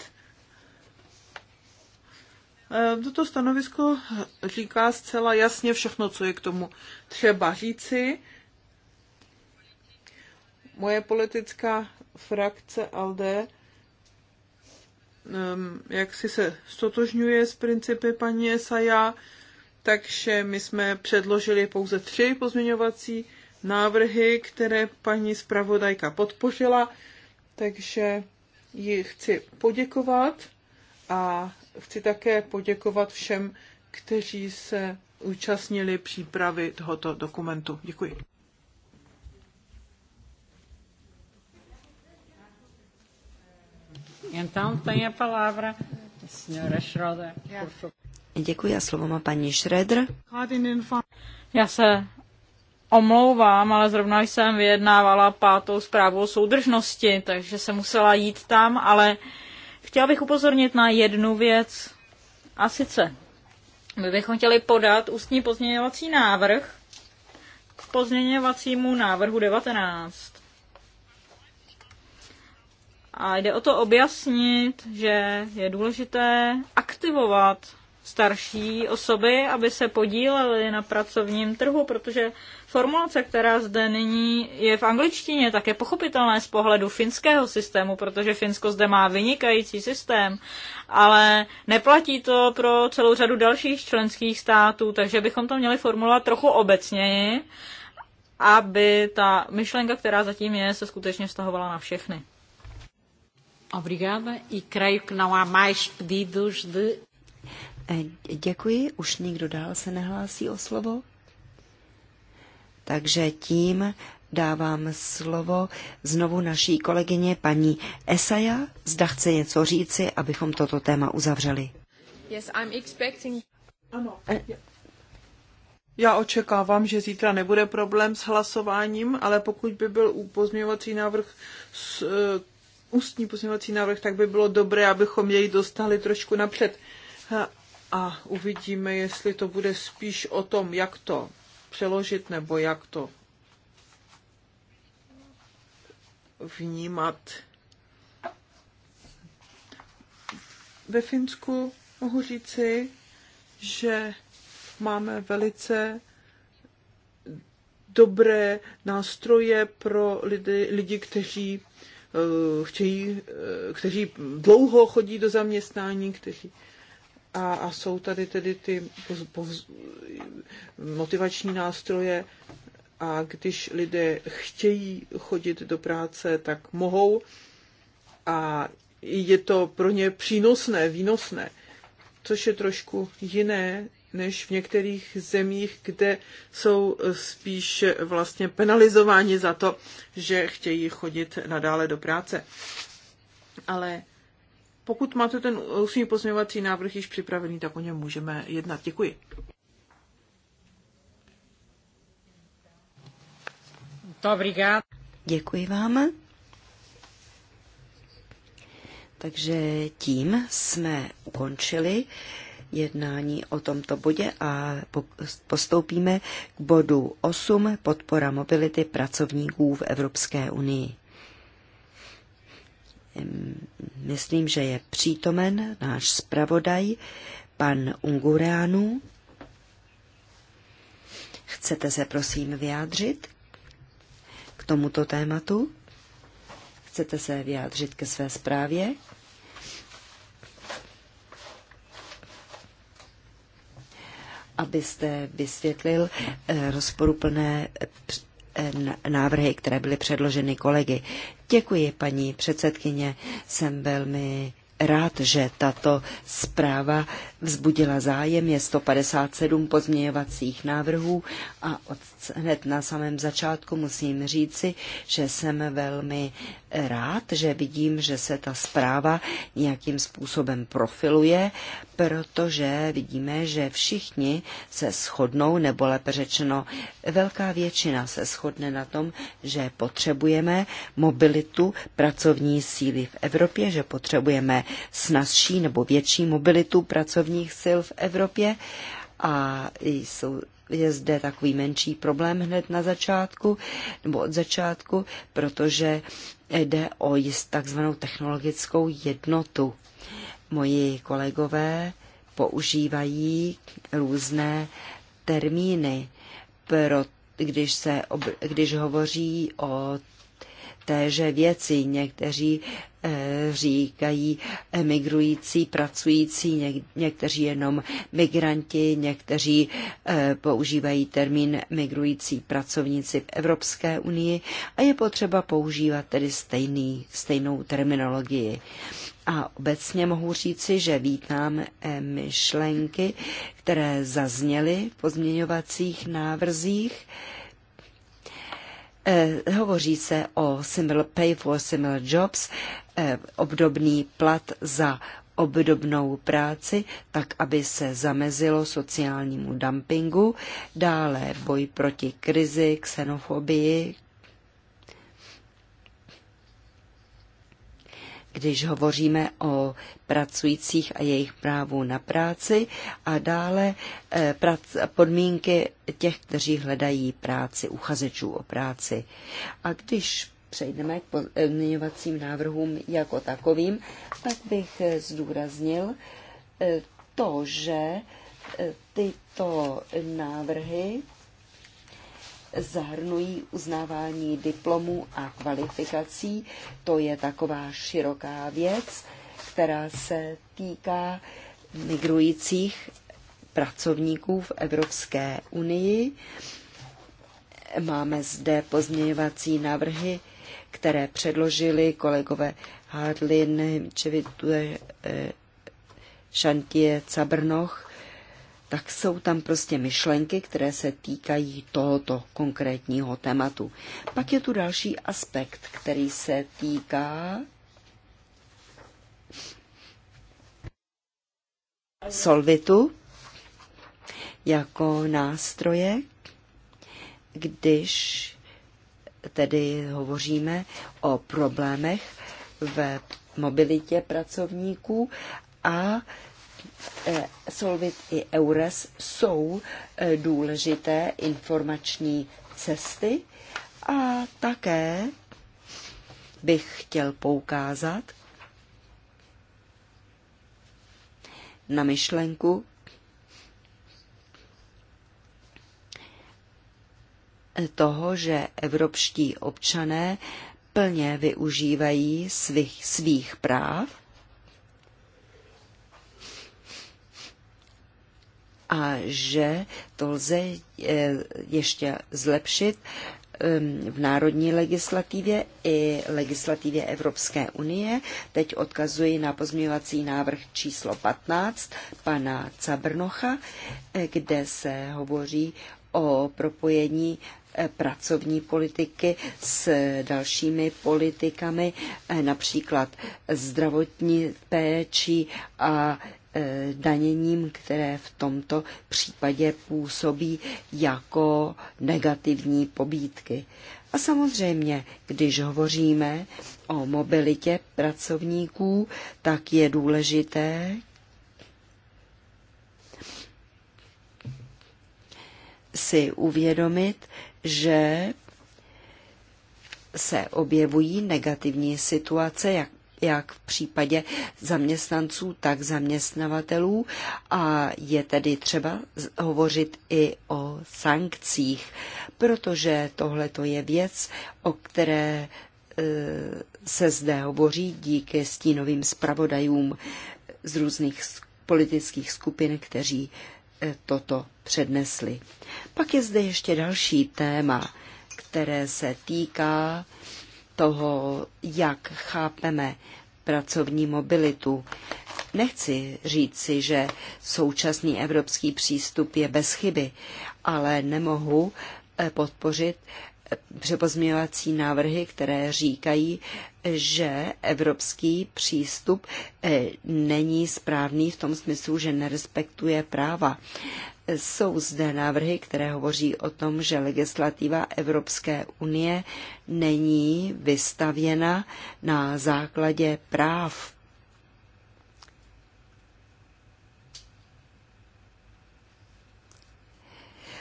Eh, toto stanovisko říká zcela jasně všechno, co je k tomu třeba říci. Moje politická frakce ALDE ehm, jak si se stotožňuje s principy paní Esaja, takže my jsme předložili pouze tři pozměňovací návrhy, které paní zpravodajka podpořila takže ji chci poděkovat a chci také poděkovat všem, kteří se účastnili přípravy tohoto dokumentu. Děkuji. Então tem a palavra senhora Děkuji a slovo má paní Schroeder. Já se omlouvám, ale zrovna jsem vyjednávala pátou zprávu o soudržnosti, takže jsem musela jít tam, ale chtěla bych upozornit na jednu věc. A sice, my bychom chtěli podat ústní pozměňovací návrh k pozměňovacímu návrhu 19. A jde o to objasnit, že je důležité aktivovat starší osoby, aby se podílely na pracovním trhu, protože Formulace, která zde nyní je v angličtině, tak je pochopitelné z pohledu finského systému, protože Finsko zde má vynikající systém, ale neplatí to pro celou řadu dalších členských států, takže bychom to měli formulovat trochu obecněji, aby ta myšlenka, která zatím je, se skutečně vztahovala na všechny. Obrigada e creio que não há mais pedidos de e, Děkuji, už nikdo dál se nehlásí o slovo. Takže tím dávám slovo znovu naší kolegyně paní Esaja. Zda chce něco říci, abychom toto téma uzavřeli. Yes, I'm expecting... Ano. Já očekávám, že zítra nebude problém s hlasováním, ale pokud by byl pozměňovací návrh s, e, ústní pozměňovací návrh, tak by bylo dobré, abychom jej dostali trošku napřed. A uvidíme, jestli to bude spíš o tom, jak to přeložit nebo jak to vnímat. Ve Finsku mohu říci, že máme velice dobré nástroje pro lidi, lidi kteří eh, chtějí, eh, kteří dlouho chodí do zaměstnání, kteří a, a jsou tady tedy ty poz, poz, motivační nástroje a když lidé chtějí chodit do práce, tak mohou a je to pro ně přínosné, výnosné, což je trošku jiné než v některých zemích, kde jsou spíš vlastně penalizováni za to, že chtějí chodit nadále do práce. Ale pokud máte ten ústní pozměňovací návrh již připravený, tak o něm můžeme jednat. Děkuji. Děkuji vám. Takže tím jsme ukončili jednání o tomto bodě a postoupíme k bodu 8 podpora mobility pracovníků v Evropské unii. Myslím, že je přítomen náš zpravodaj, pan Ungureanu. Chcete se prosím vyjádřit k tomuto tématu? Chcete se vyjádřit ke své zprávě? Abyste vysvětlil eh, rozporuplné eh, návrhy, které byly předloženy kolegy. Děkuji, paní předsedkyně. Jsem velmi rád, že tato zpráva vzbudila zájem. Je 157 pozměňovacích návrhů a od hned na samém začátku musím říci, že jsem velmi rád, že vidím, že se ta zpráva nějakým způsobem profiluje, protože vidíme, že všichni se shodnou, nebo lépe řečeno, velká většina se shodne na tom, že potřebujeme mobilitu pracovní síly v Evropě, že potřebujeme snazší nebo větší mobilitu pracovních sil v Evropě a jsou je zde takový menší problém hned na začátku, nebo od začátku, protože jde o jist takzvanou technologickou jednotu. Moji kolegové používají různé termíny, pro, když, se, když hovoří o téže věci. Někteří eh, říkají emigrující, pracující, něk, někteří jenom migranti, někteří eh, používají termín migrující pracovníci v Evropské unii a je potřeba používat tedy stejný, stejnou terminologii. A obecně mohu říci, že vítám eh, myšlenky, které zazněly v pozměňovacích návrzích. Eh, hovoří se o similar pay for similar jobs, eh, obdobný plat za obdobnou práci, tak aby se zamezilo sociálnímu dumpingu, dále boj proti krizi, xenofobii, když hovoříme o pracujících a jejich právu na práci a dále eh, podmínky těch, kteří hledají práci, uchazečů o práci. A když přejdeme k pozměňovacím návrhům jako takovým, tak bych eh, zdůraznil eh, to, že tyto návrhy zahrnují uznávání diplomů a kvalifikací. To je taková široká věc, která se týká migrujících pracovníků v Evropské unii. Máme zde pozměňovací návrhy, které předložili kolegové Hardlin, Čevitue, Šantie, eh, Cabrnoch tak jsou tam prostě myšlenky, které se týkají tohoto konkrétního tématu. Pak je tu další aspekt, který se týká solvitu jako nástroje, když tedy hovoříme o problémech ve mobilitě pracovníků a Eh, Solvit i EURES jsou eh, důležité informační cesty a také bych chtěl poukázat na myšlenku eh, toho, že evropští občané plně využívají svých, svých práv a že to lze eh, ještě zlepšit ehm, v národní legislativě i legislativě Evropské unie. Teď odkazuji na pozměňovací návrh číslo 15 pana Cabrnocha, eh, kde se hovoří o propojení eh, pracovní politiky s dalšími politikami, například zdravotní péči a E, daněním, které v tomto případě působí jako negativní pobídky. A samozřejmě, když hovoříme o mobilitě pracovníků, tak je důležité si uvědomit, že se objevují negativní situace jak jak v případě zaměstnanců, tak zaměstnavatelů a je tedy třeba hovořit i o sankcích, protože tohle to je věc, o které e, se zde hovoří díky stínovým zpravodajům z různých politických skupin, kteří e, toto přednesli. Pak je zde ještě další téma, které se týká toho, jak chápeme pracovní mobilitu. Nechci si, že současný evropský přístup je bez chyby, ale nemohu eh, podpořit eh, přepozměvací návrhy, které říkají, že evropský přístup eh, není správný v tom smyslu, že nerespektuje práva. Jsou zde návrhy, které hovoří o tom, že legislativa Evropské unie není vystavěna na základě práv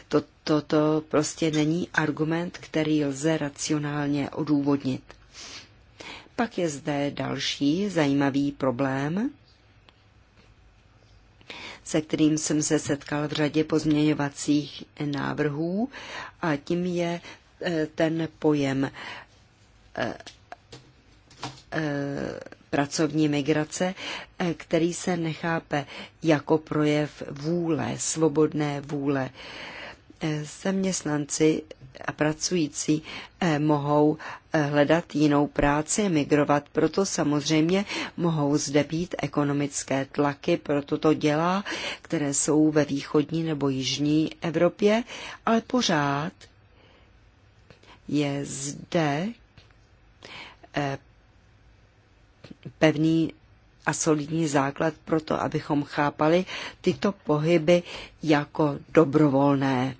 To, toto prostě není argument, který lze racionálně odůvodnit. Pak je zde další zajímavý problém, se kterým jsem se setkal v řadě pozměňovacích návrhů a tím je e, ten pojem e, e, pracovní migrace, který se nechápe jako projev vůle, svobodné vůle. Zaměstnanci a pracující eh, mohou eh, hledat jinou práci, migrovat. Proto samozřejmě mohou zde být ekonomické tlaky, proto to dělá, které jsou ve východní nebo jižní Evropě, ale pořád je zde eh, pevný a solidní základ pro to, abychom chápali tyto pohyby jako dobrovolné.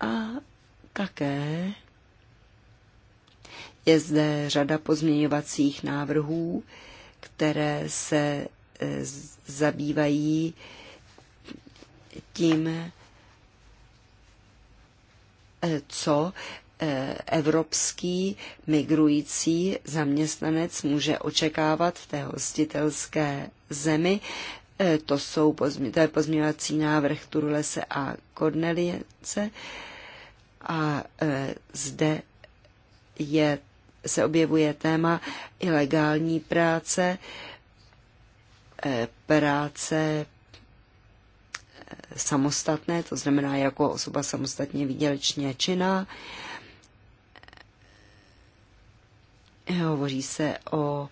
A také je zde řada pozměňovacích návrhů, které se e, zabývají tím, e, co e, evropský migrující zaměstnanec může očekávat v té hostitelské zemi to, jsou, to je pozměňovací návrh Turlese a Cornelience. A e, zde je, se objevuje téma ilegální práce, e, práce e, samostatné, to znamená jako osoba samostatně výdělečně činná. Hovoří se o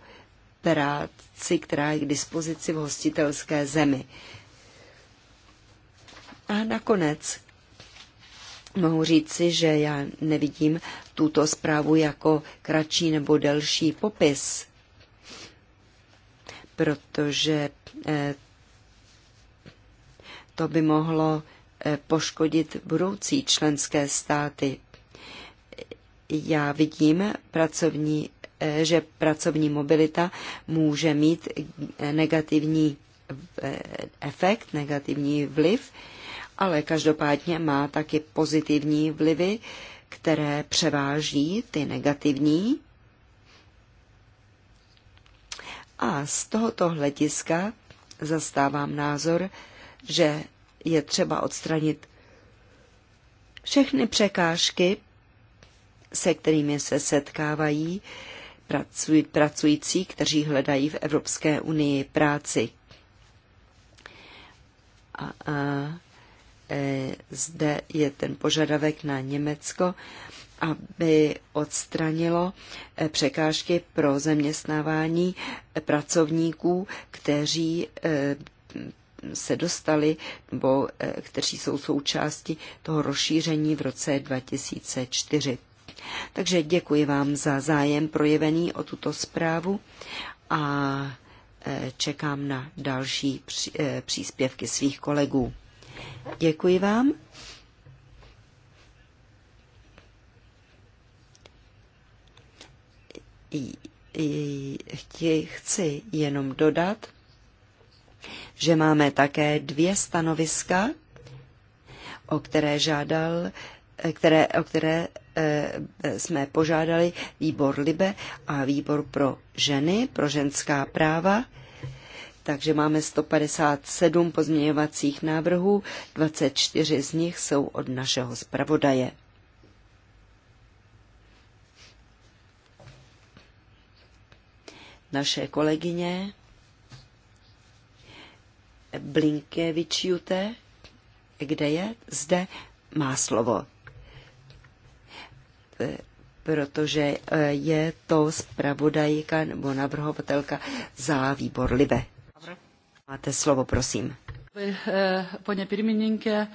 práci, která je k dispozici v hostitelské zemi. A nakonec mohu říci, že já nevidím tuto zprávu jako kratší nebo delší popis, protože eh, to by mohlo eh, poškodit budoucí členské státy. Já vidím pracovní Eh, že pracovní mobilita může mít negativní eh, efekt, negativní vliv, ale každopádně má taky pozitivní vlivy, které převáží ty negativní. A z tohoto hlediska zastávám názor, že je třeba odstranit všechny překážky, se kterými se setkávají pracuj, pracující, kteří hledají v Evropské unii práci. A, a e, zde je ten požadavek na Německo, aby odstranilo e, překážky pro zaměstnávání e, pracovníků, kteří e, se dostali, nebo kteří jsou součástí toho rozšíření v roce 2004. Takže děkuji vám za zájem projevený o tuto zprávu a e, čekám na další e, příspěvky svých kolegů. Děkuji vám. Chci jenom dodat, že máme také dvě stanoviska, o které žádal které, o které eh, jsme požádali výbor Libe a výbor pro ženy, pro ženská práva. Takže máme 157 pozměňovacích návrhů, 24 z nich jsou od našeho zpravodaje. Naše kolegyně Blinkevičiute, kde je? Zde má slovo protože eh, je to zpravodajka nebo navrhovatelka za výbor Libe. Máte slovo, prosím. Eh, Pane pirmininke,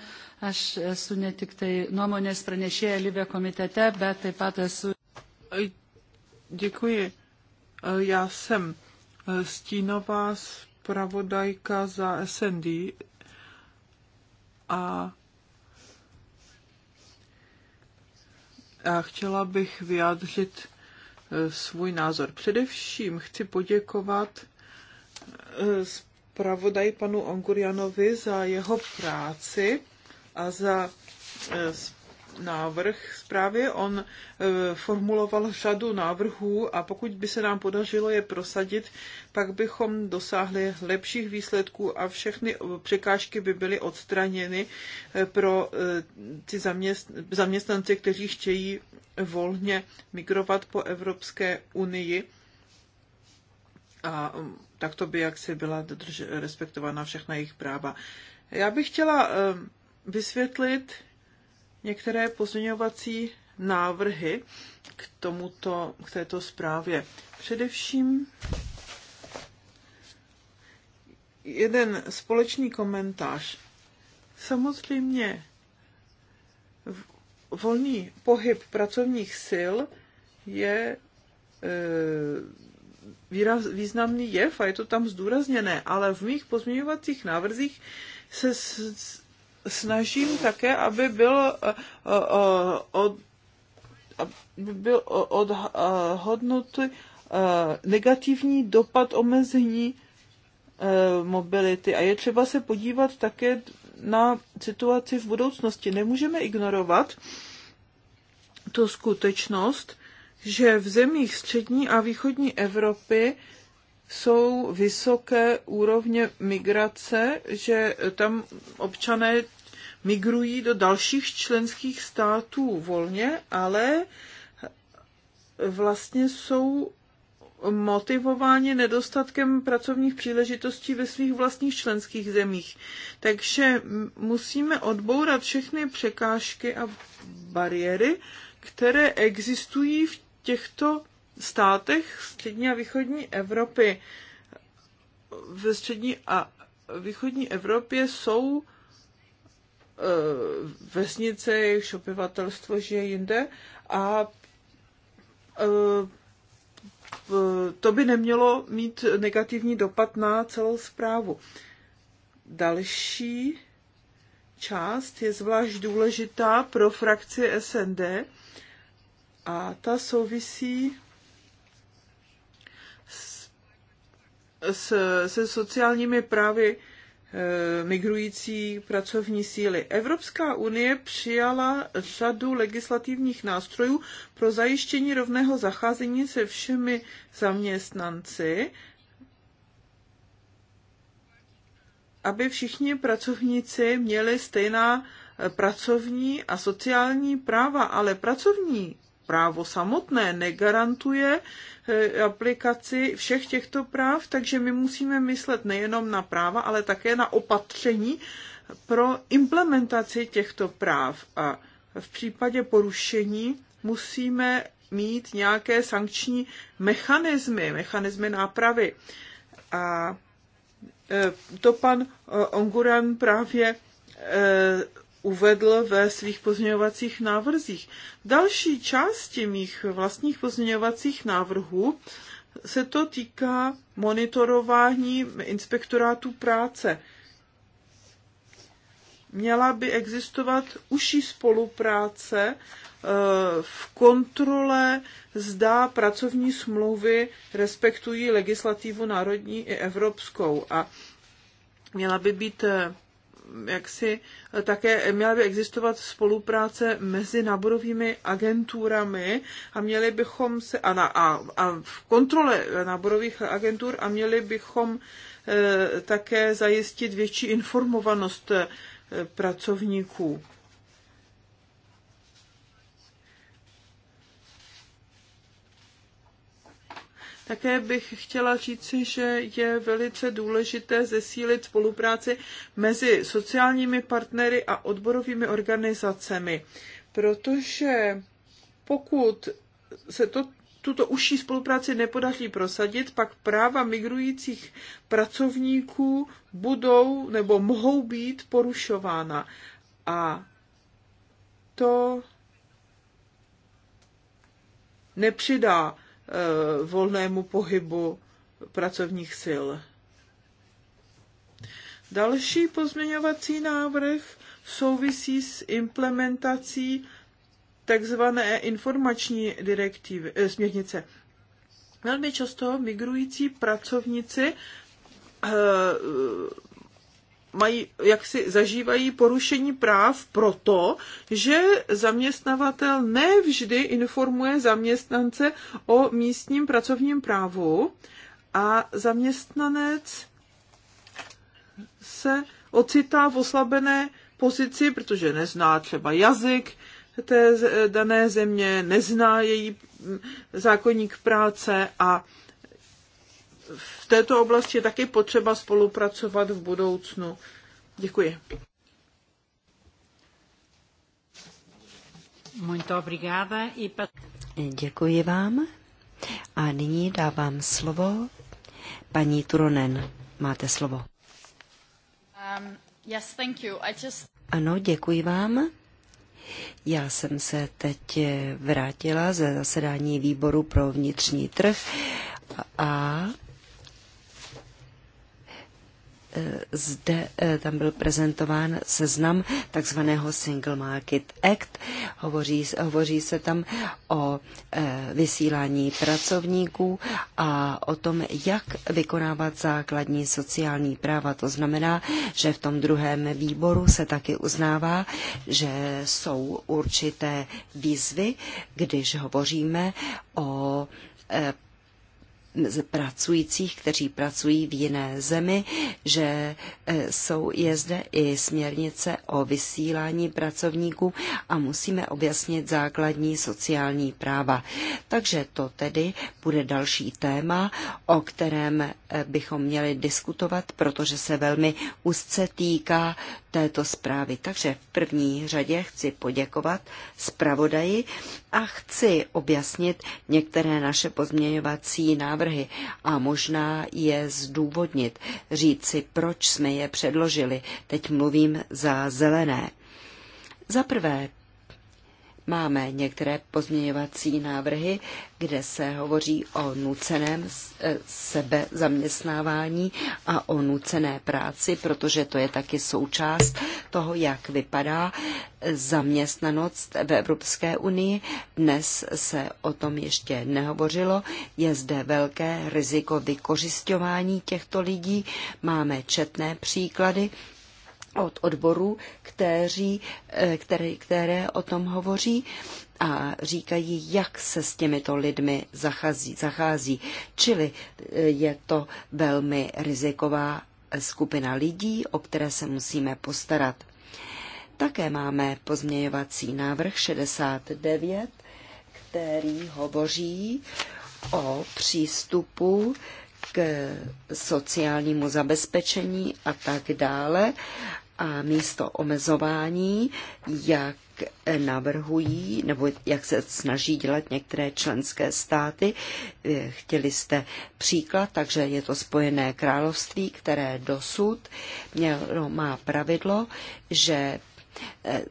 až esu eh, ne tik tai nuomonės pranešėja LIBE komitete, bet taip pat jsou... Děkuji. Já jsem stínová zpravodajka za SND a a chtěla bych vyjádřit e, svůj názor. Především chci poděkovat e, zpravodaj panu Ongurianovi za jeho práci a za e, návrh zprávy. On e, formuloval řadu návrhů a pokud by se nám podařilo je prosadit, pak bychom dosáhli lepších výsledků a všechny e, překážky by byly odstraněny e, pro ty zaměstnance, kteří chtějí volně migrovat po Evropské unii. A um, tak to by jaksi byla respektována všechna jejich práva. Já bych chtěla vysvětlit, některé pozměňovací návrhy k, tomuto, k této zprávě. Především jeden společný komentář. Samozřejmě volný pohyb pracovních sil je e, výraz, významný jev a je to tam zdůrazněné, ale v mých pozměňovacích návrzích se snažím také, aby byl eh, eh, eh, od, aby byl odhodnut negativní dopad omezení mobility. A je třeba se podívat také na situaci v budoucnosti. Nemůžeme ignorovat tu skutečnost, že v zemích střední a východní Evropy jsou vysoké úrovně migrace, že tam občané migrují do dalších členských států volně, ale vlastně jsou motivováni nedostatkem pracovních příležitostí ve svých vlastních členských zemích. Takže musíme odbourat všechny překážky a bariéry, které existují v těchto státech střední a východní Evropy. Ve střední a východní Evropě jsou eh, vesnice, jejich obyvatelstvo žije jinde a eh, eh, to by nemělo mít negativní dopad na celou zprávu. Další část je zvlášť důležitá pro frakci SND a ta souvisí s, se sociálními právy e, migrující pracovní síly. Evropská unie přijala řadu legislativních nástrojů pro zajištění rovného zacházení se všemi zaměstnanci, aby všichni pracovníci měli stejná pracovní a sociální práva, ale pracovní právo samotné negarantuje eh, aplikaci všech těchto práv, takže my musíme myslet nejenom na práva, ale také na opatření pro implementaci těchto práv. A v případě porušení musíme mít nějaké sankční mechanismy, mechanismy nápravy. A eh, to pan eh, Onguran právě uvedl ve svých pozměňovacích návrzích. Další části mých vlastních pozměňovacích návrhů se to týká monitorování inspektorátů práce. Měla by existovat užší spolupráce eh, v kontrole, zda pracovní smlouvy respektují legislativu národní i evropskou. A měla by být eh, jaksi eh, také měla by existovat spolupráce mezi náborovými agenturami a měli bychom se a, na, a, a v kontrole náborových agentur a měli bychom e, také zajistit větší informovanost eh, pracovníků. Také bych chtěla říci, že je velice důležité zesílit spolupráci mezi sociálními partnery a odborovými organizacemi, protože pokud se to tuto užší spolupráci nepodaří prosadit, pak práva migrujících pracovníků budou nebo mohou být porušována. A to nepřidá Eh, volnému pohybu pracovních sil. Další pozměňovací návrh souvisí s implementací takzvané informační direktivy, eh, směrnice. Velmi často migrující pracovníci eh, mají, jak si zažívají porušení práv proto, že zaměstnavatel nevždy informuje zaměstnance o místním pracovním právu a zaměstnanec se ocitá v oslabené pozici, protože nezná třeba jazyk té dané země, nezná její mm, zákonník práce a v této oblasti je taky potřeba spolupracovat v budoucnu. Děkuji. E děkuji vám. A nyní dávám slovo paní Turonen. Máte slovo. Um, yes, thank you. I just... Ano, děkuji vám. Já jsem se teď vrátila ze zasedání výboru pro vnitřní trh a Eh, zde eh, tam byl prezentován seznam takzvaného Single Market Act. Hovoří, hovoří se tam o eh, vysílání pracovníků a o tom, jak vykonávat základní sociální práva. To znamená, že v tom druhém výboru se taky uznává, že jsou určité výzvy, když hovoříme o pracujících, kteří pracují v jiné zemi, že e, jsou, je zde i směrnice o vysílání pracovníků a musíme objasnit základní sociální práva. Takže to tedy bude další téma, o kterém e, bychom měli diskutovat, protože se velmi úzce týká této zprávy. Takže v první řadě chci poděkovat zpravodaji a chci objasnit některé naše pozměňovací návrhy a možná je zdůvodnit, říci, proč jsme je předložili. Teď mluvím za zelené. Za prvé, Máme některé pozměňovací návrhy, kde se hovoří o nuceném eh, sebezaměstnávání a o nucené práci, protože to je taky součást toho, jak vypadá eh, zaměstnanost v Evropské unii. Dnes se o tom ještě nehovořilo. Je zde velké riziko vykořišťování těchto lidí. Máme četné příklady od odborů, kteří, eh, které, které o tom hovoří a říkají, jak se s těmito lidmi zachází. zachází. Čili eh, je to velmi riziková eh, skupina lidí, o které se musíme postarat. Také máme pozměňovací návrh 69, který hovoří o přístupu k sociálnímu zabezpečení a tak dále a místo omezování, jak navrhují nebo jak se snaží dělat některé členské státy. Eh, chtěli jste příklad, takže je to Spojené království, které dosud mělo, má pravidlo, že eh,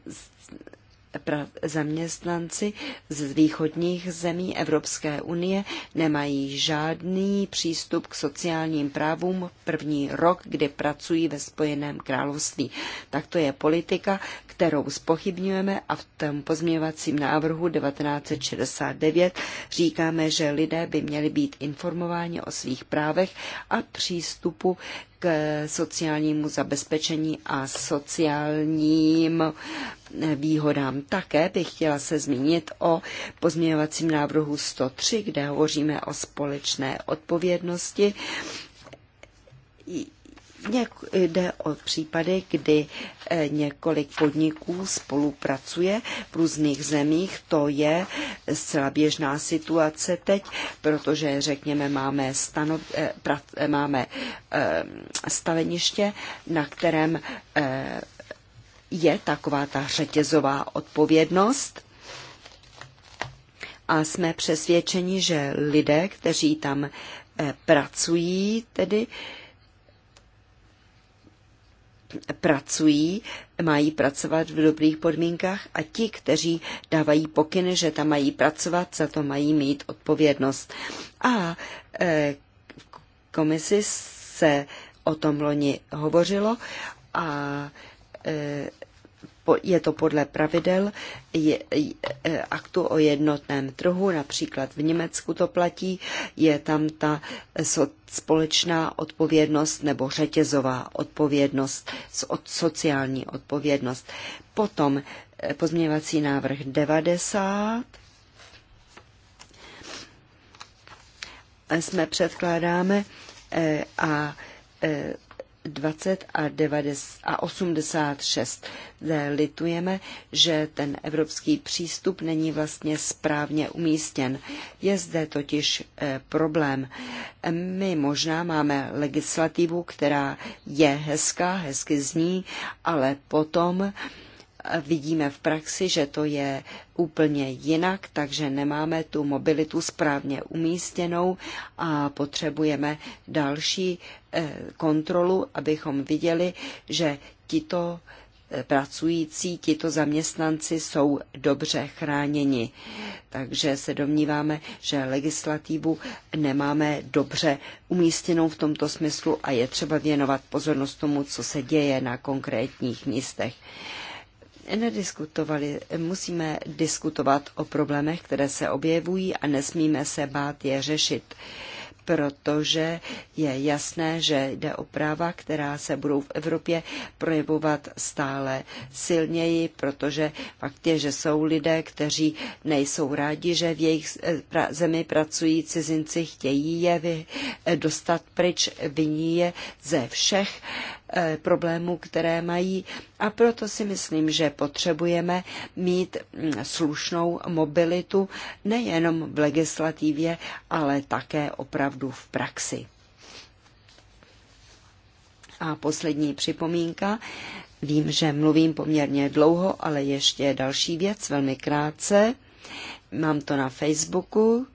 zaměstnanci z východních zemí Evropské unie nemají žádný přístup k sociálním právům první rok, kdy pracují ve Spojeném království. Tak to je politika, kterou spochybňujeme a v tom pozměvacím návrhu 1969 říkáme, že lidé by měli být informováni o svých právech a přístupu k sociálnímu zabezpečení a sociálním výhodám. Také bych chtěla se zmínit o pozměňovacím návrhu 103, kde hovoříme o společné odpovědnosti Jde o případy, kdy eh, několik podniků spolupracuje v různých zemích. To je zcela běžná situace teď, protože, řekněme, máme, stano, eh, eh, máme staveniště, na kterém je taková ta řetězová odpovědnost a jsme přesvědčeni, že lidé, kteří tam pracují, tedy pracují, mají pracovat v dobrých podmínkách a ti, kteří dávají pokyny, že tam mají pracovat, za to mají mít odpovědnost. A v e, komisi se o tom loni hovořilo a e, je to podle pravidel je, je, e, aktu o jednotném trhu, například v Německu to platí, je tam ta společná odpovědnost nebo řetězová odpovědnost, sociální odpovědnost. Potom e, pozměňovací návrh 90. E, jsme předkládáme a 20 a, 90 a 86. Zde litujeme, že ten evropský přístup není vlastně správně umístěn. Je zde totiž eh, problém. My možná máme legislativu, která je hezká, hezky zní, ale potom E, vidíme v praxi, že to je úplně jinak, takže nemáme tu mobilitu správně umístěnou a potřebujeme další eh, kontrolu, abychom viděli, že tito eh, pracující, tito zaměstnanci jsou dobře chráněni. Takže se domníváme, že legislativu nemáme dobře umístěnou v tomto smyslu a je třeba věnovat pozornost tomu, co se děje na konkrétních místech nediskutovali. Musíme diskutovat o problémech, které se objevují a nesmíme se bát je řešit protože je jasné, že jde o práva, která se budou v Evropě projevovat stále silněji, protože fakt je, že jsou lidé, kteří nejsou rádi, že v jejich eh, zemi pracují cizinci, chtějí je eh, dostat pryč, viní je ze všech Eh, problémů, které mají a proto si myslím, že potřebujeme mít mm, slušnou mobilitu nejenom v legislativě, ale také opravdu v praxi. A poslední připomínka. Vím, že mluvím poměrně dlouho, ale ještě další věc, velmi krátce. Mám to na Facebooku,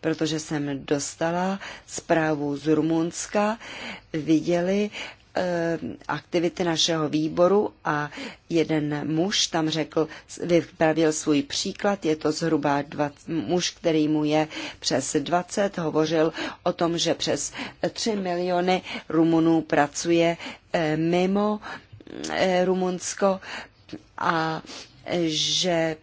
protože jsem dostala zprávu z Rumunska. Viděli, Eh, aktivity našeho výboru a jeden muž tam řekl, vypravil svůj příklad, je to zhruba 20, muž, který mu je přes 20, hovořil o tom, že přes 3 miliony Rumunů pracuje eh, mimo eh, Rumunsko a že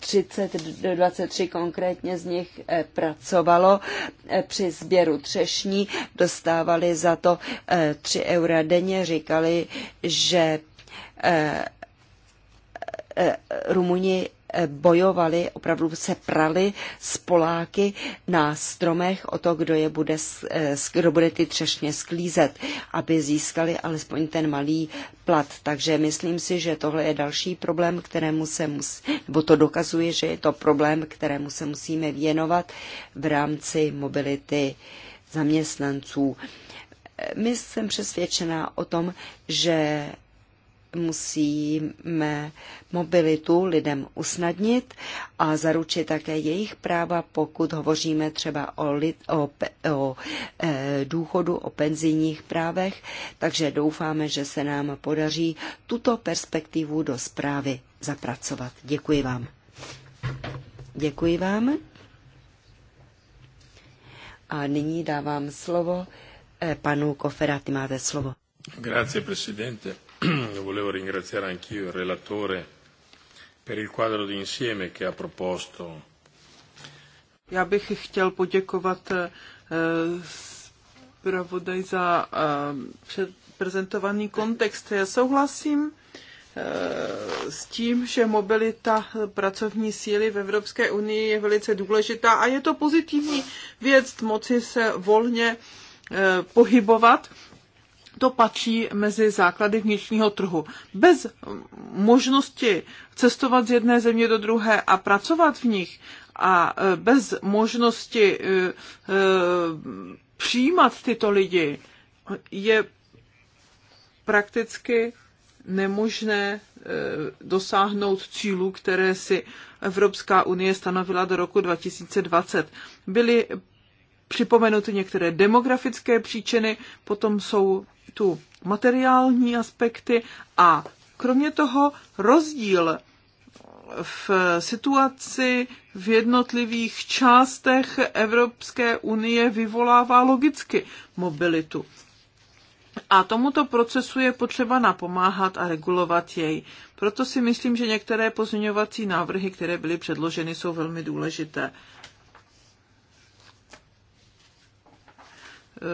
30-23 konkrétně z nich eh, pracovalo eh, při sběru třešní, dostávali za to 3 eh, eura denně, říkali, že Rumuni bojovali, opravdu se prali s Poláky na stromech o to, kdo, je bude, eh, kdo bude ty třešně sklízet, aby získali alespoň ten malý plat. Takže myslím si, že tohle je další problém, kterému se musí, nebo to dokazuje, že je to problém, kterému se musíme věnovat v rámci mobility zaměstnanců. Eh, my jsem přesvědčená o tom, že musíme mobilitu lidem usnadnit a zaručit také jejich práva, pokud hovoříme třeba o, lid, o, o e, důchodu, o penzijních právech. Takže doufáme, že se nám podaří tuto perspektivu do zprávy zapracovat. Děkuji vám. Děkuji vám. A nyní dávám slovo e, panu Kofera, ty máte slovo. Grazie, presidente volevo ringraziare anch'io il relatore per il quadro di insieme che ha proposto. Já bych chtěl poděkovat eh, zpravodaj za eh, prezentovaný kontext. Já souhlasím eh, s tím, že mobilita pracovní síly v Evropské unii je velice důležitá a je to pozitivní věc moci se volně pohybovat to patří mezi základy vnitřního trhu. Bez možnosti cestovat z jedné země do druhé a pracovat v nich a e, bez možnosti e, e, přijímat tyto lidi je prakticky nemožné dosáhnout cílů, které si Evropská unie stanovila do roku 2020. Byly připomenuty některé demografické příčiny, potom jsou tu materiální aspekty a kromě toho rozdíl v situaci v jednotlivých částech Evropské unie vyvolává logicky mobilitu. A tomuto procesu je potřeba napomáhat a regulovat jej. Proto si myslím, že některé pozměňovací návrhy, které byly předloženy, jsou velmi důležité. Eh,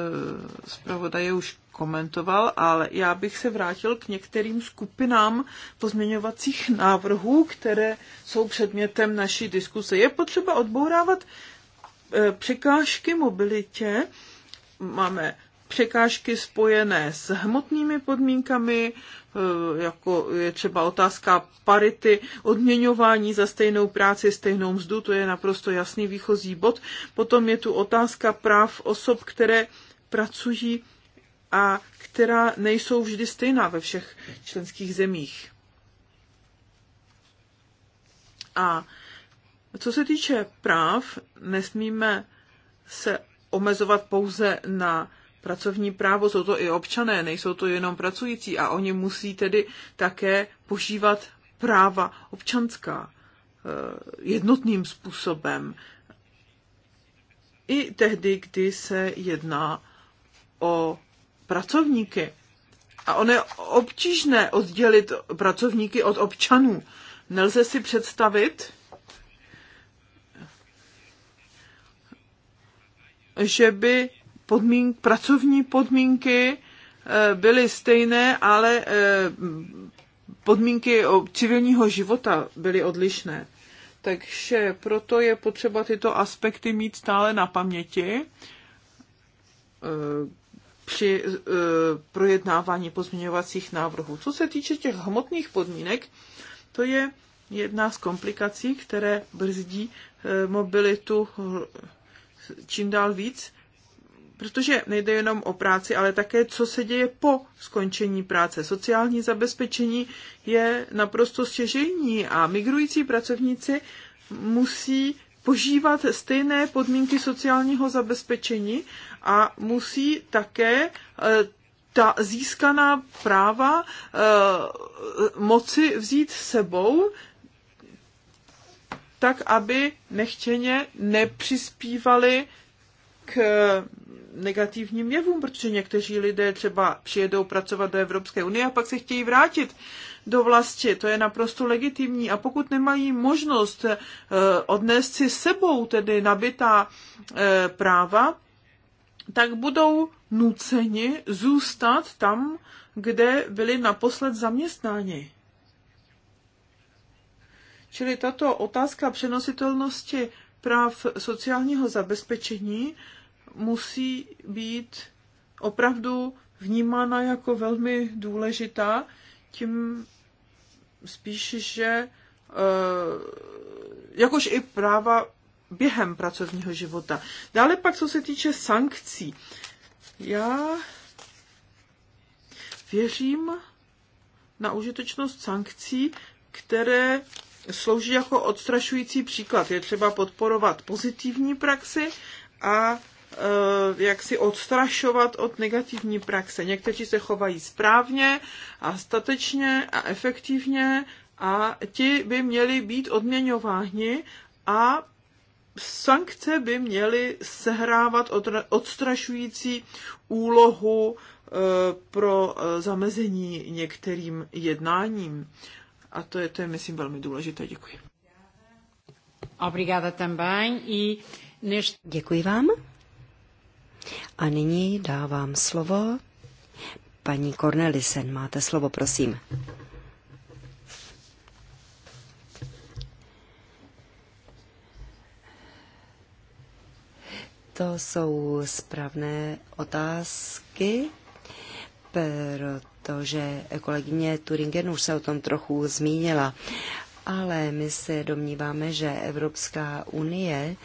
zpravodaje už komentoval, ale já bych se vrátil k některým skupinám pozměňovacích návrhů, které jsou předmětem naší diskuse. Je potřeba odbourávat eh, překážky mobilitě. Máme překážky spojené s hmotnými podmínkami, e, jako je třeba otázka parity, odměňování za stejnou práci, stejnou mzdu, to je naprosto jasný výchozí bod. Potom je tu otázka práv osob, které pracují a která nejsou vždy stejná ve všech členských zemích. A co se týče práv, nesmíme se omezovat pouze na pracovní právo, jsou to i občané, nejsou to jenom pracující a oni musí tedy také požívat práva občanská eh, jednotným způsobem. I tehdy, kdy se jedná o pracovníky. A ono je obtížné oddělit pracovníky od občanů. Nelze si představit, že by podmínk, pracovní podmínky eh, byly stejné, ale eh, podmínky civilního života byly odlišné. Takže proto je potřeba tyto aspekty mít stále na paměti eh, při projednávání pozměňovacích návrhů. Co se týče těch hmotných podmínek, to je jedna z komplikací, které brzdí mobilitu hm, čím dál víc protože nejde jenom o práci, ale také, co se děje po skončení práce. Sociální zabezpečení je naprosto stěžejní a migrující pracovníci musí požívat stejné podmínky sociálního zabezpečení a musí také e, ta získaná práva e, moci vzít sebou, tak aby nechtěně nepřispívali k eh, negativním jevům, protože někteří lidé třeba přijedou pracovat do Evropské unie a pak se chtějí vrátit do vlasti. To je naprosto legitimní. A pokud nemají možnost eh, odnést si sebou tedy nabitá eh, práva, tak budou nuceni zůstat tam, kde byli naposled zaměstnáni. Čili tato otázka přenositelnosti práv sociálního zabezpečení musí být opravdu vnímána jako velmi důležitá, tím spíš, že eh, jakož i práva během pracovního života. Dále pak, co se týče sankcí. Já věřím na užitečnost sankcí, které slouží jako odstrašující příklad. Je třeba podporovat pozitivní praxi a e, jak si odstrašovat od negativní praxe. Někteří se chovají správně a statečně a efektivně a ti by měli být odměňováni a sankce by měly sehrávat odstrašující úlohu e, pro e, zamezení některým jednáním. A to je, to je myslím, velmi důležité. Děkuji. Obrigada também i e než... Děkuji vám. A nyní dávám slovo paní Cornelisen. Máte slovo, prosím. To jsou správné otázky, proto to, že kolegyně Turingen už se o tom trochu zmínila, ale my se domníváme, že Evropská unie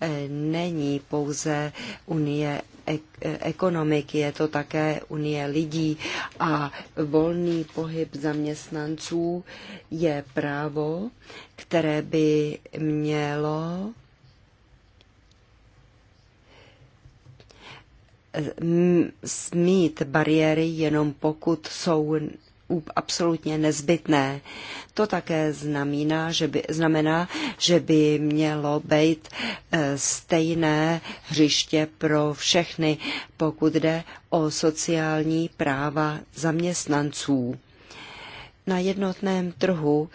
eh, není pouze unie eh, ekonomiky, je to také unie lidí a volný pohyb zaměstnanců je právo, které by mělo smít bariéry jenom pokud jsou absolutně nezbytné. To také znamená, že by, znamená, že by mělo být eh, stejné hřiště pro všechny, pokud jde o sociální práva zaměstnanců. Na jednotném trhu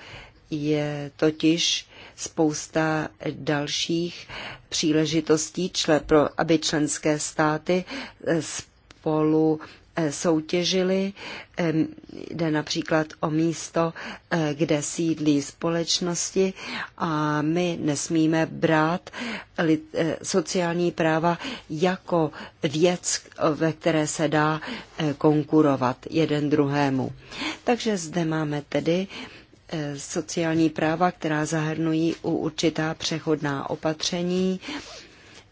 je totiž spousta dalších příležitostí, čle, pro, aby členské státy eh, spolu eh, soutěžili. Jde například o místo, eh, kde sídlí společnosti a my nesmíme brát sociální práva jako věc, ve které se dá konkurovat jeden druhému. Takže zde máme tedy Eh, sociální práva, která zahrnují u určitá přechodná opatření.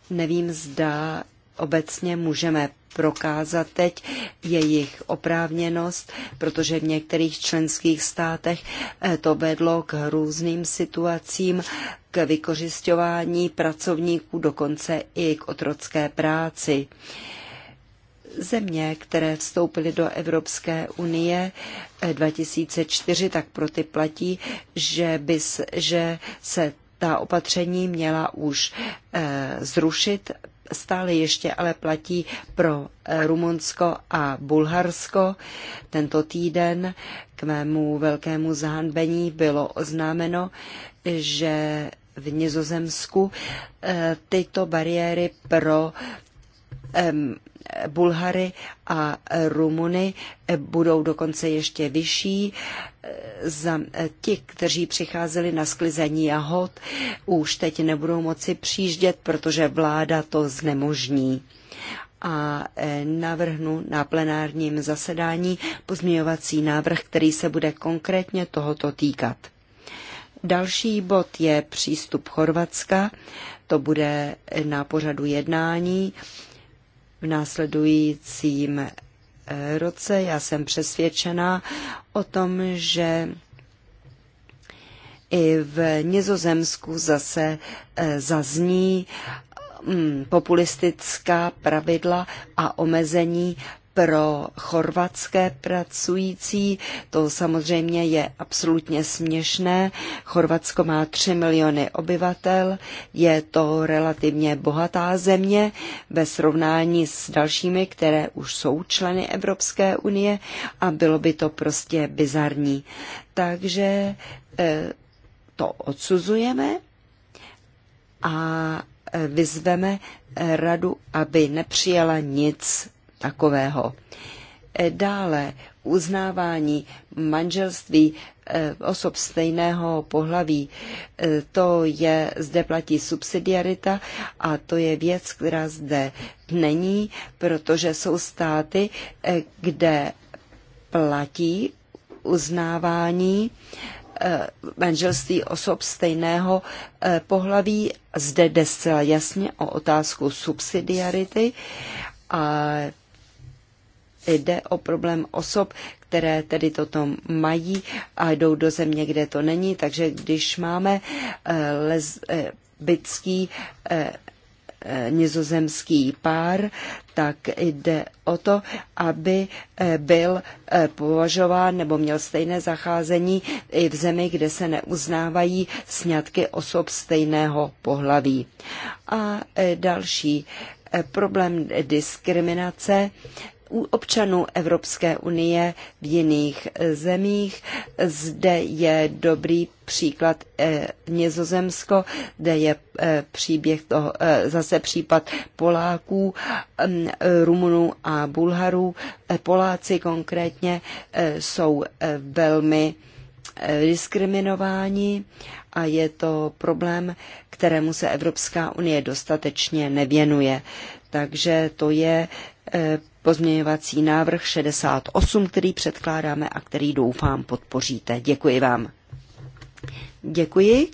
Nevím, zda obecně můžeme prokázat teď jejich oprávněnost, protože v některých členských státech eh, to vedlo k různým situacím, k vykořišťování pracovníků, dokonce i k otrocké práci. Země, které vstoupily do Evropské unie 2004, eh, tak pro ty platí, že, bys, že se ta opatření měla už eh, zrušit, stále ještě ale platí pro eh, Rumunsko a Bulharsko. Tento týden k mému velkému zahanbení bylo oznámeno, že v Nizozemsku tyto bariéry pro Bulhary a Rumuny eh, budou dokonce ještě vyšší. Eh, za eh, ti, kteří přicházeli na sklizení jahod, už teď nebudou moci přijíždět, protože vláda to znemožní a navrhnu na plenárním zasedání pozměňovací návrh, který se bude konkrétně tohoto týkat. Další bod je přístup Chorvatska, to bude na pořadu jednání v následujícím eh, roce. Já jsem přesvědčena o tom, že i v Nizozemsku zase eh, zazní mm, populistická pravidla a omezení pro chorvatské pracující. To samozřejmě je absolutně směšné. Chorvatsko má 3 miliony obyvatel, je to relativně bohatá země ve srovnání s dalšími, které už jsou členy Evropské unie a bylo by to prostě bizarní. Takže e, to odsuzujeme a e, vyzveme e, radu, aby nepřijala nic takového. Eh, dále uznávání manželství eh, osob stejného pohlaví. Eh, to je, zde platí subsidiarita a to je věc, která zde není, protože jsou státy, kde platí uznávání manželství osob stejného pohlaví. Zde jde zcela jasně o otázku subsidiarity a Jde o problém osob, které tedy toto mají a jdou do země, kde to není. Takže když máme eh, lesbický eh, eh, nizozemský pár, tak jde o to, aby byl považován nebo měl stejné zacházení i v zemi, kde se neuznávají sňatky osob stejného pohlaví. A další problém diskriminace občanů Evropské unie v jiných zemích. Zde je dobrý příklad eh, Nizozemsko, kde je eh, příběh toho, eh, zase případ Poláků, eh, Rumunů a Bulharů. Eh, Poláci konkrétně jsou velmi diskriminováni a je to problém, kterému se Evropská unie dostatečně nevěnuje. Takže to je pozměňovací návrh 68, který předkládáme a který doufám podpoříte. Děkuji vám. Děkuji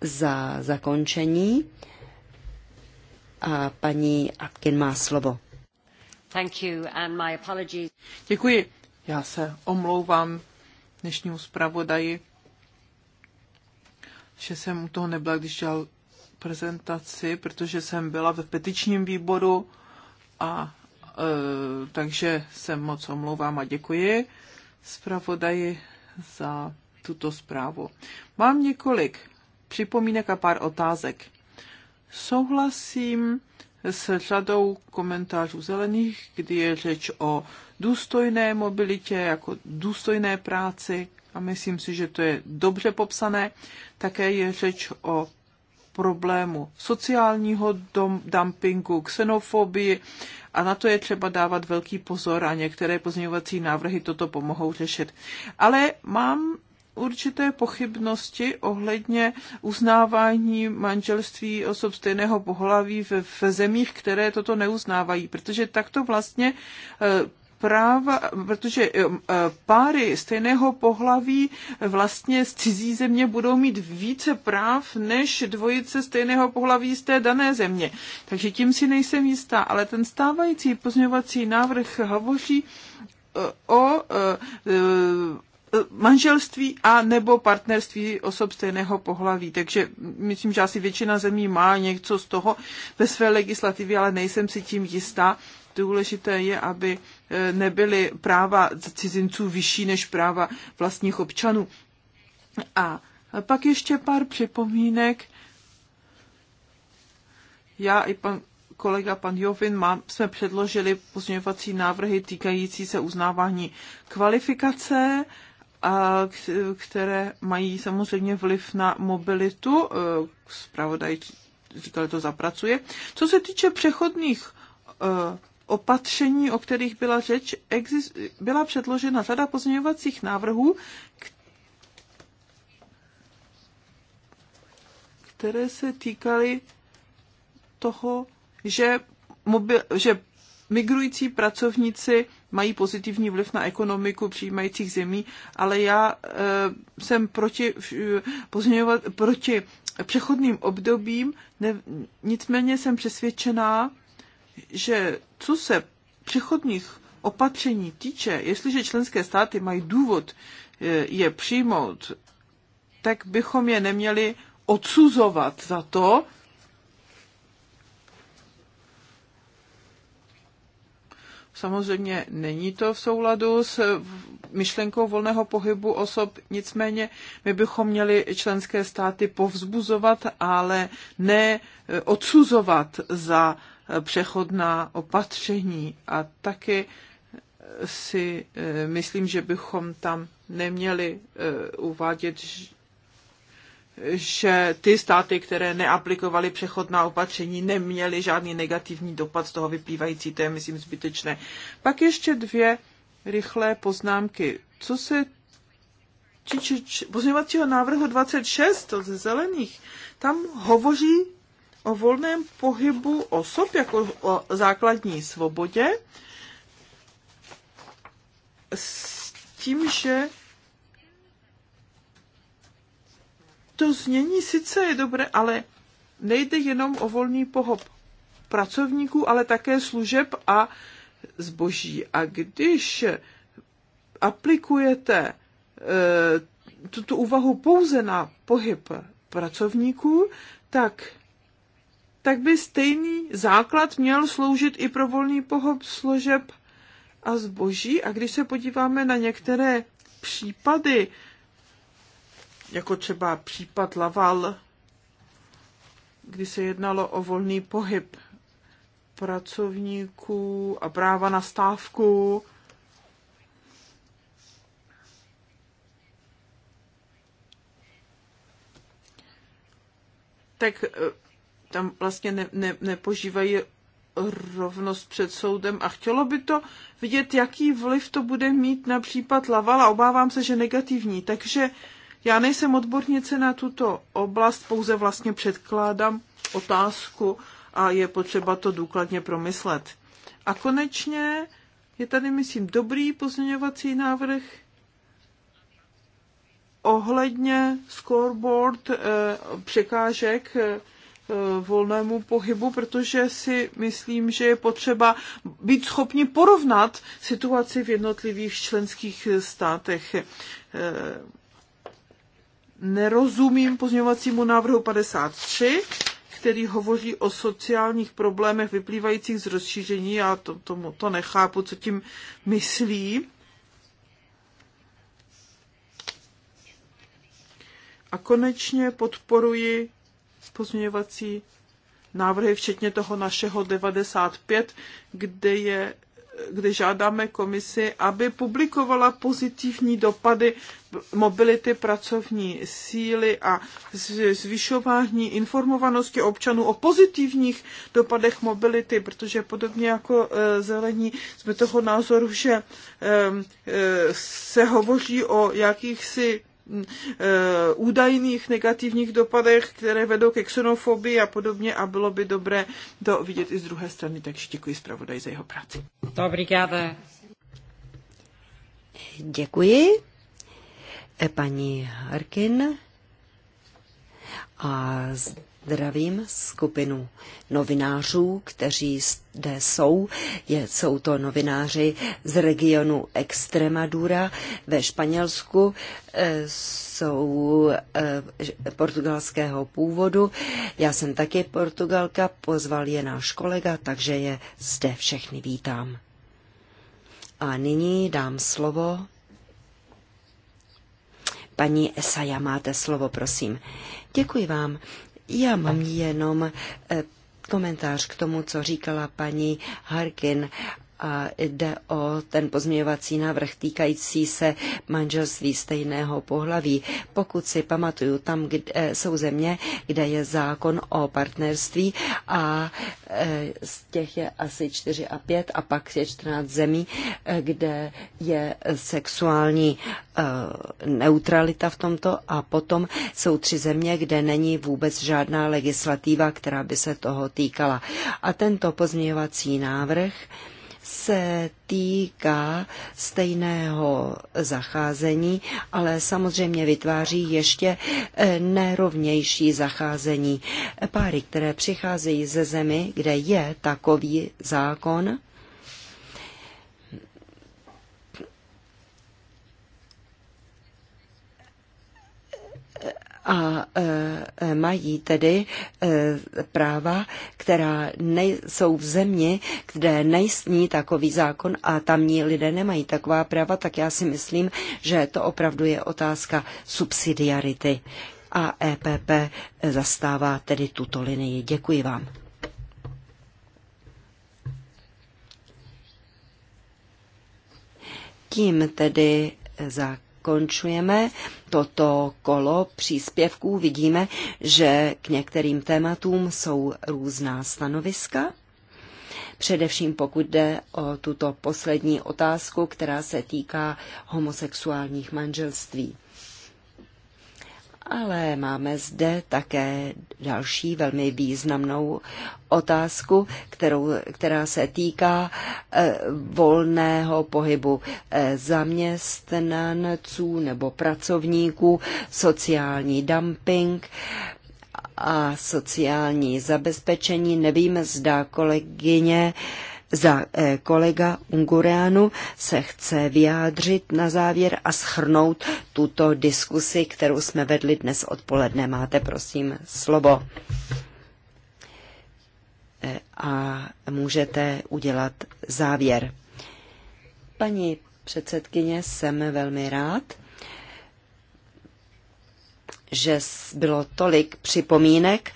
za zakončení a paní Atkin má slovo. Thank you and my apologies. Děkuji. Já se omlouvám dnešnímu zpravodaji, že jsem u toho nebyla, když dělal prezentaci, protože jsem byla ve petičním výboru a e, takže se moc omlouvám a děkuji zpravodaji za tuto zprávu. Mám několik připomínek a pár otázek. Souhlasím s řadou komentářů zelených, kdy je řeč o důstojné mobilitě, jako důstojné práci a myslím si, že to je dobře popsané. Také je řeč o problému sociálního dumpingu, xenofobii a na to je třeba dávat velký pozor a některé pozměňovací návrhy toto pomohou řešit. Ale mám určité pochybnosti ohledně uznávání manželství osob stejného pohlaví v, v zemích, které toto neuznávají, protože takto vlastně eh, práva, protože eh, páry stejného pohlaví vlastně z cizí země budou mít více práv než dvojice stejného pohlaví z té dané země. Takže tím si nejsem jistá, ale ten stávající pozměňovací návrh hovoří eh, o eh, manželství a nebo partnerství osob stejného pohlaví. Takže myslím, že asi většina zemí má něco z toho ve své legislativě, ale nejsem si tím jistá. Důležité je, aby Eh, nebyly práva cizinců vyšší než práva vlastních občanů. A pak ještě pár připomínek. Já i pan kolega pan Jovin má, jsme předložili pozměňovací návrhy týkající se uznávání kvalifikace, a které mají samozřejmě vliv na mobilitu. Eh, zpravodaj říkal, to zapracuje. Co se týče přechodných eh, opatření, o kterých byla řeč, byla předložena řada pozměňovacích návrhů, které se týkaly toho, že, mobil, že migrující pracovníci mají pozitivní vliv na ekonomiku přijímajících zemí, ale já e, jsem proti, pozměňovat, proti přechodným obdobím, ne, nicméně jsem přesvědčená, že co se přechodných opatření týče, jestliže členské státy mají důvod eh, je přijmout, tak bychom je neměli odsuzovat za to, Samozřejmě není to v souladu s eh, myšlenkou volného pohybu osob, nicméně my bychom měli členské státy povzbuzovat, ale ne eh, odsuzovat za přechodná opatření a taky si eh, myslím, že bychom tam neměli eh, uvádět, že ty státy, které neaplikovaly přechodná opatření, neměly žádný negativní dopad z toho vyplývající. To je, myslím, zbytečné. Pak ještě dvě rychlé poznámky. Co se pozměňovacího návrhu 26 od zelených, tam hovoří o volném pohybu osob jako o základní svobodě s tím, že to znění sice je dobré, ale nejde jenom o volný pohyb pracovníků, ale také služeb a zboží. A když aplikujete eh, tuto úvahu pouze na pohyb pracovníků, tak tak by stejný základ měl sloužit i pro volný pohyb složeb a zboží. A když se podíváme na některé případy, jako třeba případ Laval, kdy se jednalo o volný pohyb pracovníků a práva na stávku, tak eh, tam vlastně ne, ne, nepožívají rovnost před soudem a chtělo by to vidět, jaký vliv to bude mít na případ a Obávám se, že negativní. Takže já nejsem odbornice na tuto oblast, pouze vlastně předkládám otázku a je potřeba to důkladně promyslet. A konečně je tady, myslím, dobrý pozměňovací návrh ohledně scoreboard eh, překážek eh, Eh, volnému pohybu, protože si myslím, že je potřeba být schopni porovnat situaci v jednotlivých členských státech. Eh, nerozumím pozměňovacímu návrhu 53, který hovoří o sociálních problémech vyplývajících z rozšíření. Já to, tomu to nechápu, co tím myslí. A konečně podporuji pozměňovací návrhy, včetně toho našeho 95, kde je kde žádáme komisi, aby publikovala pozitivní dopady mobility pracovní síly a zvyšování informovanosti občanů o pozitivních dopadech mobility, protože podobně jako e, zelení jsme toho názoru, že e, e, se hovoří o jakýchsi Eh, údajných negativních dopadech, které vedou ke xenofobii a podobně a bylo by dobré to vidět i z druhé strany, takže děkuji zpravodaj za jeho práci. Dobrý Děkuji. Eh, paní Harkin. A zdravím skupinu novinářů, kteří zde jsou. Je, jsou to novináři z regionu Extremadura ve Španělsku, eh, jsou eh, portugalského původu. Já jsem taky Portugalka, pozval je náš kolega, takže je zde všechny vítám. A nyní dám slovo Paní Esaja, máte slovo, prosím. Děkuji vám. Já mám jenom eh, komentář k tomu, co říkala paní Harkin a jde o ten pozměňovací návrh týkající se manželství stejného pohlaví. Pokud si pamatuju, tam kde, eh, jsou země, kde je zákon o partnerství a eh, z těch je asi 4 a 5 a pak je 14 zemí, eh, kde je sexuální neutralita v tomto a potom jsou tři země, kde není vůbec žádná legislativa, která by se toho týkala. A tento pozměňovací návrh, se týká stejného zacházení, ale samozřejmě vytváří ještě eh, nerovnější zacházení. Páry, které přicházejí ze zemi, kde je takový zákon, a e, e, mají tedy e, práva, která nejsou v zemi, kde nejsní takový zákon a tamní lidé nemají taková práva, tak já si myslím, že to opravdu je otázka subsidiarity. A EPP zastává tedy tuto linii. Děkuji vám. Tím tedy zákon zakončujeme toto kolo příspěvků. Vidíme, že k některým tématům jsou různá stanoviska. Především pokud jde o tuto poslední otázku, která se týká homosexuálních manželství ale máme zde také další velmi významnou otázku, kterou, která se týká eh, volného pohybu eh, zaměstnanců nebo pracovníků, sociální dumping a sociální zabezpečení. Nevím, zda kolegyně za eh, kolega Ungureanu se chce vyjádřit na závěr a schrnout tuto diskusi, kterou jsme vedli dnes odpoledne. Máte prosím slovo. Eh, a můžete udělat závěr. Paní předsedkyně, jsem velmi rád, že bylo tolik připomínek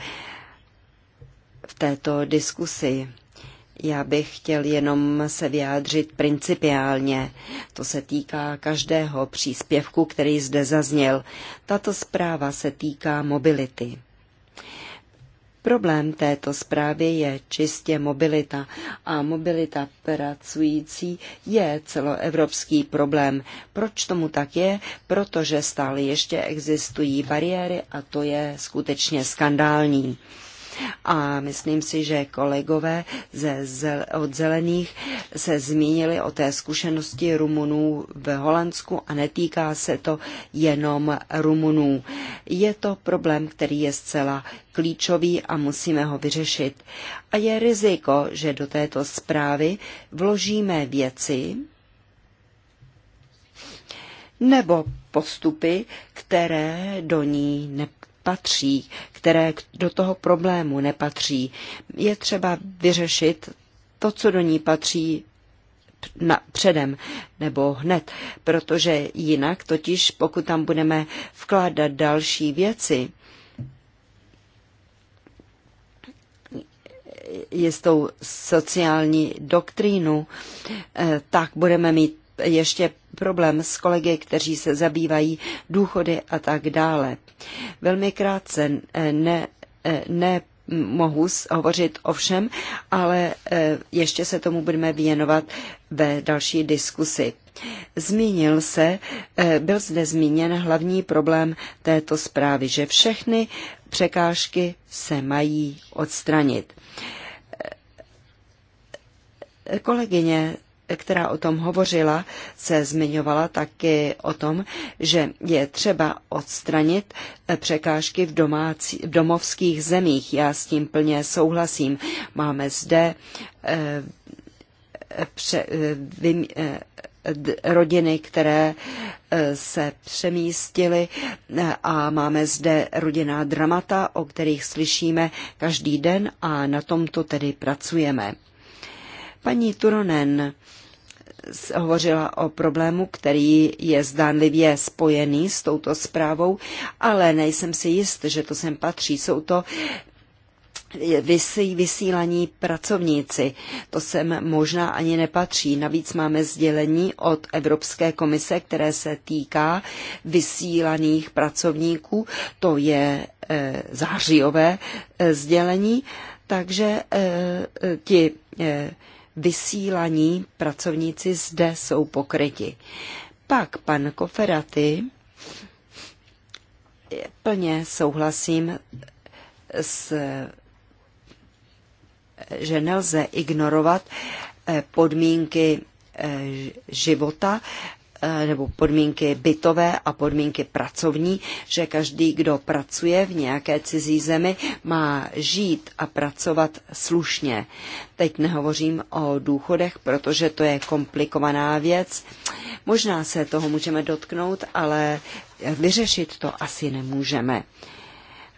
v této diskusi. Já bych chtěl jenom se vyjádřit principiálně. To se týká každého příspěvku, který zde zazněl. Tato zpráva se týká mobility. Problém této zprávy je čistě mobilita a mobilita pracující je celoevropský problém. Proč tomu tak je? Protože stále ještě existují bariéry a to je skutečně skandální. A myslím si, že kolegové ze, ze, od zelených se zmínili o té zkušenosti Rumunů v Holandsku a netýká se to jenom Rumunů. Je to problém, který je zcela klíčový a musíme ho vyřešit. A je riziko, že do této zprávy vložíme věci, nebo postupy, které do ní ne, nepatří, které do toho problému nepatří. Je třeba vyřešit to, co do ní patří na, předem nebo hned, protože jinak totiž, pokud tam budeme vkládat další věci, jistou sociální doktrínu, eh, tak budeme mít ještě problém s kolegy, kteří se zabývají důchody a tak dále. Velmi krátce eh, ne, eh, ne mohu hovořit o všem, ale eh, ještě se tomu budeme věnovat ve další diskusi. Zmínil se, byl zde zmíněn hlavní problém této zprávy, že všechny překážky se mají odstranit. Kolegyně která o tom hovořila, se zmiňovala taky o tom, že je třeba odstranit eh, překážky v, domácí, v domovských zemích. Já s tím plně souhlasím. Máme zde eh, eh pře, eh, vym, eh, rodiny, které se přemístily a máme zde rodinná dramata, o kterých slyšíme každý den a na tomto tedy pracujeme. Paní Turonen hovořila o problému, který je zdánlivě spojený s touto zprávou, ale nejsem si jist, že to sem patří. Jsou to vysílaní pracovníci. To sem možná ani nepatří. Navíc máme sdělení od Evropské komise, které se týká vysílaných pracovníků. To je e, zářijové e, sdělení, takže e, e ti e, vysílaní pracovníci zde jsou pokryti. Pak pan Koferaty, plně souhlasím s že nelze ignorovat eh, podmínky eh, života Eh, nebo podmínky bytové a podmínky pracovní, že každý, kdo pracuje v nějaké cizí zemi, má žít a pracovat slušně. Teď nehovořím o důchodech, protože to je komplikovaná věc. Možná se toho můžeme dotknout, ale vyřešit to asi nemůžeme.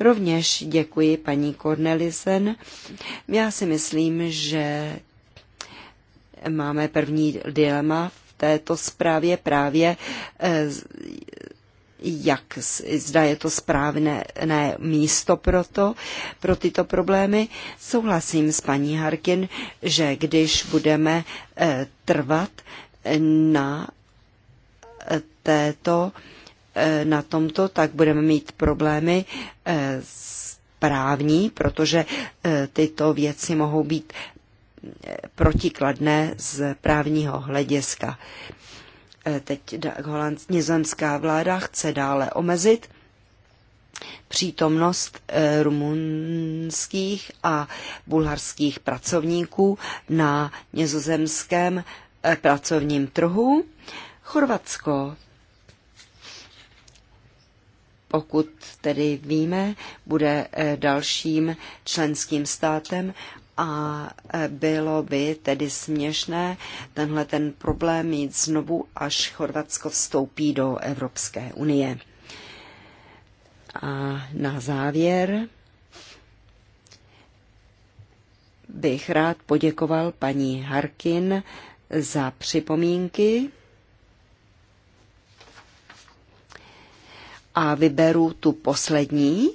Rovněž děkuji paní Cornelisen. Já si myslím, že máme první dilema této zprávě právě eh, jak zda je to správné ne, místo pro to, pro tyto problémy. Souhlasím s paní Harkin, že když budeme e, trvat eh, na této, e, na tomto, tak budeme mít problémy e, právní, protože tyto věci mohou být protikladné z právního hlediska. E, teď nizozemská vláda chce dále omezit přítomnost e, rumunských a bulharských pracovníků na nizozemském e, pracovním trhu. Chorvatsko, pokud tedy víme, bude dalším členským státem a e, bylo by tedy směšné tenhle ten problém mít znovu, až Chorvatsko vstoupí do Evropské unie. A na závěr bych rád poděkoval paní Harkin za připomínky a vyberu tu poslední,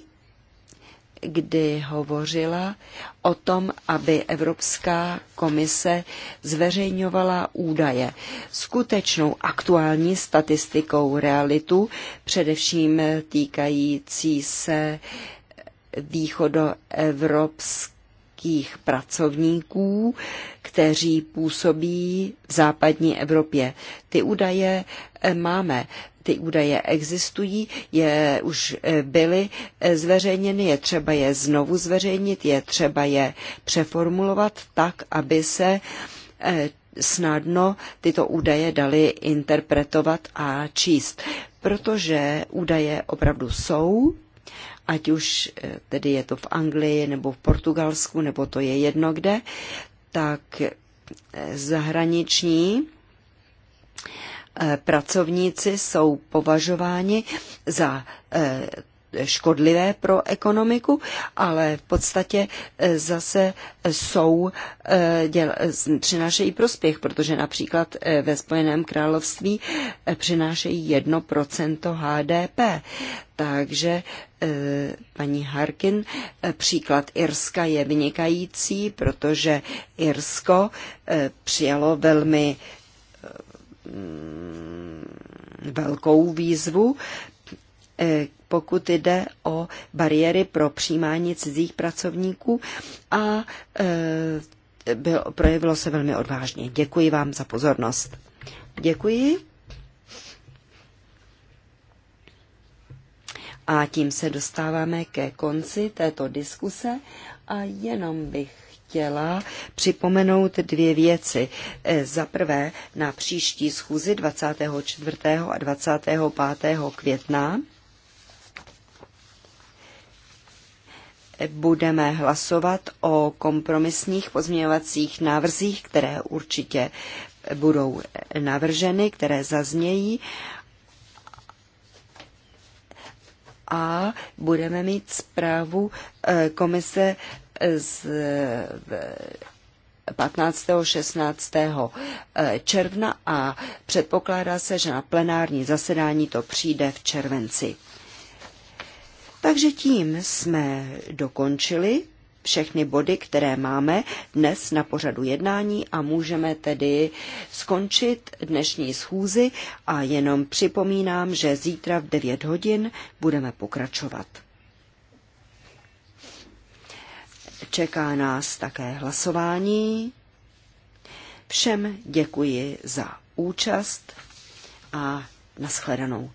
kdy hovořila o tom, aby Evropská komise zveřejňovala údaje. Skutečnou aktuální statistikou realitu, především týkající se východoevropských pracovníků, kteří působí v západní Evropě. Ty údaje eh, máme. Ty údaje existují, je, už eh, byly eh, zveřejněny, je třeba je znovu zveřejnit, je třeba je přeformulovat tak, aby se eh, snadno tyto údaje daly interpretovat a číst, protože údaje opravdu jsou, ať už tedy je to v Anglii nebo v Portugalsku, nebo to je jedno kde, tak zahraniční Eh, pracovníci jsou považováni za eh, škodlivé pro ekonomiku, ale v podstatě eh, zase jsou, děl, přinášejí prospěch, protože například ve Spojeném království přinášejí 1% HDP. Takže paní Harkin, příklad Irska je vynikající, protože Irsko přijalo velmi Mm, velkou výzvu, eh, pokud jde o bariéry pro přijímání cizích pracovníků a eh, bylo, projevilo se velmi odvážně. Děkuji vám za pozornost. Děkuji. A tím se dostáváme ke konci této diskuse a jenom bych chtěla připomenout dvě věci. E, za prvé na příští schůzi 24. a 25. května budeme hlasovat o kompromisních pozměňovacích návrzích, které určitě budou navrženy, které zaznějí a budeme mít zprávu e, komise z 15. 16. Eh, června a předpokládá se, že na plenární zasedání to přijde v červenci. Takže tím jsme dokončili všechny body, které máme dnes na pořadu jednání a můžeme tedy skončit dnešní schůzi a jenom připomínám, že zítra v 9 hodin budeme pokračovat. Čeká nás také hlasování. Všem děkuji za účast a nashledanou.